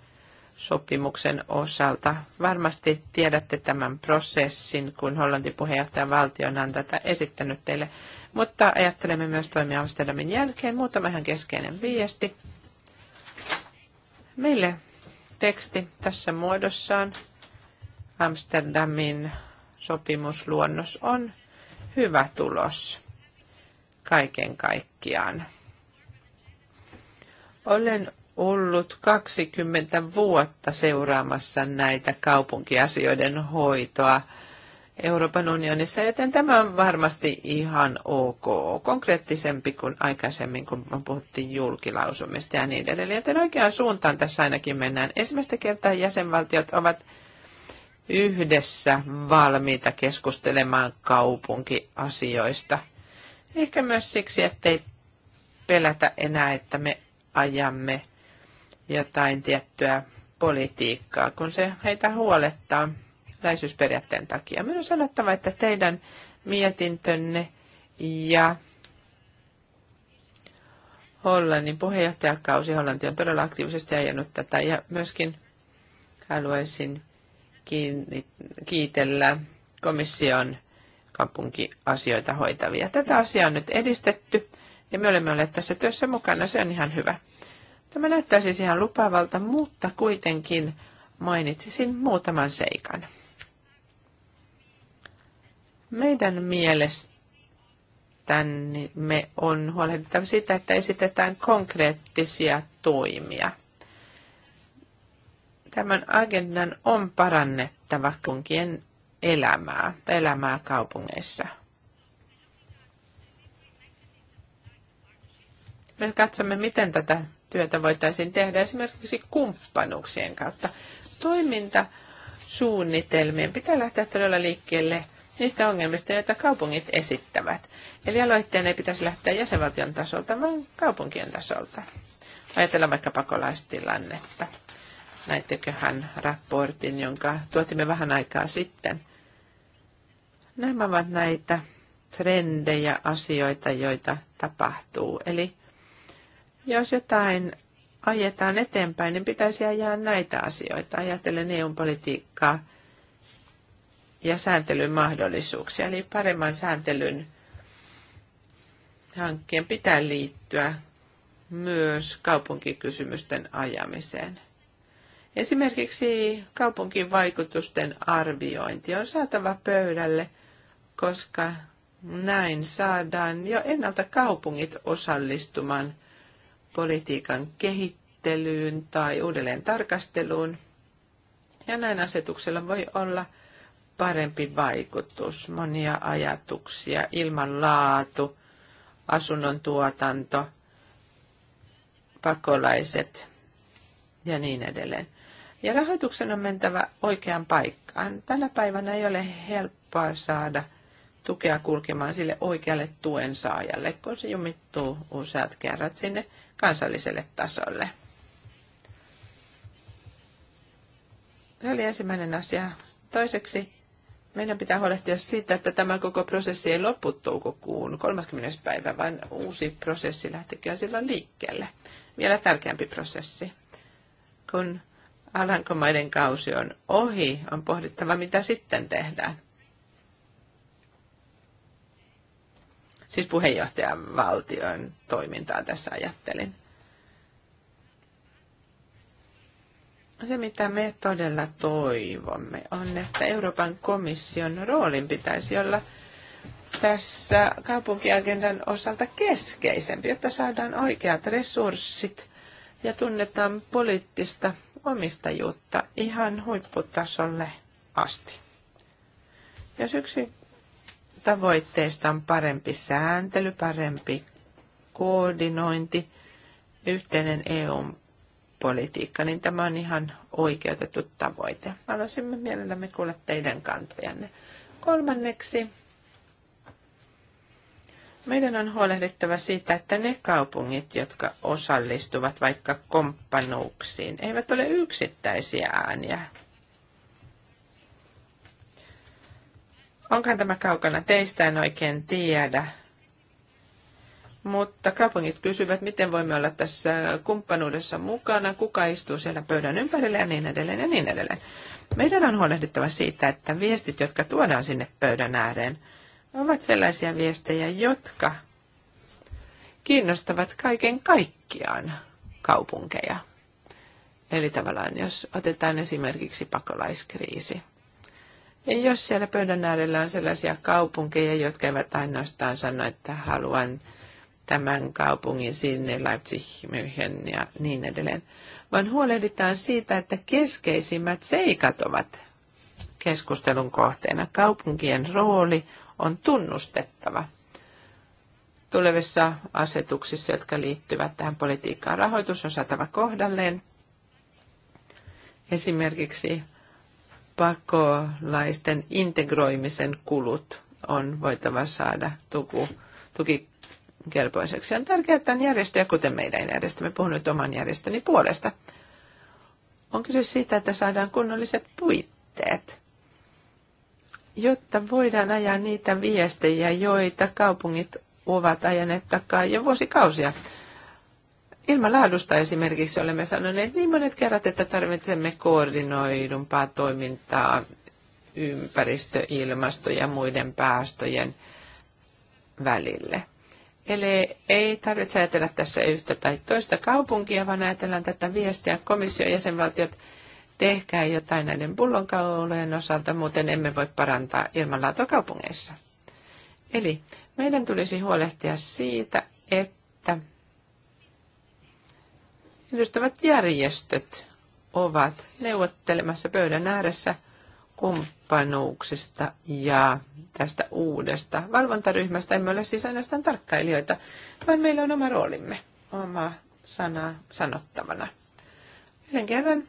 S2: sopimuksen osalta. Varmasti tiedätte tämän prosessin, kun Hollantin puheenjohtaja valtio on tätä esittänyt teille. Mutta ajattelemme myös toimia Amsterdamin jälkeen. Muutama ihan keskeinen viesti. Meille teksti tässä muodossaan Amsterdamin sopimusluonnos on hyvä tulos kaiken kaikkiaan. Olen ollut 20 vuotta seuraamassa näitä kaupunkiasioiden hoitoa Euroopan unionissa, joten tämä on varmasti ihan ok, konkreettisempi kuin aikaisemmin, kun puhuttiin julkilausumista ja niin edelleen. Joten oikeaan suuntaan tässä ainakin mennään. Ensimmäistä kertaa jäsenvaltiot ovat yhdessä valmiita keskustelemaan kaupunkiasioista. Ehkä myös siksi, ettei pelätä enää, että me ajamme jotain tiettyä politiikkaa, kun se heitä huolettaa läheisyysperiaatteen takia. Minun on sanottava, että teidän mietintönne ja Hollannin puheenjohtajakausi. Hollanti on todella aktiivisesti ajanut tätä ja myöskin haluaisin kiitellä komission kaupunkiasioita hoitavia. Tätä asiaa on nyt edistetty ja me olemme olleet tässä työssä mukana, se on ihan hyvä. Tämä näyttää siis ihan lupaavalta, mutta kuitenkin mainitsisin muutaman seikan. Meidän mielestämme on huolehdittava sitä, että esitetään konkreettisia toimia. Tämän agendan on parannettava kunkien elämää tai elämää kaupungeissa. Me katsomme, miten tätä työtä voitaisiin tehdä esimerkiksi kumppanuuksien kautta. Toimintasuunnitelmien pitää lähteä todella liikkeelle niistä ongelmista, joita kaupungit esittävät. Eli aloitteen ei pitäisi lähteä jäsenvaltion tasolta, vaan kaupunkien tasolta. Ajatellaan vaikka pakolaistilannetta. Näitteköhän raportin, jonka tuotimme vähän aikaa sitten. Nämä ovat näitä trendejä, asioita, joita tapahtuu. Eli jos jotain ajetaan eteenpäin, niin pitäisi ajaa näitä asioita. Ajatellen EU-politiikkaa ja sääntelyn mahdollisuuksia, eli paremman sääntelyn hankkeen pitää liittyä myös kaupunkikysymysten ajamiseen. Esimerkiksi kaupunkin vaikutusten arviointi on saatava pöydälle, koska näin saadaan jo ennalta kaupungit osallistumaan – politiikan kehittelyyn tai uudelleen tarkasteluun. Ja näin asetuksella voi olla parempi vaikutus, monia ajatuksia, ilmanlaatu, asunnon tuotanto, pakolaiset ja niin edelleen. Ja rahoituksen on mentävä oikeaan paikkaan. Tänä päivänä ei ole helppoa saada tukea kulkemaan sille oikealle tuen saajalle, kun se jumittuu useat kerrat sinne kansalliselle tasolle. Se oli ensimmäinen asia. Toiseksi meidän pitää huolehtia siitä, että tämä koko prosessi ei loppu toukokuun 30. päivä, vaan uusi prosessi lähtikin silloin liikkeelle. Vielä tärkeämpi prosessi. Kun Alankomaiden kausi on ohi, on pohdittava, mitä sitten tehdään. siis puheenjohtajan valtion toimintaa tässä ajattelin. Se, mitä me todella toivomme, on, että Euroopan komission roolin pitäisi olla tässä kaupunkiagendan osalta keskeisempi, jotta saadaan oikeat resurssit ja tunnetaan poliittista omistajuutta ihan huipputasolle asti. Jos yksi tavoitteista on parempi sääntely, parempi koordinointi, yhteinen EU-politiikka, niin tämä on ihan oikeutettu tavoite. Haluaisimme mielellämme kuulla teidän kantojanne. Kolmanneksi, meidän on huolehdittava siitä, että ne kaupungit, jotka osallistuvat vaikka komppanuuksiin, eivät ole yksittäisiä ääniä, Onkohan tämä kaukana? Teistä en oikein tiedä. Mutta kaupungit kysyvät, miten voimme olla tässä kumppanuudessa mukana, kuka istuu siellä pöydän ympärillä ja niin edelleen ja niin edelleen. Meidän on huolehdittava siitä, että viestit, jotka tuodaan sinne pöydän ääreen, ovat sellaisia viestejä, jotka kiinnostavat kaiken kaikkiaan kaupunkeja. Eli tavallaan jos otetaan esimerkiksi pakolaiskriisi, ja jos siellä pöydän äärellä on sellaisia kaupunkeja, jotka eivät ainoastaan sano, että haluan tämän kaupungin sinne, Leipzig, München ja niin edelleen, vaan huolehditaan siitä, että keskeisimmät seikat ovat keskustelun kohteena. Kaupunkien rooli on tunnustettava tulevissa asetuksissa, jotka liittyvät tähän politiikkaan. Rahoitus on saatava kohdalleen. Esimerkiksi pakolaisten integroimisen kulut on voitava saada tuku, tukikelpoiseksi. On tärkeää, että on järjestöjä, kuten meidän järjestämme, puhun nyt oman järjestöni puolesta. On kyse siitä, että saadaan kunnolliset puitteet, jotta voidaan ajaa niitä viestejä, joita kaupungit ovat ajaneet takaa jo vuosikausia Ilmanlaadusta esimerkiksi olemme sanoneet niin monet kerrat, että tarvitsemme koordinoidumpaa toimintaa ympäristö, ilmasto ja muiden päästöjen välille. Eli ei tarvitse ajatella tässä yhtä tai toista kaupunkia, vaan ajatellaan tätä viestiä. Komission jäsenvaltiot, tehkää jotain näiden pullonkaulujen osalta, muuten emme voi parantaa ilmanlaatua kaupungeissa. Eli meidän tulisi huolehtia siitä, että edustavat järjestöt ovat neuvottelemassa pöydän ääressä kumppanuuksista ja tästä uudesta valvontaryhmästä. Emme ole siis ainoastaan tarkkailijoita, vaan meillä on oma roolimme, oma sana sanottavana. Yhden kerran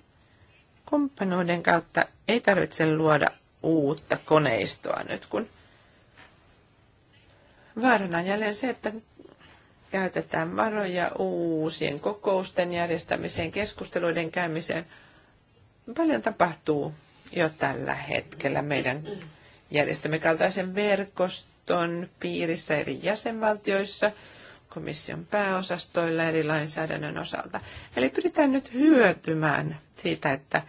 S2: kumppanuuden kautta ei tarvitse luoda uutta koneistoa nyt, kun vaarana on jälleen se, että käytetään varoja uusien kokousten järjestämiseen, keskusteluiden käymiseen. Paljon tapahtuu jo tällä hetkellä meidän järjestämme kaltaisen verkoston piirissä eri jäsenvaltioissa, komission pääosastoilla eri lainsäädännön osalta. Eli pyritään nyt hyötymään siitä, että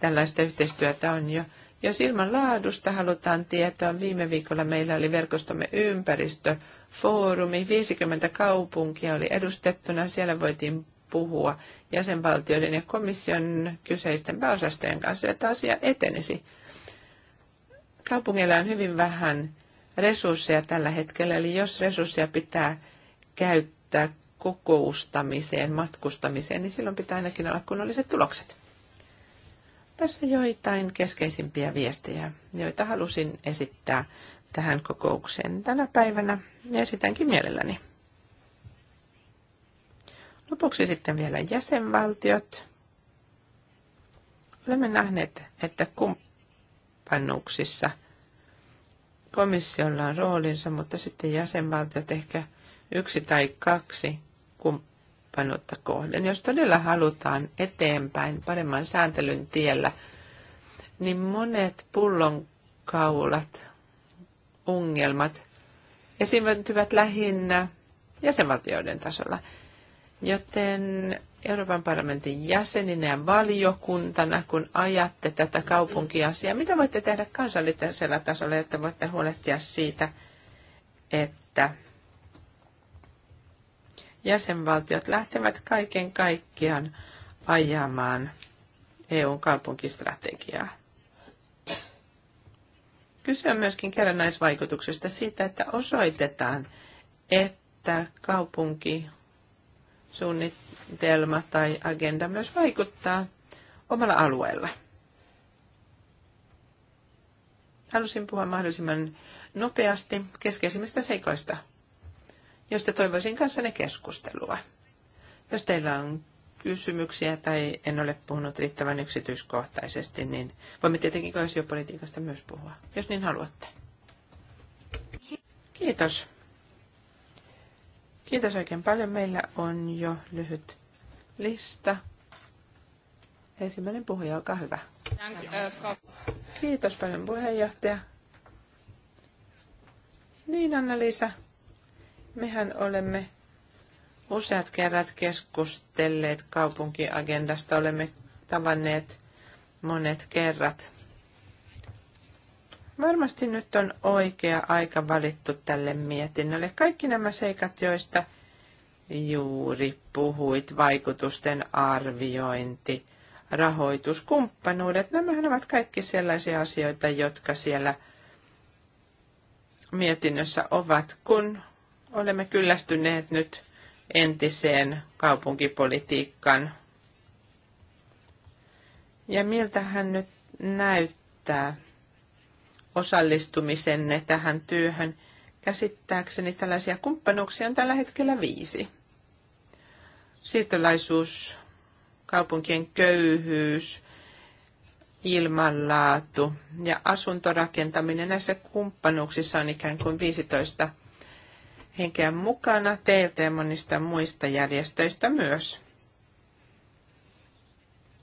S2: tällaista yhteistyötä on jo. Jos ilman laadusta halutaan tietoa, viime viikolla meillä oli verkostomme ympäristö foorumi, 50 kaupunkia oli edustettuna, siellä voitiin puhua jäsenvaltioiden ja komission kyseisten pääosastojen kanssa, että asia etenisi. Kaupungeilla on hyvin vähän resursseja tällä hetkellä, eli jos resursseja pitää käyttää kokoustamiseen, matkustamiseen, niin silloin pitää ainakin olla kunnolliset tulokset. Tässä joitain keskeisimpiä viestejä, joita halusin esittää tähän kokoukseen tänä päivänä ja esitänkin mielelläni. Lopuksi sitten vielä jäsenvaltiot. Olemme nähneet, että kumppanuuksissa komissiolla on roolinsa, mutta sitten jäsenvaltiot ehkä yksi tai kaksi kumppanuutta kohden. Jos todella halutaan eteenpäin paremman sääntelyn tiellä, niin monet pullonkaulat ongelmat esiintyvät lähinnä jäsenvaltioiden tasolla. Joten Euroopan parlamentin jäseninä ja valiokuntana, kun ajatte tätä kaupunkiasiaa, mitä voitte tehdä kansallisella tasolla, että voitte huolehtia siitä, että jäsenvaltiot lähtevät kaiken kaikkiaan ajamaan EUn kaupunkistrategiaa. Kyse on myöskin kerrannaisvaikutuksesta siitä, että osoitetaan, että kaupunkisuunnitelma tai agenda myös vaikuttaa omalla alueella. Halusin puhua mahdollisimman nopeasti keskeisimmistä seikoista, joista toivoisin kanssanne keskustelua. Jos teillä on kysymyksiä tai en ole puhunut riittävän yksityiskohtaisesti, niin voimme tietenkin koesiopolitiikasta myös puhua, jos niin haluatte. Kiitos. Kiitos oikein paljon. Meillä on jo lyhyt lista. Ensimmäinen puhuja, olkaa hyvä. Kiitos paljon puheenjohtaja. Niin Anna-Liisa, mehän olemme useat kerrat keskustelleet kaupunkiagendasta. Olemme tavanneet monet kerrat. Varmasti nyt on oikea aika valittu tälle mietinnölle. Kaikki nämä seikat, joista juuri puhuit, vaikutusten arviointi, rahoituskumppanuudet, nämähän ovat kaikki sellaisia asioita, jotka siellä mietinnössä ovat, kun olemme kyllästyneet nyt entiseen kaupunkipolitiikkaan. Ja miltä hän nyt näyttää osallistumisenne tähän työhön? Käsittääkseni tällaisia kumppanuuksia on tällä hetkellä viisi. Siirtolaisuus, kaupunkien köyhyys, ilmanlaatu ja asuntorakentaminen näissä kumppanuuksissa on ikään kuin 15 henkeä mukana teiltä ja monista muista järjestöistä myös.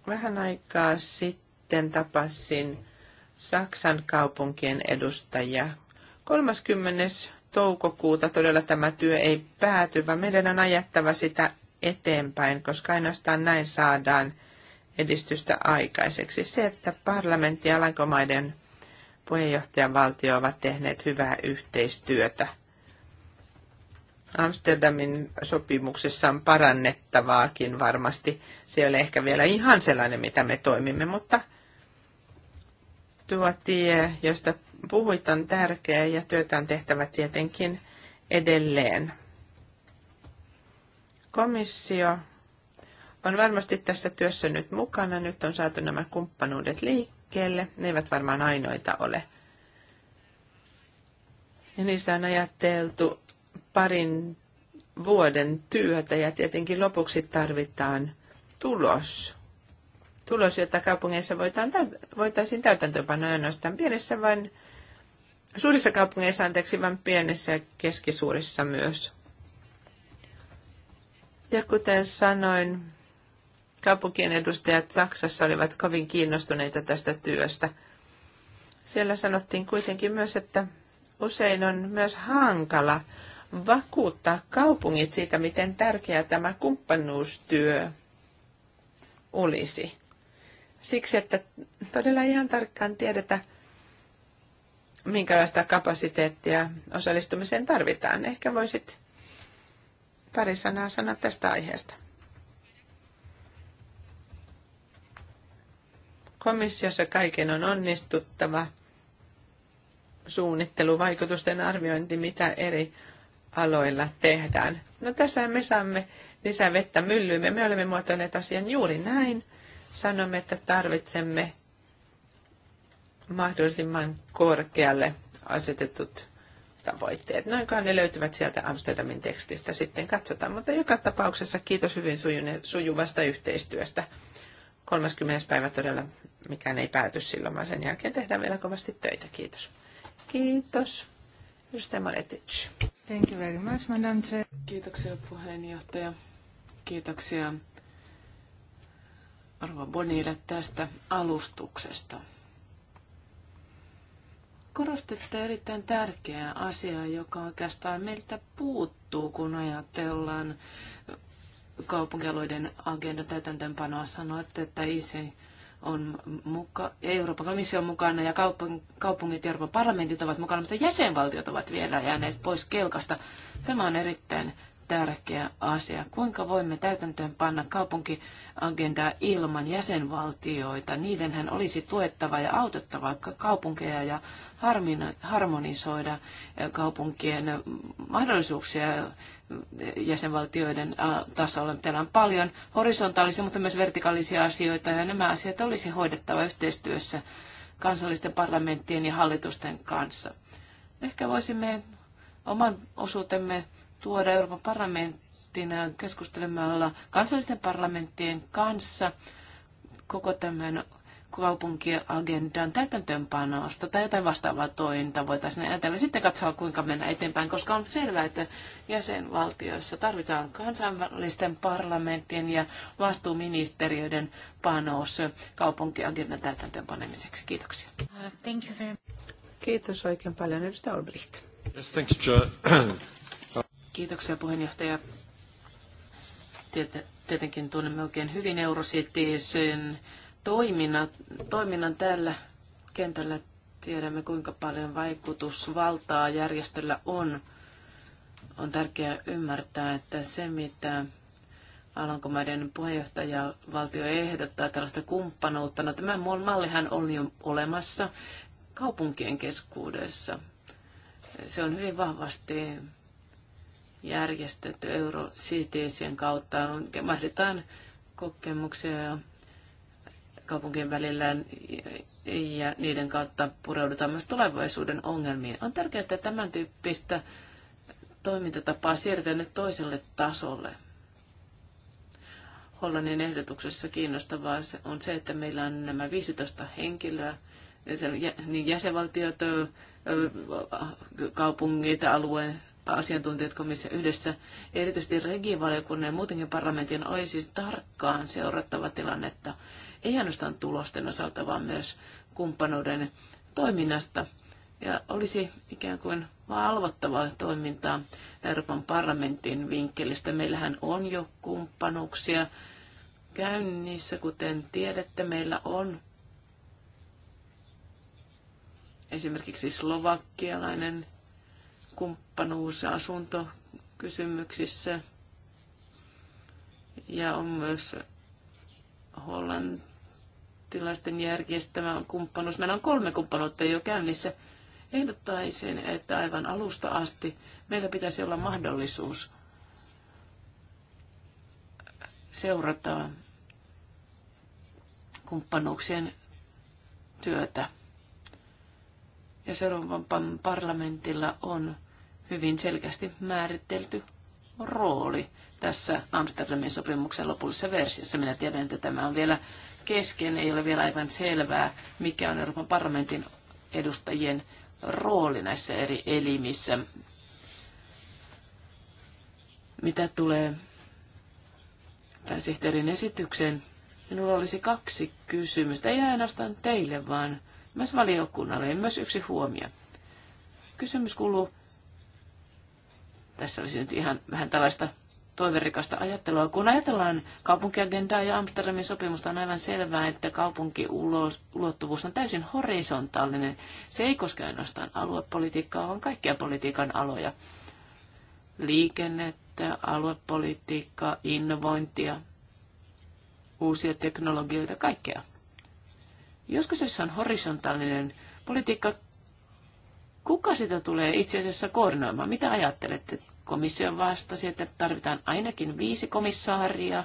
S2: Vähän aikaa sitten tapasin Saksan kaupunkien edustajia. 30. toukokuuta todella tämä työ ei pääty, vaan meidän on ajattava sitä eteenpäin, koska ainoastaan näin saadaan edistystä aikaiseksi. Se, että parlamentti ja Alankomaiden puheenjohtajavaltio ovat tehneet hyvää yhteistyötä – Amsterdamin sopimuksessa on parannettavaakin varmasti. Se ei ole ehkä vielä ihan sellainen, mitä me toimimme, mutta tuo tie, josta puhuit, on tärkeä ja työtä on tehtävä tietenkin edelleen. Komissio on varmasti tässä työssä nyt mukana. Nyt on saatu nämä kumppanuudet liikkeelle. Ne eivät varmaan ainoita ole. Ja niissä on ajateltu parin vuoden työtä ja tietenkin lopuksi tarvitaan tulos. Tulos, jota kaupungeissa voitaisiin täytäntöönpanoa ainoastaan pienessä vain suurissa kaupungeissa, anteeksi, vain pienessä ja keskisuurissa myös. Ja kuten sanoin, kaupunkien edustajat Saksassa olivat kovin kiinnostuneita tästä työstä. Siellä sanottiin kuitenkin myös, että usein on myös hankala vakuuttaa kaupungit siitä, miten tärkeää tämä kumppanuustyö olisi. Siksi, että todella ihan tarkkaan tiedetä, minkälaista kapasiteettia osallistumiseen tarvitaan. Ehkä voisit pari sanaa sanoa tästä aiheesta. Komissiossa kaiken on onnistuttava suunnittelu, vaikutusten arviointi, mitä eri aloilla tehdään. No tässä me saamme lisää vettä myllyymme. Me olemme muotoilleet asian juuri näin. Sanomme, että tarvitsemme mahdollisimman korkealle asetetut tavoitteet. Noinkaan ne löytyvät sieltä Amsterdamin tekstistä, sitten katsotaan. Mutta joka tapauksessa kiitos hyvin sujuvasta yhteistyöstä. 30. päivä todella mikään ei pääty silloin, vaan sen jälkeen tehdään vielä kovasti töitä. Kiitos. Kiitos. Just Maletic. Thank you very much, Madam
S1: Chair. Kiitoksia puheenjohtaja. Kiitoksia Arvo Bonille tästä alustuksesta. Korostitte erittäin tärkeää asiaa, joka oikeastaan meiltä puuttuu, kun ajatellaan kaupunkialueiden agenda täytäntöönpanoa. Sanoitte, että IC on muka, Euroopan komissio on mukana ja kaupungit ja Euroopan parlamentit ovat mukana, mutta jäsenvaltiot ovat vielä jääneet pois kelkasta. Tämä on erittäin tärkeä asia. Kuinka voimme täytäntöön panna kaupunkiagendaa ilman jäsenvaltioita? Niidenhän olisi tuettava ja autettava kaupunkeja ja harmonisoida eh, kaupunkien eh, mahdollisuuksia jäsenvaltioiden tasolla. Täällä on paljon horisontaalisia, mutta myös vertikaalisia asioita, ja nämä asiat olisi hoidettava yhteistyössä kansallisten parlamenttien ja hallitusten kanssa. Ehkä voisimme oman osuutemme tuoda Euroopan parlamenttina keskustelemalla kansallisten parlamenttien kanssa koko tämän agendan täytäntöönpanosta tai jotain vastaavaa tointa voitaisiin ajatella. Sitten katsoa, kuinka mennä eteenpäin, koska on selvää, että jäsenvaltioissa tarvitaan kansainvälisten parlamenttien ja vastuuministeriöiden panos kaupunkiagendan täytäntöönpanemiseksi. Kiitoksia.
S2: Uh, thank you very much. Kiitos oikein paljon, edustaja Olbricht. Yes, thank you,
S1: Kiitoksia puheenjohtaja. Tietenkin tunnemme oikein hyvin Eurocities toiminnan, toiminnan tällä kentällä tiedämme, kuinka paljon vaikutusvaltaa järjestöllä on. On tärkeää ymmärtää, että se mitä Alankomaiden puheenjohtaja valtio ehdottaa tällaista kumppanuutta. No, tämä mallihan on jo olemassa kaupunkien keskuudessa. Se on hyvin vahvasti järjestetty Eurocitiesien kautta. Mahditaan kokemuksia ja kaupunkien välillä ja niiden kautta pureudutaan myös tulevaisuuden ongelmiin. On tärkeää, että tämän tyyppistä toimintatapaa siirretään nyt toiselle tasolle. Hollannin ehdotuksessa kiinnostavaa on se, että meillä on nämä 15 henkilöä, niin jäsenvaltiot, kaupungit, alueen asiantuntijat komissio yhdessä, erityisesti regivaliokunnan ja muutenkin parlamentin olisi tarkkaan seurattava tilannetta ei ainoastaan tulosten osalta, vaan myös kumppanuuden toiminnasta. Ja olisi ikään kuin valvottavaa toimintaa Euroopan parlamentin vinkkelistä. Meillähän on jo kumppanuuksia käynnissä, kuten tiedätte, meillä on esimerkiksi slovakkialainen kumppanuus asuntokysymyksissä ja on myös Hollanti ammattilaisten järjestämä kumppanuus. Meillä on kolme kumppanuutta jo käynnissä. Ehdottaisin, että aivan alusta asti meillä pitäisi olla mahdollisuus seurata kumppanuuksien työtä. Ja seuraavan parlamentilla on hyvin selkeästi määritelty rooli tässä Amsterdamin sopimuksen lopullisessa versiossa. Minä tiedän, että tämä on vielä kesken. Ei ole vielä aivan selvää, mikä on Euroopan parlamentin edustajien rooli näissä eri elimissä. Mitä tulee pääsihteerin esitykseen, minulla olisi kaksi kysymystä, ei ainoastaan teille, vaan myös valiokunnalle ja myös yksi huomio. Kysymys kuuluu, tässä olisi nyt ihan vähän tällaista toiverikasta ajattelua. Kun ajatellaan kaupunkiagendaa ja Amsterdamin sopimusta, on aivan selvää, että kaupunkiulottuvuus on täysin horisontaalinen. Se ei koske ainoastaan aluepolitiikkaa, vaan kaikkia politiikan aloja. Liikennettä, aluepolitiikkaa, innovointia, uusia teknologioita, kaikkea. Joskus se on horisontaalinen politiikka, kuka sitä tulee itse asiassa koordinoimaan? Mitä ajattelette? Komissio vastasi, että tarvitaan ainakin viisi komissaaria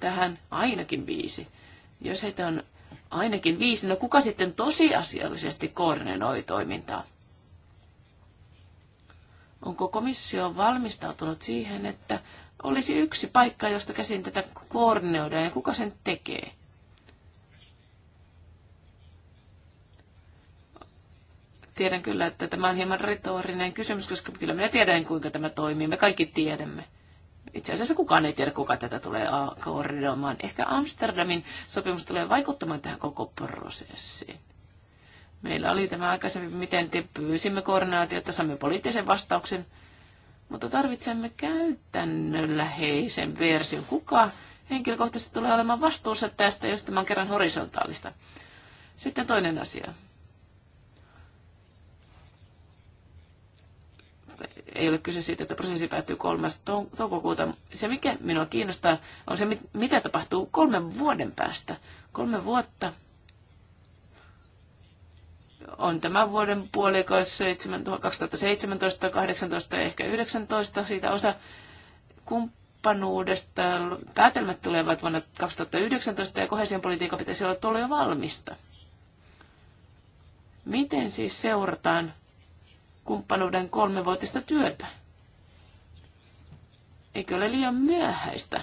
S1: tähän, ainakin viisi. Jos heitä on ainakin viisi, no kuka sitten tosiasiallisesti koordinoi toimintaa? Onko komissio valmistautunut siihen, että olisi yksi paikka, josta käsin tätä koordinoidaan ja kuka sen tekee? Tiedän kyllä, että tämä on hieman retorinen kysymys, koska kyllä minä tiedän, kuinka tämä toimii. Me kaikki tiedämme. Itse asiassa kukaan ei tiedä, kuka tätä tulee koordinoimaan. Ehkä Amsterdamin sopimus tulee vaikuttamaan tähän koko prosessiin. Meillä oli tämä aikaisemmin, miten te pyysimme koordinaatiota, saimme poliittisen vastauksen, mutta tarvitsemme käytännönläheisen version. Kuka henkilökohtaisesti tulee olemaan vastuussa tästä, jos tämä on kerran horisontaalista? Sitten toinen asia. ei ole kyse siitä, että prosessi päättyy 3. toukokuuta. Se, mikä minua kiinnostaa, on se, mitä tapahtuu kolmen vuoden päästä. Kolme vuotta on tämän vuoden puolikas 2017, 18 ja ehkä 19 siitä osa kumppanuudesta. Päätelmät tulevat vuonna 2019 ja kohesion politiikka pitäisi olla tuolla jo valmista. Miten siis seurataan kumppanuuden kolmevuotista työtä. Eikö ole liian myöhäistä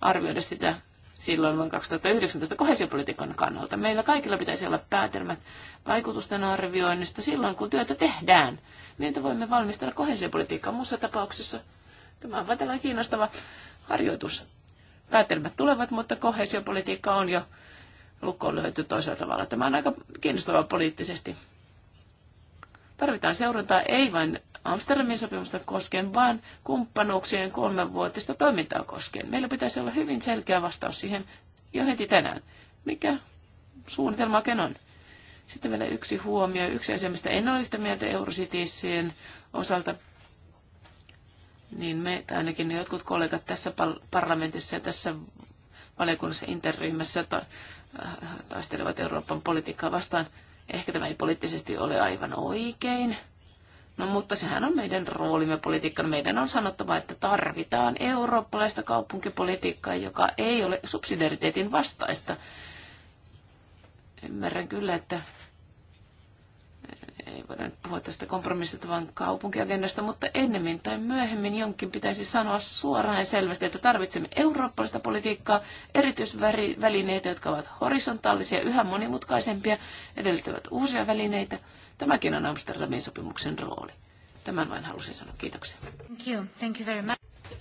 S1: arvioida sitä silloin vuonna 2019 kohesiopolitiikan kannalta? Meillä kaikilla pitäisi olla päätelmät vaikutusten arvioinnista silloin, kun työtä tehdään. Niitä voimme valmistella kohesiopolitiikkaa muussa tapauksessa. Tämä on vain kiinnostava harjoitus. Päätelmät tulevat, mutta kohesiopolitiikka on jo lukkoon löytyy toisella tavalla. Tämä on aika kiinnostavaa poliittisesti. Tarvitaan seurantaa ei vain Amsterdamin sopimusta koskien, vaan kumppanuuksien kolmenvuotista toimintaa koskien. Meillä pitäisi olla hyvin selkeä vastaus siihen jo heti tänään. Mikä suunnitelma oikein on? Sitten vielä yksi huomio. Yksi asia, mistä en ole yhtä mieltä Eurocitiesien osalta, niin me, tai ainakin jotkut kollegat tässä parlamentissa ja tässä valiokunnassa interryhmässä ta- taistelevat Euroopan politiikkaa vastaan – Ehkä tämä ei poliittisesti ole aivan oikein. No mutta sehän on meidän roolimme politiikkana. Meidän on sanottava, että tarvitaan eurooppalaista kaupunkipolitiikkaa, joka ei ole subsidiariteetin vastaista. Ymmärrän kyllä, että ei voida nyt puhua tästä kompromissista, vaan kaupunkiagendasta, mutta ennemmin tai myöhemmin jonkin pitäisi sanoa suoraan ja selvästi, että tarvitsemme eurooppalaista politiikkaa, erityisvälineitä, jotka ovat horisontaalisia, yhä monimutkaisempia, edellyttävät uusia välineitä. Tämäkin on Amsterdamin sopimuksen rooli. Tämän vain halusin sanoa. Kiitoksia.
S2: Thank you. Thank you very much.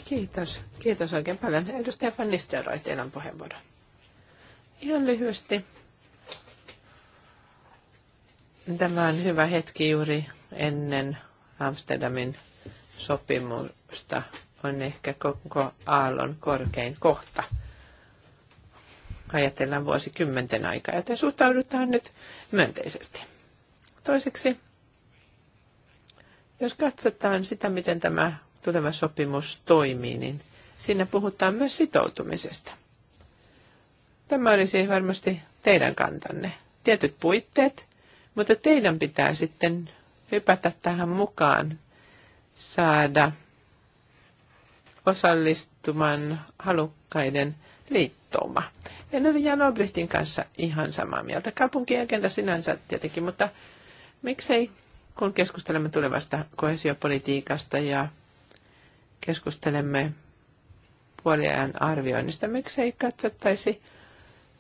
S2: Kiitos. Kiitos oikein paljon. Edustaja Van Nistelrooy, teidän puheenvuoro. Ihan lyhyesti Tämä on hyvä hetki juuri ennen Amsterdamin sopimusta. On ehkä koko aallon korkein kohta. Ajatellaan vuosikymmenten aikaa, joten suhtaudutaan nyt myönteisesti. Toiseksi, jos katsotaan sitä, miten tämä tuleva sopimus toimii, niin siinä puhutaan myös sitoutumisesta. Tämä olisi varmasti teidän kantanne. Tietyt puitteet, mutta teidän pitää sitten hypätä tähän mukaan, saada osallistuman halukkaiden liittouma. En ole Jan Obrichtin kanssa ihan samaa mieltä. Kaupunkiagenda sinänsä tietenkin, mutta miksei, kun keskustelemme tulevasta kohesiopolitiikasta ja keskustelemme puoliajan arvioinnista, miksei katsottaisi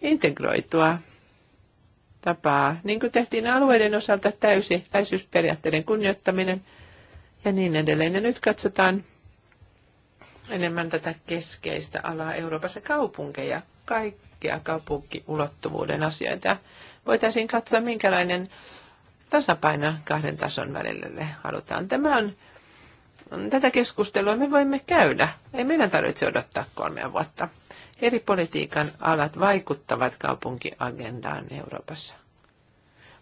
S2: integroitua tapaa, niin kuin tehtiin alueiden osalta täysi, täysysperiaatteiden kunnioittaminen ja niin edelleen. Ja nyt katsotaan enemmän tätä keskeistä alaa Euroopassa kaupunkeja, kaikkia kaupunkiulottuvuuden asioita. Voitaisiin katsoa, minkälainen tasapaino kahden tason välille halutaan. Tämä on, tätä keskustelua me voimme käydä. Ei meidän tarvitse odottaa kolmea vuotta eri politiikan alat vaikuttavat kaupunkiagendaan Euroopassa.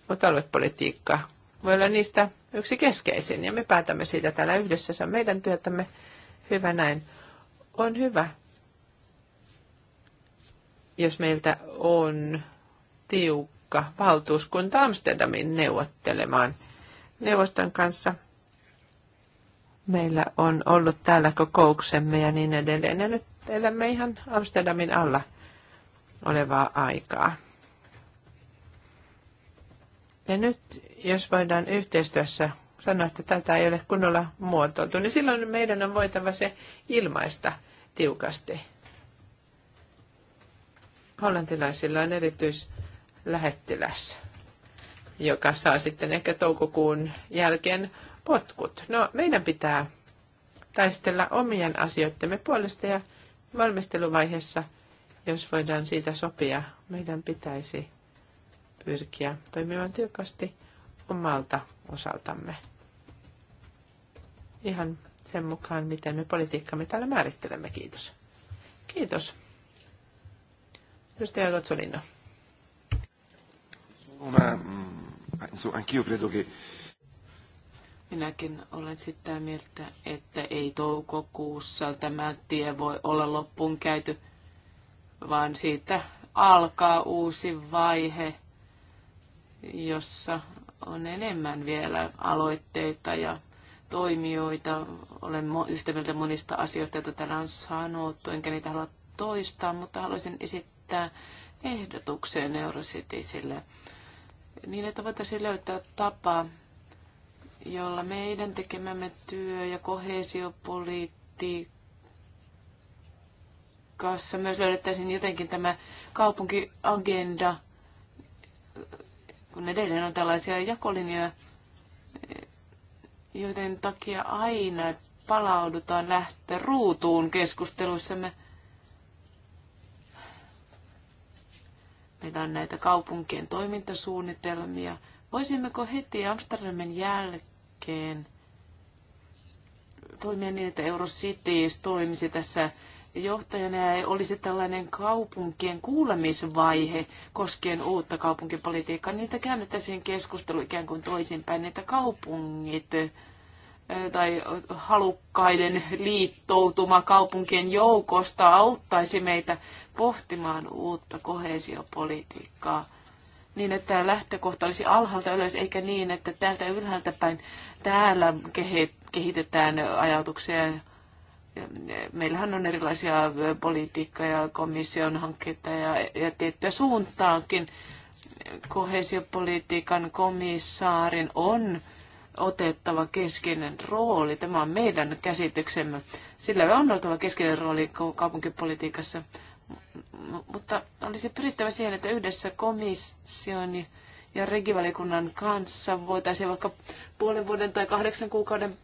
S2: Mutta aluepolitiikka voi olla niistä yksi keskeisin, ja me päätämme siitä täällä yhdessä. Se on meidän työtämme. Hyvä näin. On hyvä, jos meiltä on tiukka valtuuskunta Amsterdamin neuvottelemaan neuvoston kanssa – meillä on ollut täällä kokouksemme ja niin edelleen. Ja nyt elämme ihan Amsterdamin alla olevaa aikaa. Ja nyt, jos voidaan yhteistyössä sanoa, että tätä ei ole kunnolla muotoiltu, niin silloin meidän on voitava se ilmaista tiukasti. Hollantilaisilla on erityislähettiläs, joka saa sitten ehkä toukokuun jälkeen potkut. No, meidän pitää taistella omien asioittemme puolesta ja valmisteluvaiheessa, jos voidaan siitä sopia, meidän pitäisi pyrkiä toimimaan tiukasti omalta osaltamme. Ihan sen mukaan, miten me politiikkamme täällä määrittelemme. Kiitos. Kiitos. Edustaja Lotsolino.
S3: Una, mm, so anch'io credo che
S1: Minäkin olen sitä mieltä, että ei toukokuussa tämä tie voi olla loppuun käyty, vaan siitä alkaa uusi vaihe, jossa on enemmän vielä aloitteita ja toimijoita. Olen yhtä mieltä monista asioista, joita täällä on sanottu, enkä niitä halua toistaa, mutta haluaisin esittää ehdotuksen Eurocitisille niin, että voitaisiin löytää tapa jolla meidän tekemämme työ ja kohesiopolitiikassa myös löydettäisiin jotenkin tämä kaupunkiagenda, kun edelleen on tällaisia jakolinjoja, joten takia aina palaudutaan ruutuun keskusteluissamme. Meillä on näitä kaupunkien toimintasuunnitelmia, Voisimmeko heti Amsterdamin jälkeen toimia niin, että Eurocities toimisi tässä johtajana ja olisi tällainen kaupunkien kuulemisvaihe koskien uutta kaupunkipolitiikkaa, niitä käännettäisiin keskustelu ikään kuin toisinpäin, että kaupungit tai halukkaiden liittoutuma kaupunkien joukosta auttaisi meitä pohtimaan uutta kohesiopolitiikkaa niin, että lähtökohta olisi alhaalta ylös, eikä niin, että täältä ylhäältä päin täällä kehitetään ajatuksia. Meillähän on erilaisia politiikka- ja komission hankkeita ja, ja tiettyä suuntaankin. Kohesiopolitiikan komissaarin on otettava keskeinen rooli. Tämä on meidän käsityksemme. Sillä on oltava keskeinen rooli kaupunkipolitiikassa mutta olisi pyrittävä siihen, että yhdessä komission ja regivalikunnan kanssa voitaisiin vaikka puolen vuoden tai kahdeksan kuukauden,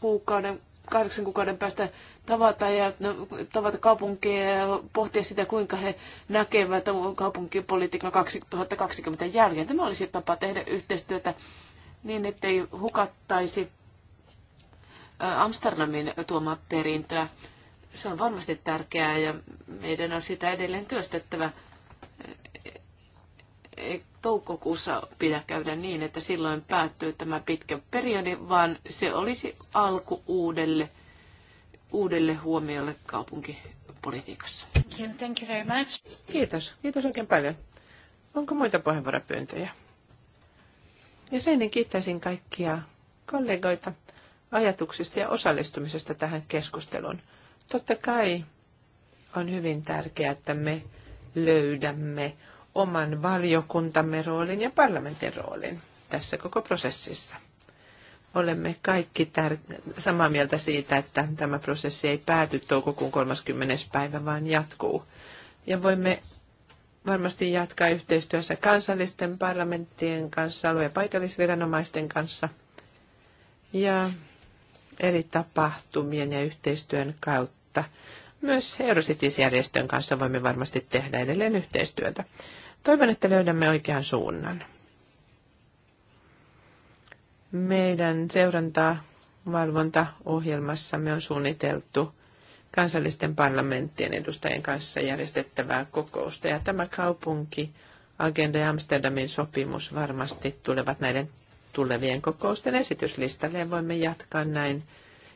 S1: kuukauden kahdeksan kuukauden päästä tavata ja no, tavata kaupunkia ja pohtia sitä, kuinka he näkevät kaupunkipolitiikan 2020 jälkeen. Tämä olisi tapa tehdä yhteistyötä niin, ettei hukattaisi Amsterdamin tuomaa perintöä. Se on varmasti tärkeää ja meidän on sitä edelleen työstettävä. Ei toukokuussa pidä käydä niin, että silloin päättyy tämä pitkä periodi, vaan se olisi alku uudelle, uudelle huomiolle
S2: kaupunkipolitiikassa. Thank you, thank you very much. Kiitos. Kiitos oikein paljon. Onko muita puheenvuoropyyntöjä? Ja sen niin kiittäisin kaikkia kollegoita ajatuksista ja osallistumisesta tähän keskusteluun. Totta kai on hyvin tärkeää, että me löydämme oman valiokuntamme roolin ja parlamentin roolin tässä koko prosessissa. Olemme kaikki tär- samaa mieltä siitä, että tämä prosessi ei pääty toukokuun 30. päivä, vaan jatkuu. Ja voimme varmasti jatkaa yhteistyössä kansallisten parlamenttien kanssa, alue- ja paikallisviranomaisten kanssa ja eri tapahtumien ja yhteistyön kautta mutta myös Eurocities-järjestön kanssa voimme varmasti tehdä edelleen yhteistyötä. Toivon, että löydämme oikean suunnan. Meidän seurantaa valvontaohjelmassamme on suunniteltu kansallisten parlamenttien edustajien kanssa järjestettävää kokousta. Ja tämä kaupunki, Agenda ja Amsterdamin sopimus varmasti tulevat näiden tulevien kokousten esityslistalle ja voimme jatkaa näin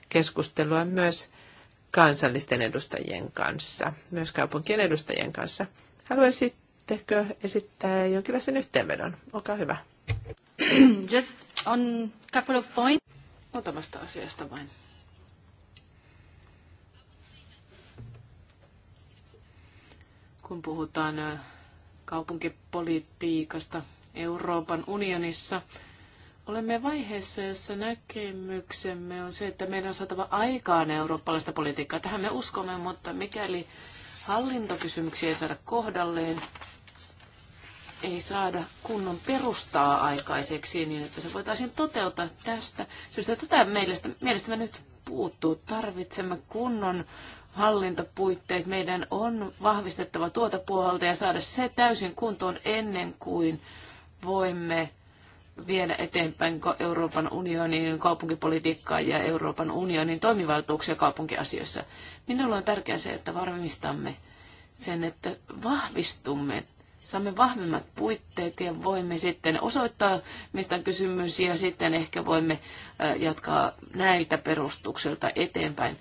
S2: keskustelua myös kansallisten edustajien kanssa, myös kaupunkien edustajien kanssa. Haluaisitteko esittää jonkinlaisen yhteenvedon? Olkaa hyvä.
S1: Just on couple of points. Muutamasta asiasta vain. Kun puhutaan kaupunkipolitiikasta Euroopan unionissa, Olemme vaiheessa, jossa näkemyksemme on se, että meidän on saatava aikaan eurooppalaista politiikkaa. Tähän me uskomme, mutta mikäli hallintokysymyksiä ei saada kohdalleen, ei saada kunnon perustaa aikaiseksi niin, että se voitaisiin toteuttaa tästä syystä. Tätä mielestä, mielestämme nyt puuttuu. Tarvitsemme kunnon hallintopuitteet. Meidän on vahvistettava tuota puolta ja saada se täysin kuntoon ennen kuin voimme viedä eteenpäin Euroopan unionin kaupunkipolitiikkaa ja Euroopan unionin toimivaltuuksia kaupunkiasioissa. Minulle on tärkeää se, että varmistamme sen, että vahvistumme, saamme vahvemmat puitteet ja voimme sitten osoittaa, mistä on kysymys, ja sitten ehkä voimme jatkaa näiltä perustukselta eteenpäin,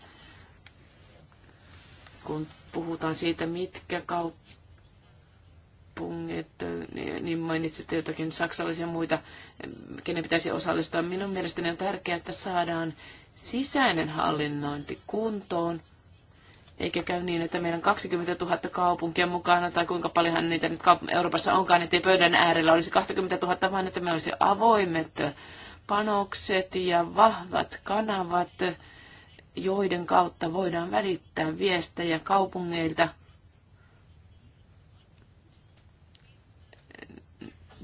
S1: kun puhutaan siitä, mitkä kaupunkialueet että niin mainitsitte jotakin saksalaisia muita, kenen pitäisi osallistua. Minun mielestäni on tärkeää, että saadaan sisäinen hallinnointi kuntoon, eikä käy niin, että meidän 20 000 kaupunkia mukana, tai kuinka paljon niitä nyt Euroopassa onkaan, että pöydän äärellä olisi 20 000, vaan että meillä olisi avoimet panokset ja vahvat kanavat, joiden kautta voidaan välittää viestejä kaupungeilta –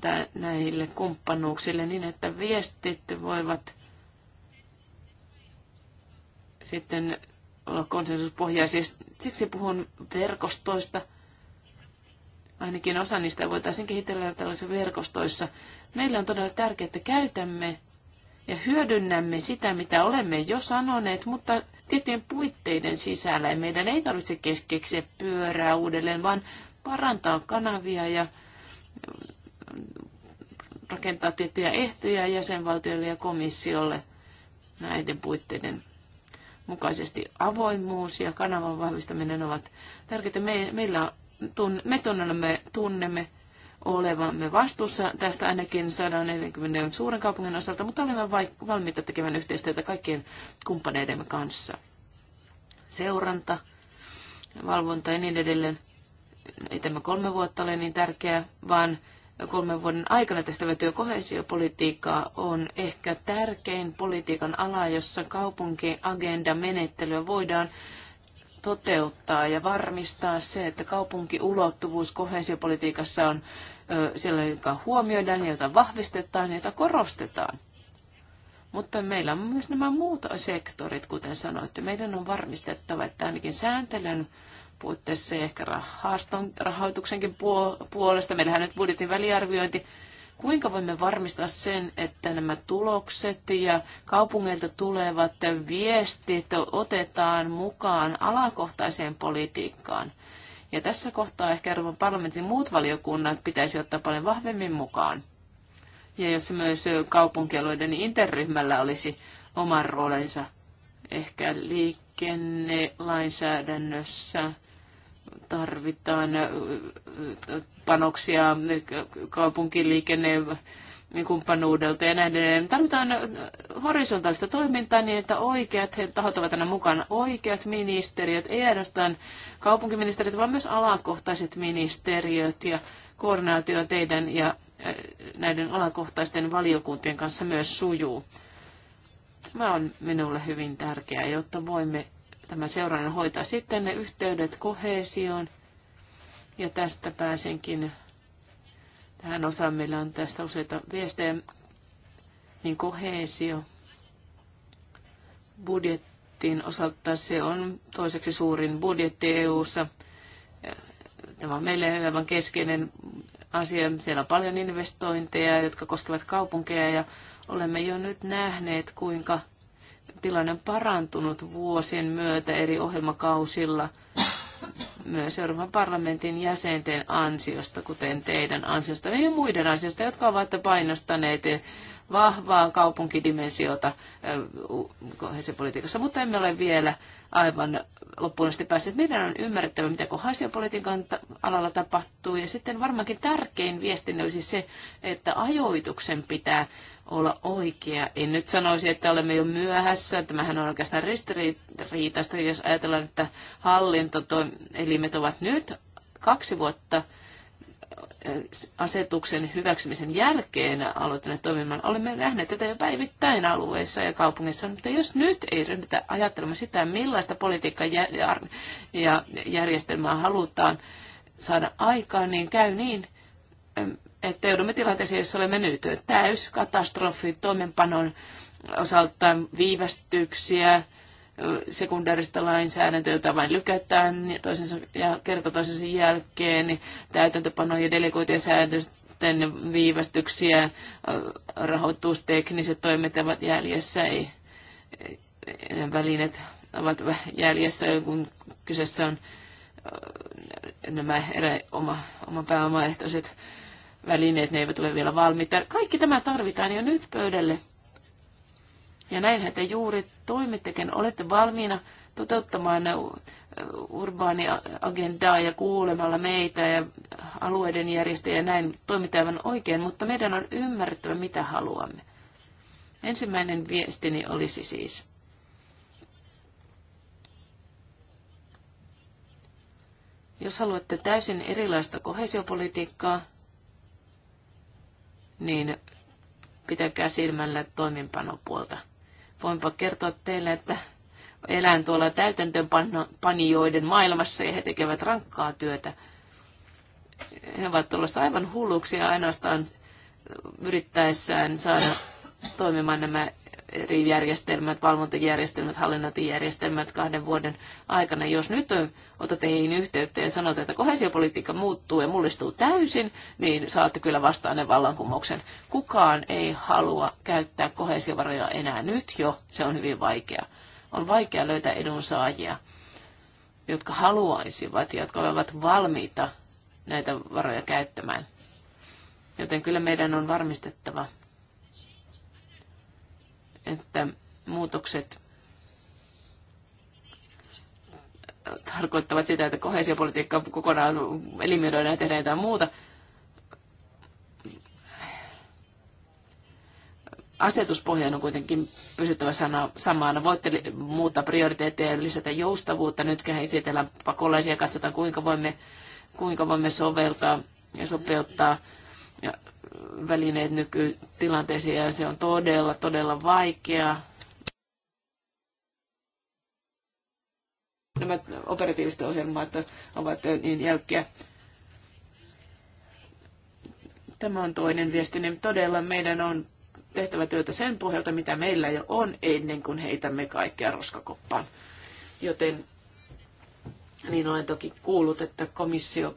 S1: että näille kumppanuuksille niin, että viestit voivat sitten olla konsensuspohjaisia. Siksi puhun verkostoista. Ainakin osa niistä voitaisiin kehitellä tällaisissa verkostoissa. Meille on todella tärkeää, että käytämme ja hyödynnämme sitä, mitä olemme jo sanoneet, mutta tiettyjen puitteiden sisällä. Ja meidän ei tarvitse keskeksiä pyörää uudelleen, vaan parantaa kanavia ja rakentaa tiettyjä ehtoja jäsenvaltioille ja komissiolle näiden puitteiden mukaisesti. Avoimuus ja kanavan vahvistaminen ovat tärkeitä. Me, meillä tunne, me tunnemme, tunnemme olevamme vastuussa tästä ainakin 140 suuren kaupungin osalta, mutta olemme vaik- valmiita tekemään yhteistyötä kaikkien kumppaneidemme kanssa. Seuranta, valvonta ja niin edelleen ei tämä kolme vuotta ole niin tärkeää, vaan kolmen vuoden aikana tehtävä työ kohesiopolitiikkaa on ehkä tärkein politiikan ala, jossa kaupunkiagenda-menettelyä voidaan toteuttaa ja varmistaa se, että kaupunkiulottuvuus kohesiopolitiikassa on siellä, joka huomioidaan, jota vahvistetaan ja jota korostetaan. Mutta meillä on myös nämä muut sektorit, kuten sanoitte. Meidän on varmistettava, että ainakin sääntelyn puitteissa ja ehkä rahaston, rahoituksenkin puolesta. Meillähän nyt budjetin väliarviointi. Kuinka voimme varmistaa sen, että nämä tulokset ja kaupungeilta tulevat viestit otetaan mukaan alakohtaiseen politiikkaan? Ja tässä kohtaa ehkä Euroopan parlamentin muut valiokunnat pitäisi ottaa paljon vahvemmin mukaan. Ja jos myös kaupunkialueiden interryhmällä olisi oman roolinsa ehkä liikennelainsäädännössä tarvitaan panoksia kaupunkiliikenne kumppanuudelta ja näin edelleen. Tarvitaan horisontaalista toimintaa niin, että oikeat he tahot ovat aina mukana, oikeat ministeriöt, ei ainoastaan kaupunkiministeriöt, vaan myös alakohtaiset ministeriöt ja koordinaatio teidän ja näiden alakohtaisten valiokuntien kanssa myös sujuu. Tämä on minulle hyvin tärkeää, jotta voimme tämä seurannan hoitaa. Sitten ne yhteydet kohesioon. Ja tästä pääsenkin tähän osaan. Meillä on tästä useita viestejä. Niin kohesio budjettiin osalta se on toiseksi suurin budjetti EU-ssa. Tämä on meille aivan keskeinen asia. Siellä on paljon investointeja, jotka koskevat kaupunkeja ja olemme jo nyt nähneet, kuinka – tilanne on parantunut vuosien myötä eri ohjelmakausilla myös Euroopan parlamentin jäsenten ansiosta, kuten teidän ansiosta ja muiden ansiosta, jotka ovat painostaneet vahvaa kaupunkidimensiota kohesiopolitiikassa, mutta emme ole vielä aivan loppuun asti päässeet. Meidän on ymmärrettävä, mitä kohesiopolitiikan alalla tapahtuu. Ja sitten varmaankin tärkein viestinne olisi se, että ajoituksen pitää olla oikea. En nyt sanoisi, että olemme jo myöhässä. Tämähän on oikeastaan ristiriitaista, jos ajatellaan, että hallintoelimet ovat nyt kaksi vuotta eh, asetuksen hyväksymisen jälkeen aloittaneet toimimaan. Olemme nähneet tätä jo päivittäin alueissa ja kaupungissa, mutta jos nyt ei ryhdytä ajattelemaan sitä, millaista politiikkaa ja järjestelmää halutaan saada aikaan, niin käy niin, että joudumme tilanteeseen, jossa olemme nyt. Täys katastrofi toimenpanon osalta viivästyksiä, sekundaarista lainsäädäntöä, jota vain lykätään toisensa, ja kerta toisensa jälkeen, niin täytäntöpano- ja delegoitien säädösten viivästyksiä, rahoitustekniset toimet ovat jäljessä, ei, välineet ovat jäljessä, kun kyseessä on nämä erä, oma, oma pääomaehtoiset välineet, ne eivät ole vielä valmiita. Kaikki tämä tarvitaan jo nyt pöydälle. Ja näinhän te juuri toimittekin. Olette valmiina toteuttamaan agendaa ja kuulemalla meitä ja alueiden järjestöjä ja näin toimitaan oikein, mutta meidän on ymmärrettävä, mitä haluamme. Ensimmäinen viestini olisi siis. Jos haluatte täysin erilaista kohesiopolitiikkaa, niin pitäkää silmällä toimenpanopuolta. Voinpa kertoa teille, että elän tuolla täytäntöönpanijoiden maailmassa ja he tekevät rankkaa työtä. He ovat tulossa aivan hulluksi ja ainoastaan yrittäessään saada toimimaan nämä eri järjestelmät, valvontajärjestelmät, hallinnointijärjestelmät kahden vuoden aikana. Jos nyt otat teihin yhteyttä ja sanot, että kohesiopolitiikka muuttuu ja mullistuu täysin, niin saatte kyllä vastaan ne vallankumouksen. Kukaan ei halua käyttää kohesiovaroja enää nyt jo. Se on hyvin vaikea. On vaikea löytää edunsaajia, jotka haluaisivat ja jotka ovat valmiita näitä varoja käyttämään. Joten kyllä meidän on varmistettava, että muutokset tarkoittavat sitä, että kohesiopolitiikka kokonaan eliminoidaan ja tehdään jotain muuta. Asetuspohjaan on kuitenkin pysyttävä sana samana. Voitte muuttaa prioriteetteja ja lisätä joustavuutta. Nyt esitellään pakolaisia ja katsotaan, kuinka voimme, kuinka voimme soveltaa ja sopeuttaa välineet nykytilanteeseen ja se on todella, todella vaikea. Nämä operatiiviset ohjelmat ovat niin jälkeä. Tämä on toinen viesti, niin todella meidän on tehtävä työtä sen pohjalta, mitä meillä jo on, ennen kuin heitämme kaikkea roskakoppaan. Joten niin olen toki kuullut, että komissio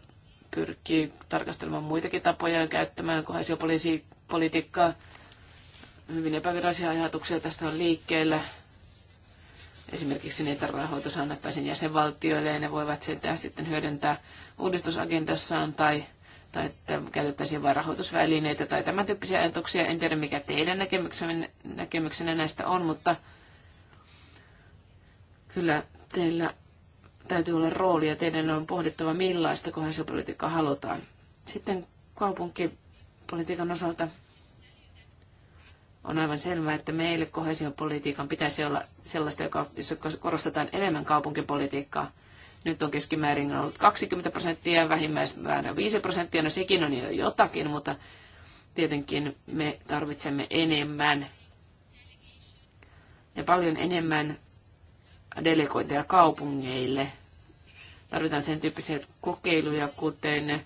S1: pyrkii tarkastelemaan muitakin tapoja ja käyttämään kohesiopolitiikkaa. Hyvin epävirallisia ajatuksia tästä on liikkeellä. Esimerkiksi niitä rahoitus annettaisiin jäsenvaltioille ja ne voivat sitä sitten hyödyntää uudistusagendassaan tai, tai että käytettäisiin vain rahoitusvälineitä tai tämän tyyppisiä ajatuksia. En tiedä mikä teidän näkemyksenne, näkemyksenne näistä on, mutta kyllä teillä täytyy olla rooli ja teidän on pohdittava millaista kohesiopolitiikkaa halutaan. Sitten kaupunkipolitiikan osalta on aivan selvää, että meille kohesiopolitiikan pitäisi olla sellaista, joka, jossa korostetaan enemmän kaupunkipolitiikkaa. Nyt on keskimäärin ollut 20 prosenttia, vähimmäismäärä 5 prosenttia, no sekin on jo jotakin, mutta tietenkin me tarvitsemme enemmän ja paljon enemmän delegointeja kaupungeille. Tarvitaan sen tyyppisiä kokeiluja, kuten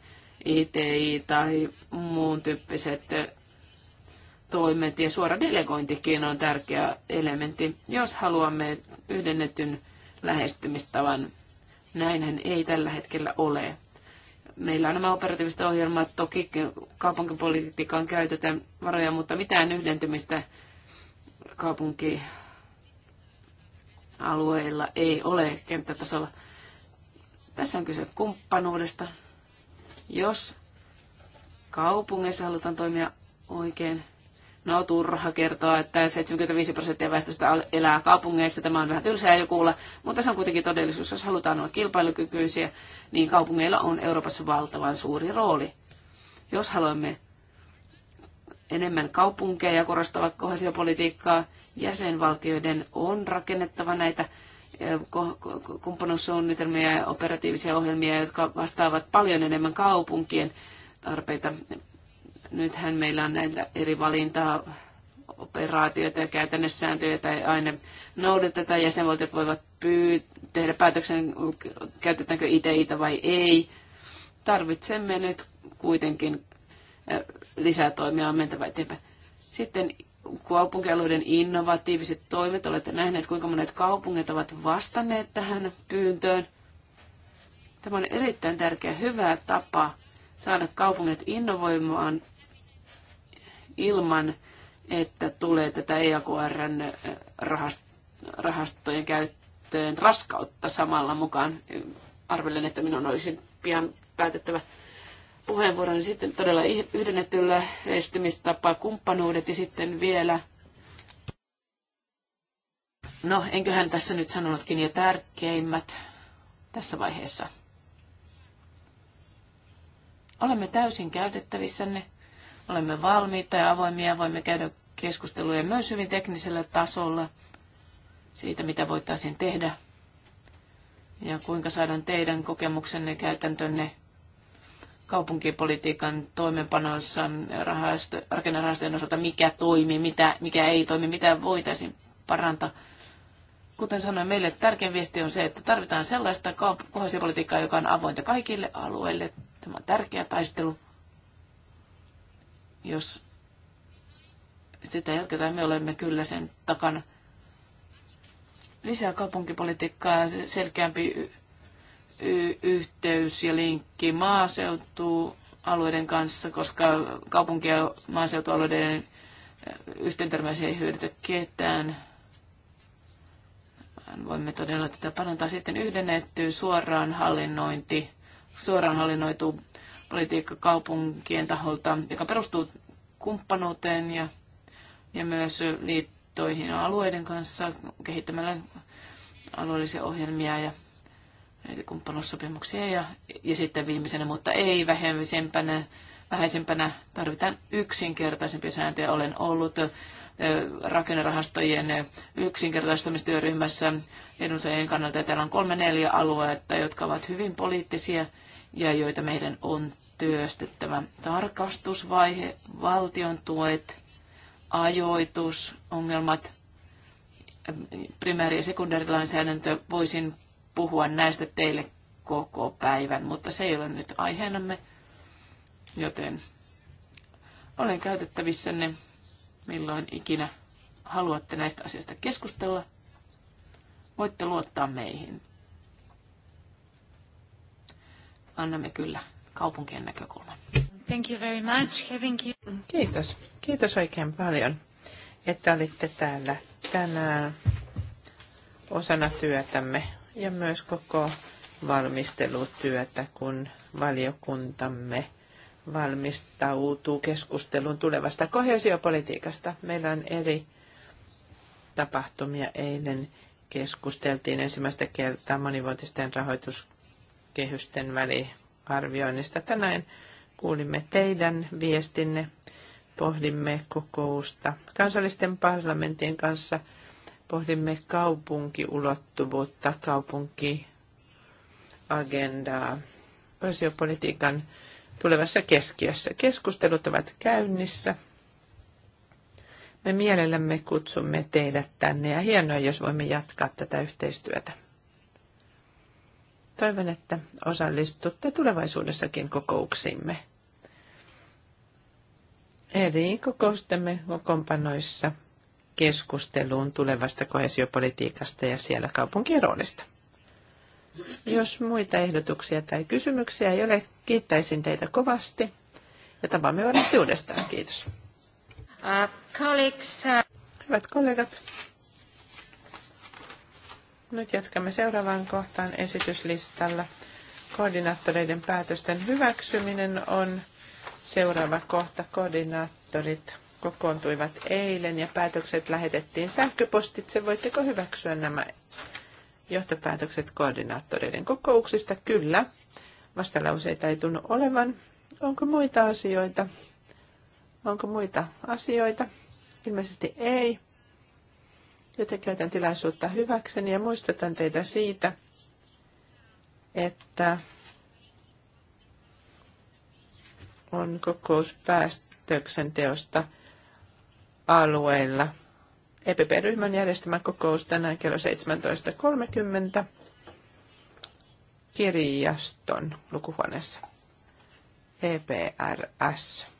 S1: ITI tai muun tyyppiset toimet ja suora delegointikin on tärkeä elementti, jos haluamme yhdennetyn lähestymistavan. Näinhän ei tällä hetkellä ole. Meillä on nämä operatiiviset ohjelmat, toki kaupunkipolitiikkaan käytetään varoja, mutta mitään yhdentymistä kaupunki alueilla ei ole kenttätasolla. Tässä on kyse kumppanuudesta. Jos kaupungeissa halutaan toimia oikein, no turha kertoa, että 75 prosenttia väestöstä elää kaupungeissa. Tämä on vähän tylsää jo kuulla, mutta se on kuitenkin todellisuus. Jos halutaan olla kilpailukykyisiä, niin kaupungeilla on Euroopassa valtavan suuri rooli. Jos haluamme enemmän kaupunkeja korostavaa kohesiopolitiikkaa, Jäsenvaltioiden on rakennettava näitä kumppanuussuunnitelmia ja operatiivisia ohjelmia, jotka vastaavat paljon enemmän kaupunkien tarpeita. Nythän meillä on näitä eri valintaa operaatioita ja käytännössääntöjä, joita ei aina noudateta. Jäsenvaltiot voivat pyy- tehdä päätöksen, käytetäänkö itiitä vai ei. Tarvitsemme nyt kuitenkin lisää toimia on mentävä eteenpäin. Sitten kaupunkialueiden innovatiiviset toimet. Olette nähneet, kuinka monet kaupungit ovat vastanneet tähän pyyntöön. Tämä on erittäin tärkeä, hyvä tapa saada kaupungit innovoimaan ilman, että tulee tätä EAKRn eh, rahastojen käyttöön raskautta samalla mukaan. Arvelen, että minun olisi pian päätettävä puheenvuoron, niin sitten todella yhdennetyllä estymistapa, kumppanuudet ja sitten vielä No, enköhän tässä nyt sanonutkin jo tärkeimmät tässä vaiheessa. Olemme täysin käytettävissänne, olemme valmiita ja avoimia, voimme käydä keskusteluja myös hyvin teknisellä tasolla siitä, mitä voitaisiin tehdä ja kuinka saadaan teidän kokemuksenne, käytäntönne kaupunkipolitiikan toimenpanossa rahasto, rakennerahastojen osalta, mikä toimii, mitä, mikä ei toimi, mitä voitaisiin parantaa. Kuten sanoin, meille tärkein viesti on se, että tarvitaan sellaista kohdallisuuspolitiikkaa, joka on avointa kaikille alueille. Tämä on tärkeä taistelu. Jos sitä jatketaan, me olemme kyllä sen takana. Lisää kaupunkipolitiikkaa, selkeämpi yhteys ja linkki maaseutualueiden kanssa, koska kaupunki- ja maaseutualueiden yhteentörmäisiä ei hyödytä ketään. Voimme todella tätä parantaa sitten yhdennetty suoraan hallinnointi, suoraan hallinnoitu politiikka kaupunkien taholta, joka perustuu kumppanuuteen ja, ja myös liittoihin alueiden kanssa kehittämällä alueellisia ohjelmia ja näitä kumppanuussopimuksia. Ja, ja sitten viimeisenä, mutta ei vähäisempänä, vähäisempänä tarvitaan yksinkertaisempia sääntöjä. Olen ollut rakennerahastojen yksinkertaistamistyöryhmässä edunsaajien kannalta. Ja täällä on kolme neljä aluetta, jotka ovat hyvin poliittisia ja joita meidän on työstettävä. Tarkastusvaihe, valtion tuet, ajoitus, ongelmat, primääri- ja sekundaarilainsäädäntö. Voisin puhua näistä teille koko päivän, mutta se ei ole nyt aiheenamme, joten olen käytettävissänne milloin ikinä haluatte näistä asioista keskustella. Voitte luottaa meihin.
S2: Annamme kyllä kaupunkien näkökulman. Thank you very much. Thank you... Kiitos. Kiitos oikein paljon, että olitte täällä tänään osana työtämme ja myös koko valmistelutyötä, kun valiokuntamme valmistautuu keskusteluun tulevasta kohesiopolitiikasta. Meillä on eri tapahtumia. Eilen keskusteltiin ensimmäistä kertaa monivuotisten rahoituskehysten väliarvioinnista. Tänään kuulimme teidän viestinne, pohdimme kokousta kansallisten parlamenttien kanssa – pohdimme kaupunkiulottuvuutta, kaupunkiagendaa osiopolitiikan tulevassa keskiössä. Keskustelut ovat käynnissä. Me mielellämme kutsumme teidät tänne ja hienoa, jos voimme jatkaa tätä yhteistyötä. Toivon, että osallistutte tulevaisuudessakin kokouksiimme. Eri kokoustemme kokoonpanoissa – keskusteluun tulevasta koesiopolitiikasta ja siellä kaupunkien roolista. Jos muita ehdotuksia tai kysymyksiä ei ole, kiittäisin teitä kovasti ja tapaamme varmasti uudestaan. Kiitos. Uh, colleagues, uh, Hyvät kollegat, nyt jatkamme seuraavaan kohtaan esityslistalla. Koordinaattoreiden päätösten hyväksyminen on seuraava kohta. Koordinaattorit kokoontuivat eilen ja päätökset lähetettiin sähköpostitse. Voitteko hyväksyä nämä johtopäätökset koordinaattoreiden kokouksista? Kyllä. Vastalauseita ei tunnu olevan. Onko muita asioita? Onko muita asioita? Ilmeisesti ei. Joten käytän tilaisuutta hyväkseni ja muistutan teitä siitä, että on kokous päästöksenteosta teosta alueilla. EPP-ryhmän järjestämä kokous tänään kello 17.30 kirjaston lukuhuoneessa. EPRS.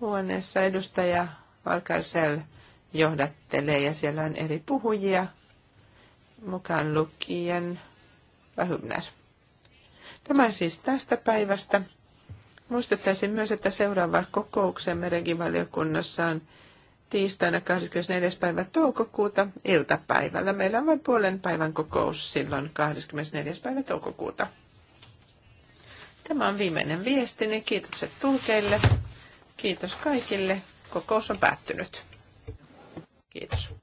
S2: Huoneessa edustaja Valkarsel johdattelee ja siellä on eri puhujia, mukaan lukien Vähymner. Tämä siis tästä päivästä. Muistuttaisin myös, että seuraava kokouksemme regivaliokunnassa on tiistaina 24. päivä toukokuuta iltapäivällä. Meillä on vain puolen päivän kokous silloin 24. päivä toukokuuta. Tämä on viimeinen viestini. Kiitokset tulkeille. Kiitos kaikille. Kokous on päättynyt. Kiitos.